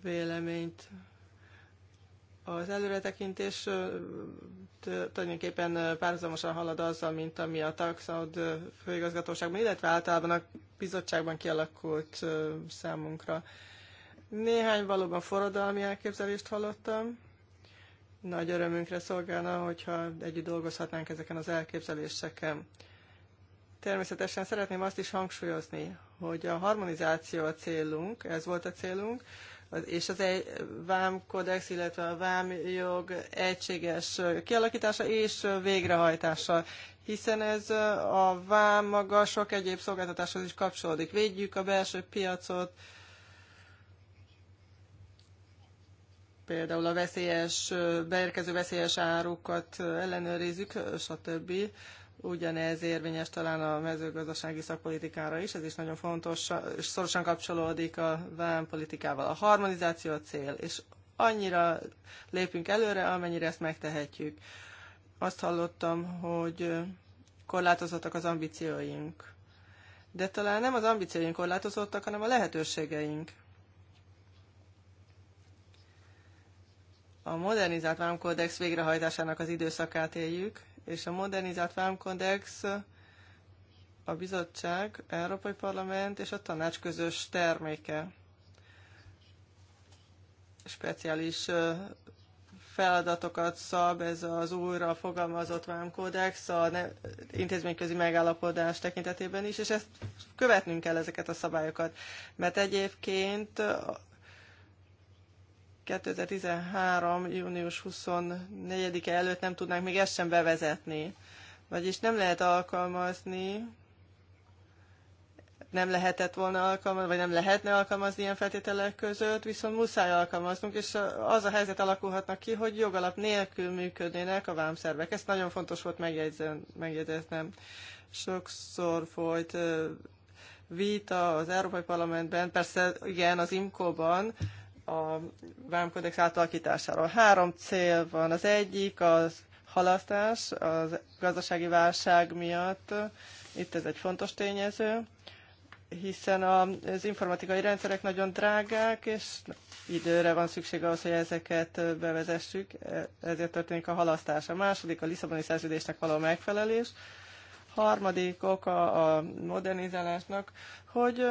véleményt, az előretekintés tulajdonképpen párhuzamosan halad azzal, mint ami a taxaud főigazgatóságban, illetve általában a bizottságban kialakult számunkra. Néhány valóban forradalmi elképzelést hallottam. Nagy örömünkre szolgálna, hogyha együtt dolgozhatnánk ezeken az elképzeléseken. Természetesen szeretném azt is hangsúlyozni, hogy a harmonizáció a célunk, ez volt a célunk, és az egy kodex, illetve a vámjog egységes kialakítása és végrehajtása, hiszen ez a vám maga sok egyéb szolgáltatáshoz is kapcsolódik. Védjük a belső piacot, például a veszélyes, beérkező veszélyes árukat ellenőrizzük, stb. Ugyanez érvényes talán a mezőgazdasági szakpolitikára is, ez is nagyon fontos, és szorosan kapcsolódik a vámpolitikával. A harmonizáció a cél, és annyira lépünk előre, amennyire ezt megtehetjük. Azt hallottam, hogy korlátozottak az ambícióink. De talán nem az ambícióink korlátozottak, hanem a lehetőségeink. A modernizált vámkódex végrehajtásának az időszakát éljük, és a modernizált vámkodex a bizottság, Európai Parlament és a tanács közös terméke. Speciális feladatokat szab ez az újra fogalmazott vámkódex a intézményközi megállapodás tekintetében is, és ezt követnünk kell ezeket a szabályokat, mert egyébként 2013. június 24-e előtt nem tudnánk még ezt sem bevezetni. Vagyis nem lehet alkalmazni, nem lehetett volna alkalmazni, vagy nem lehetne alkalmazni ilyen feltételek között, viszont muszáj alkalmaznunk, és az a helyzet alakulhatnak ki, hogy jogalap nélkül működnének a vámszervek. Ezt nagyon fontos volt megjegyeznem. Sokszor folyt vita az Európai Parlamentben, persze igen, az IMCO-ban, a vámkodex átalakításáról. Három cél van. Az egyik az halasztás az gazdasági válság miatt. Itt ez egy fontos tényező, hiszen az informatikai rendszerek nagyon drágák, és időre van szükség ahhoz, hogy ezeket bevezessük, ezért történik a halasztás. A második a Lisszaboni szerződésnek való megfelelés harmadik oka a modernizálásnak, hogy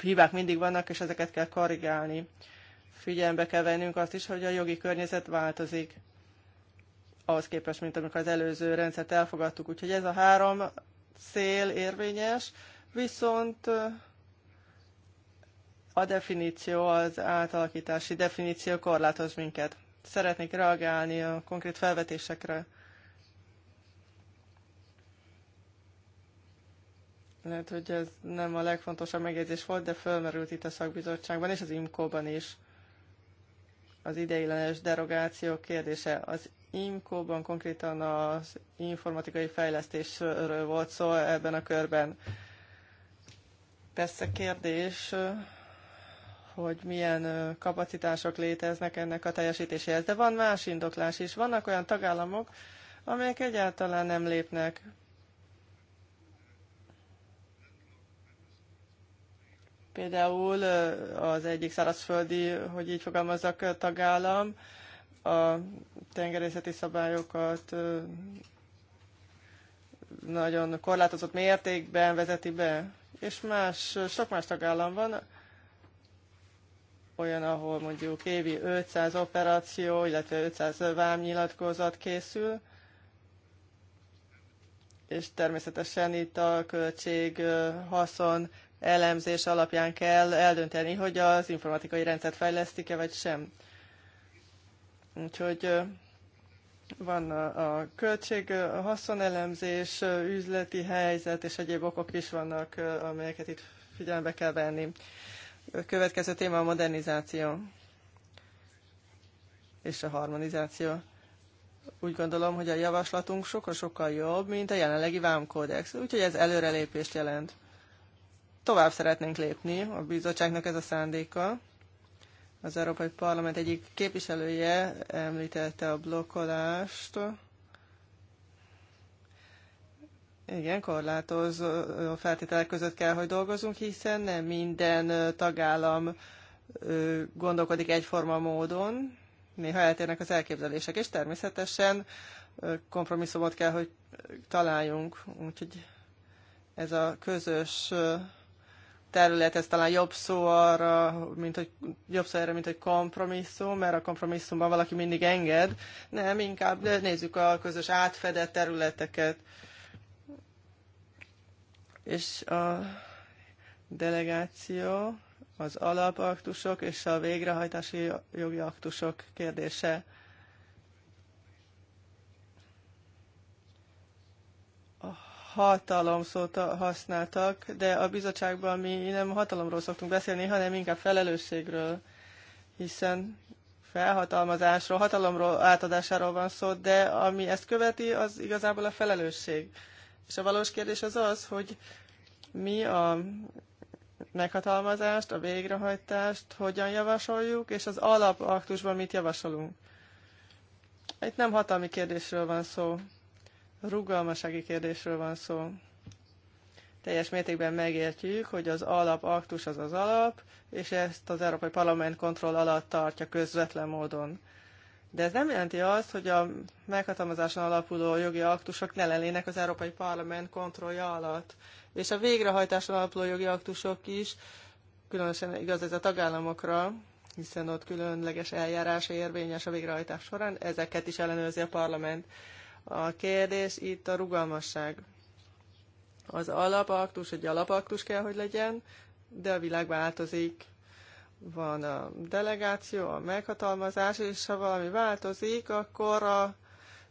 hibák mindig vannak, és ezeket kell korrigálni. Figyelembe kell vennünk azt is, hogy a jogi környezet változik ahhoz képest, mint amikor az előző rendszert elfogadtuk. Úgyhogy ez a három cél érvényes, viszont a definíció, az átalakítási definíció korlátoz minket. Szeretnék reagálni a konkrét felvetésekre. Lehet, hogy ez nem a legfontosabb megjegyzés volt, de fölmerült itt a szakbizottságban és az imco ban is az ideiglenes derogáció kérdése. Az IMCO-ban konkrétan az informatikai fejlesztésről volt szó ebben a körben. Persze kérdés, hogy milyen kapacitások léteznek ennek a teljesítéséhez, de van más indoklás is. Vannak olyan tagállamok, amelyek egyáltalán nem lépnek Például az egyik szárazföldi, hogy így fogalmazzak, tagállam a tengerészeti szabályokat nagyon korlátozott mértékben vezeti be, és más, sok más tagállam van, olyan, ahol mondjuk évi 500 operáció, illetve 500 vámnyilatkozat készül, és természetesen itt a költség haszon elemzés alapján kell eldönteni, hogy az informatikai rendszert fejlesztik-e vagy sem. Úgyhogy van a, költség, a haszonelemzés, üzleti helyzet és egyéb okok is vannak, amelyeket itt figyelembe kell venni. A következő téma a modernizáció és a harmonizáció. Úgy gondolom, hogy a javaslatunk sokkal-sokkal jobb, mint a jelenlegi vámkódex, úgyhogy ez előrelépést jelent tovább szeretnénk lépni, a bizottságnak ez a szándéka. Az Európai Parlament egyik képviselője említette a blokkolást. Igen, korlátozó feltételek között kell, hogy dolgozunk, hiszen nem minden tagállam gondolkodik egyforma módon, néha eltérnek az elképzelések, és természetesen kompromisszumot kell, hogy találjunk. Úgyhogy ez a közös terület, ez talán jobb szó arra, mint hogy, jobb szó erre, mint hogy kompromisszum, mert a kompromisszumban valaki mindig enged. Nem, inkább nézzük a közös átfedett területeket. És a delegáció, az alapaktusok és a végrehajtási jogi aktusok kérdése. hatalom szót használtak, de a bizottságban mi nem hatalomról szoktunk beszélni, hanem inkább felelősségről, hiszen felhatalmazásról, hatalomról átadásáról van szó, de ami ezt követi, az igazából a felelősség. És a valós kérdés az az, hogy mi a meghatalmazást, a végrehajtást hogyan javasoljuk, és az alapaktusban mit javasolunk. Itt nem hatalmi kérdésről van szó rugalmasági kérdésről van szó. Teljes mértékben megértjük, hogy az alapaktus az az alap, és ezt az Európai Parlament kontroll alatt tartja közvetlen módon. De ez nem jelenti azt, hogy a meghatalmazáson alapuló jogi aktusok ne lennének az Európai Parlament kontrollja alatt. És a végrehajtáson alapuló jogi aktusok is, különösen igaz ez a tagállamokra, hiszen ott különleges eljárás érvényes a végrehajtás során, ezeket is ellenőrzi a parlament. A kérdés itt a rugalmasság. Az alapaktus egy alapaktus kell, hogy legyen, de a világ változik. Van a delegáció, a meghatalmazás, és ha valami változik, akkor a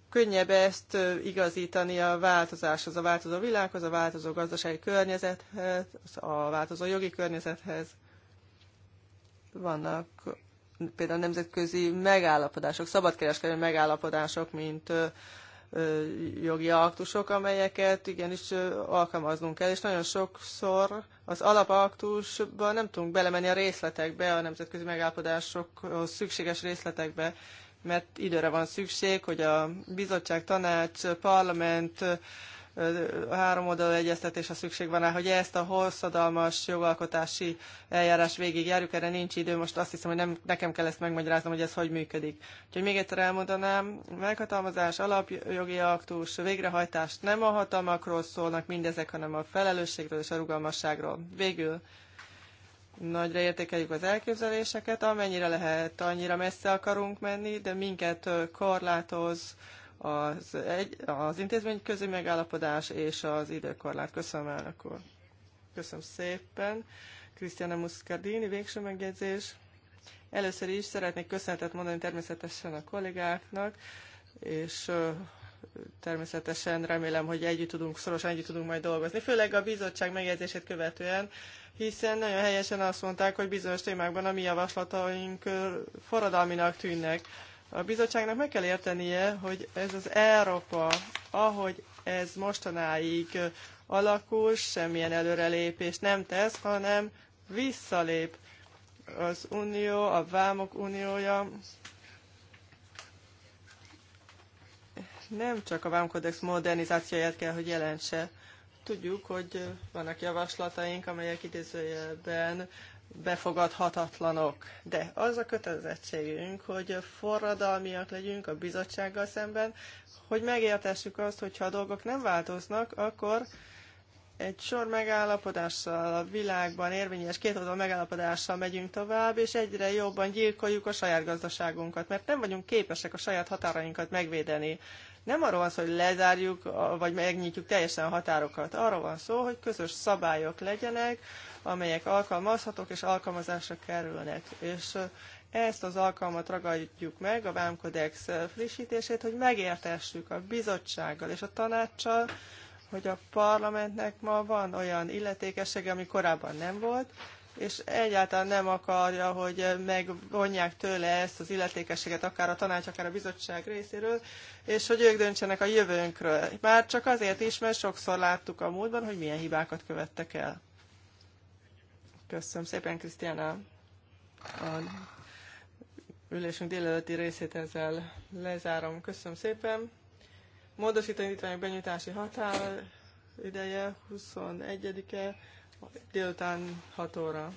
könnyebb ezt igazítani a változáshoz, a változó világhoz, a változó gazdasági környezethez, a változó jogi környezethez. Vannak például nemzetközi megállapodások, szabadkereskedelmi megállapodások, mint jogi aktusok, amelyeket igenis alkalmaznunk kell, és nagyon sokszor az alapaktusban nem tudunk belemenni a részletekbe, a nemzetközi megállapodásokhoz szükséges részletekbe, mert időre van szükség, hogy a bizottság, tanács, parlament háromoldalú oldalú egyeztetésre szükség van rá, hogy ezt a hosszadalmas jogalkotási eljárás végigjárjuk, erre nincs idő, most azt hiszem, hogy nem, nekem kell ezt megmagyaráznom, hogy ez hogy működik. Úgyhogy még egyszer elmondanám, meghatalmazás, alapjogi aktus, végrehajtást nem a hatalmakról szólnak mindezek, hanem a felelősségről és a rugalmasságról. Végül nagyra értékeljük az elképzeléseket, amennyire lehet, annyira messze akarunk menni, de minket korlátoz az, egy, az intézmény közé megállapodás és az időkorlát. Köszönöm el, akkor. Köszönöm szépen. Krisztiana Muscardini, végső megjegyzés. Először is szeretnék köszönetet mondani természetesen a kollégáknak, és természetesen remélem, hogy együtt tudunk, szorosan együtt tudunk majd dolgozni, főleg a bizottság megjegyzését követően, hiszen nagyon helyesen azt mondták, hogy bizonyos témákban a mi javaslataink forradalminak tűnnek a bizottságnak meg kell értenie, hogy ez az Európa, ahogy ez mostanáig alakul, semmilyen előrelépést nem tesz, hanem visszalép az unió, a vámok uniója. Nem csak a vámkodex modernizációját kell, hogy jelentse. Tudjuk, hogy vannak javaslataink, amelyek idézőjelben befogadhatatlanok. De az a kötelezettségünk, hogy forradalmiak legyünk a bizottsággal szemben, hogy megértessük azt, hogy ha a dolgok nem változnak, akkor egy sor megállapodással a világban érvényes oldal megállapodással megyünk tovább, és egyre jobban gyilkoljuk a saját gazdaságunkat, mert nem vagyunk képesek a saját határainkat megvédeni. Nem arról van szó, hogy lezárjuk, vagy megnyitjuk teljesen a határokat. Arról van szó, hogy közös szabályok legyenek, amelyek alkalmazhatók és alkalmazásra kerülnek. És ezt az alkalmat ragadjuk meg, a Vámkodex frissítését, hogy megértessük a bizottsággal és a tanácssal, hogy a parlamentnek ma van olyan illetékessége, ami korábban nem volt, és egyáltalán nem akarja, hogy megvonják tőle ezt az illetékességet, akár a tanács, akár a bizottság részéről, és hogy ők döntsenek a jövőnkről. Már csak azért is, mert sokszor láttuk a múltban, hogy milyen hibákat követtek el. Köszönöm szépen, Krisztiána. A ülésünk délelőtti részét ezzel lezárom. Köszönöm szépen. Módosítani indítványok benyújtási határ ideje 21-e délután 6 óra.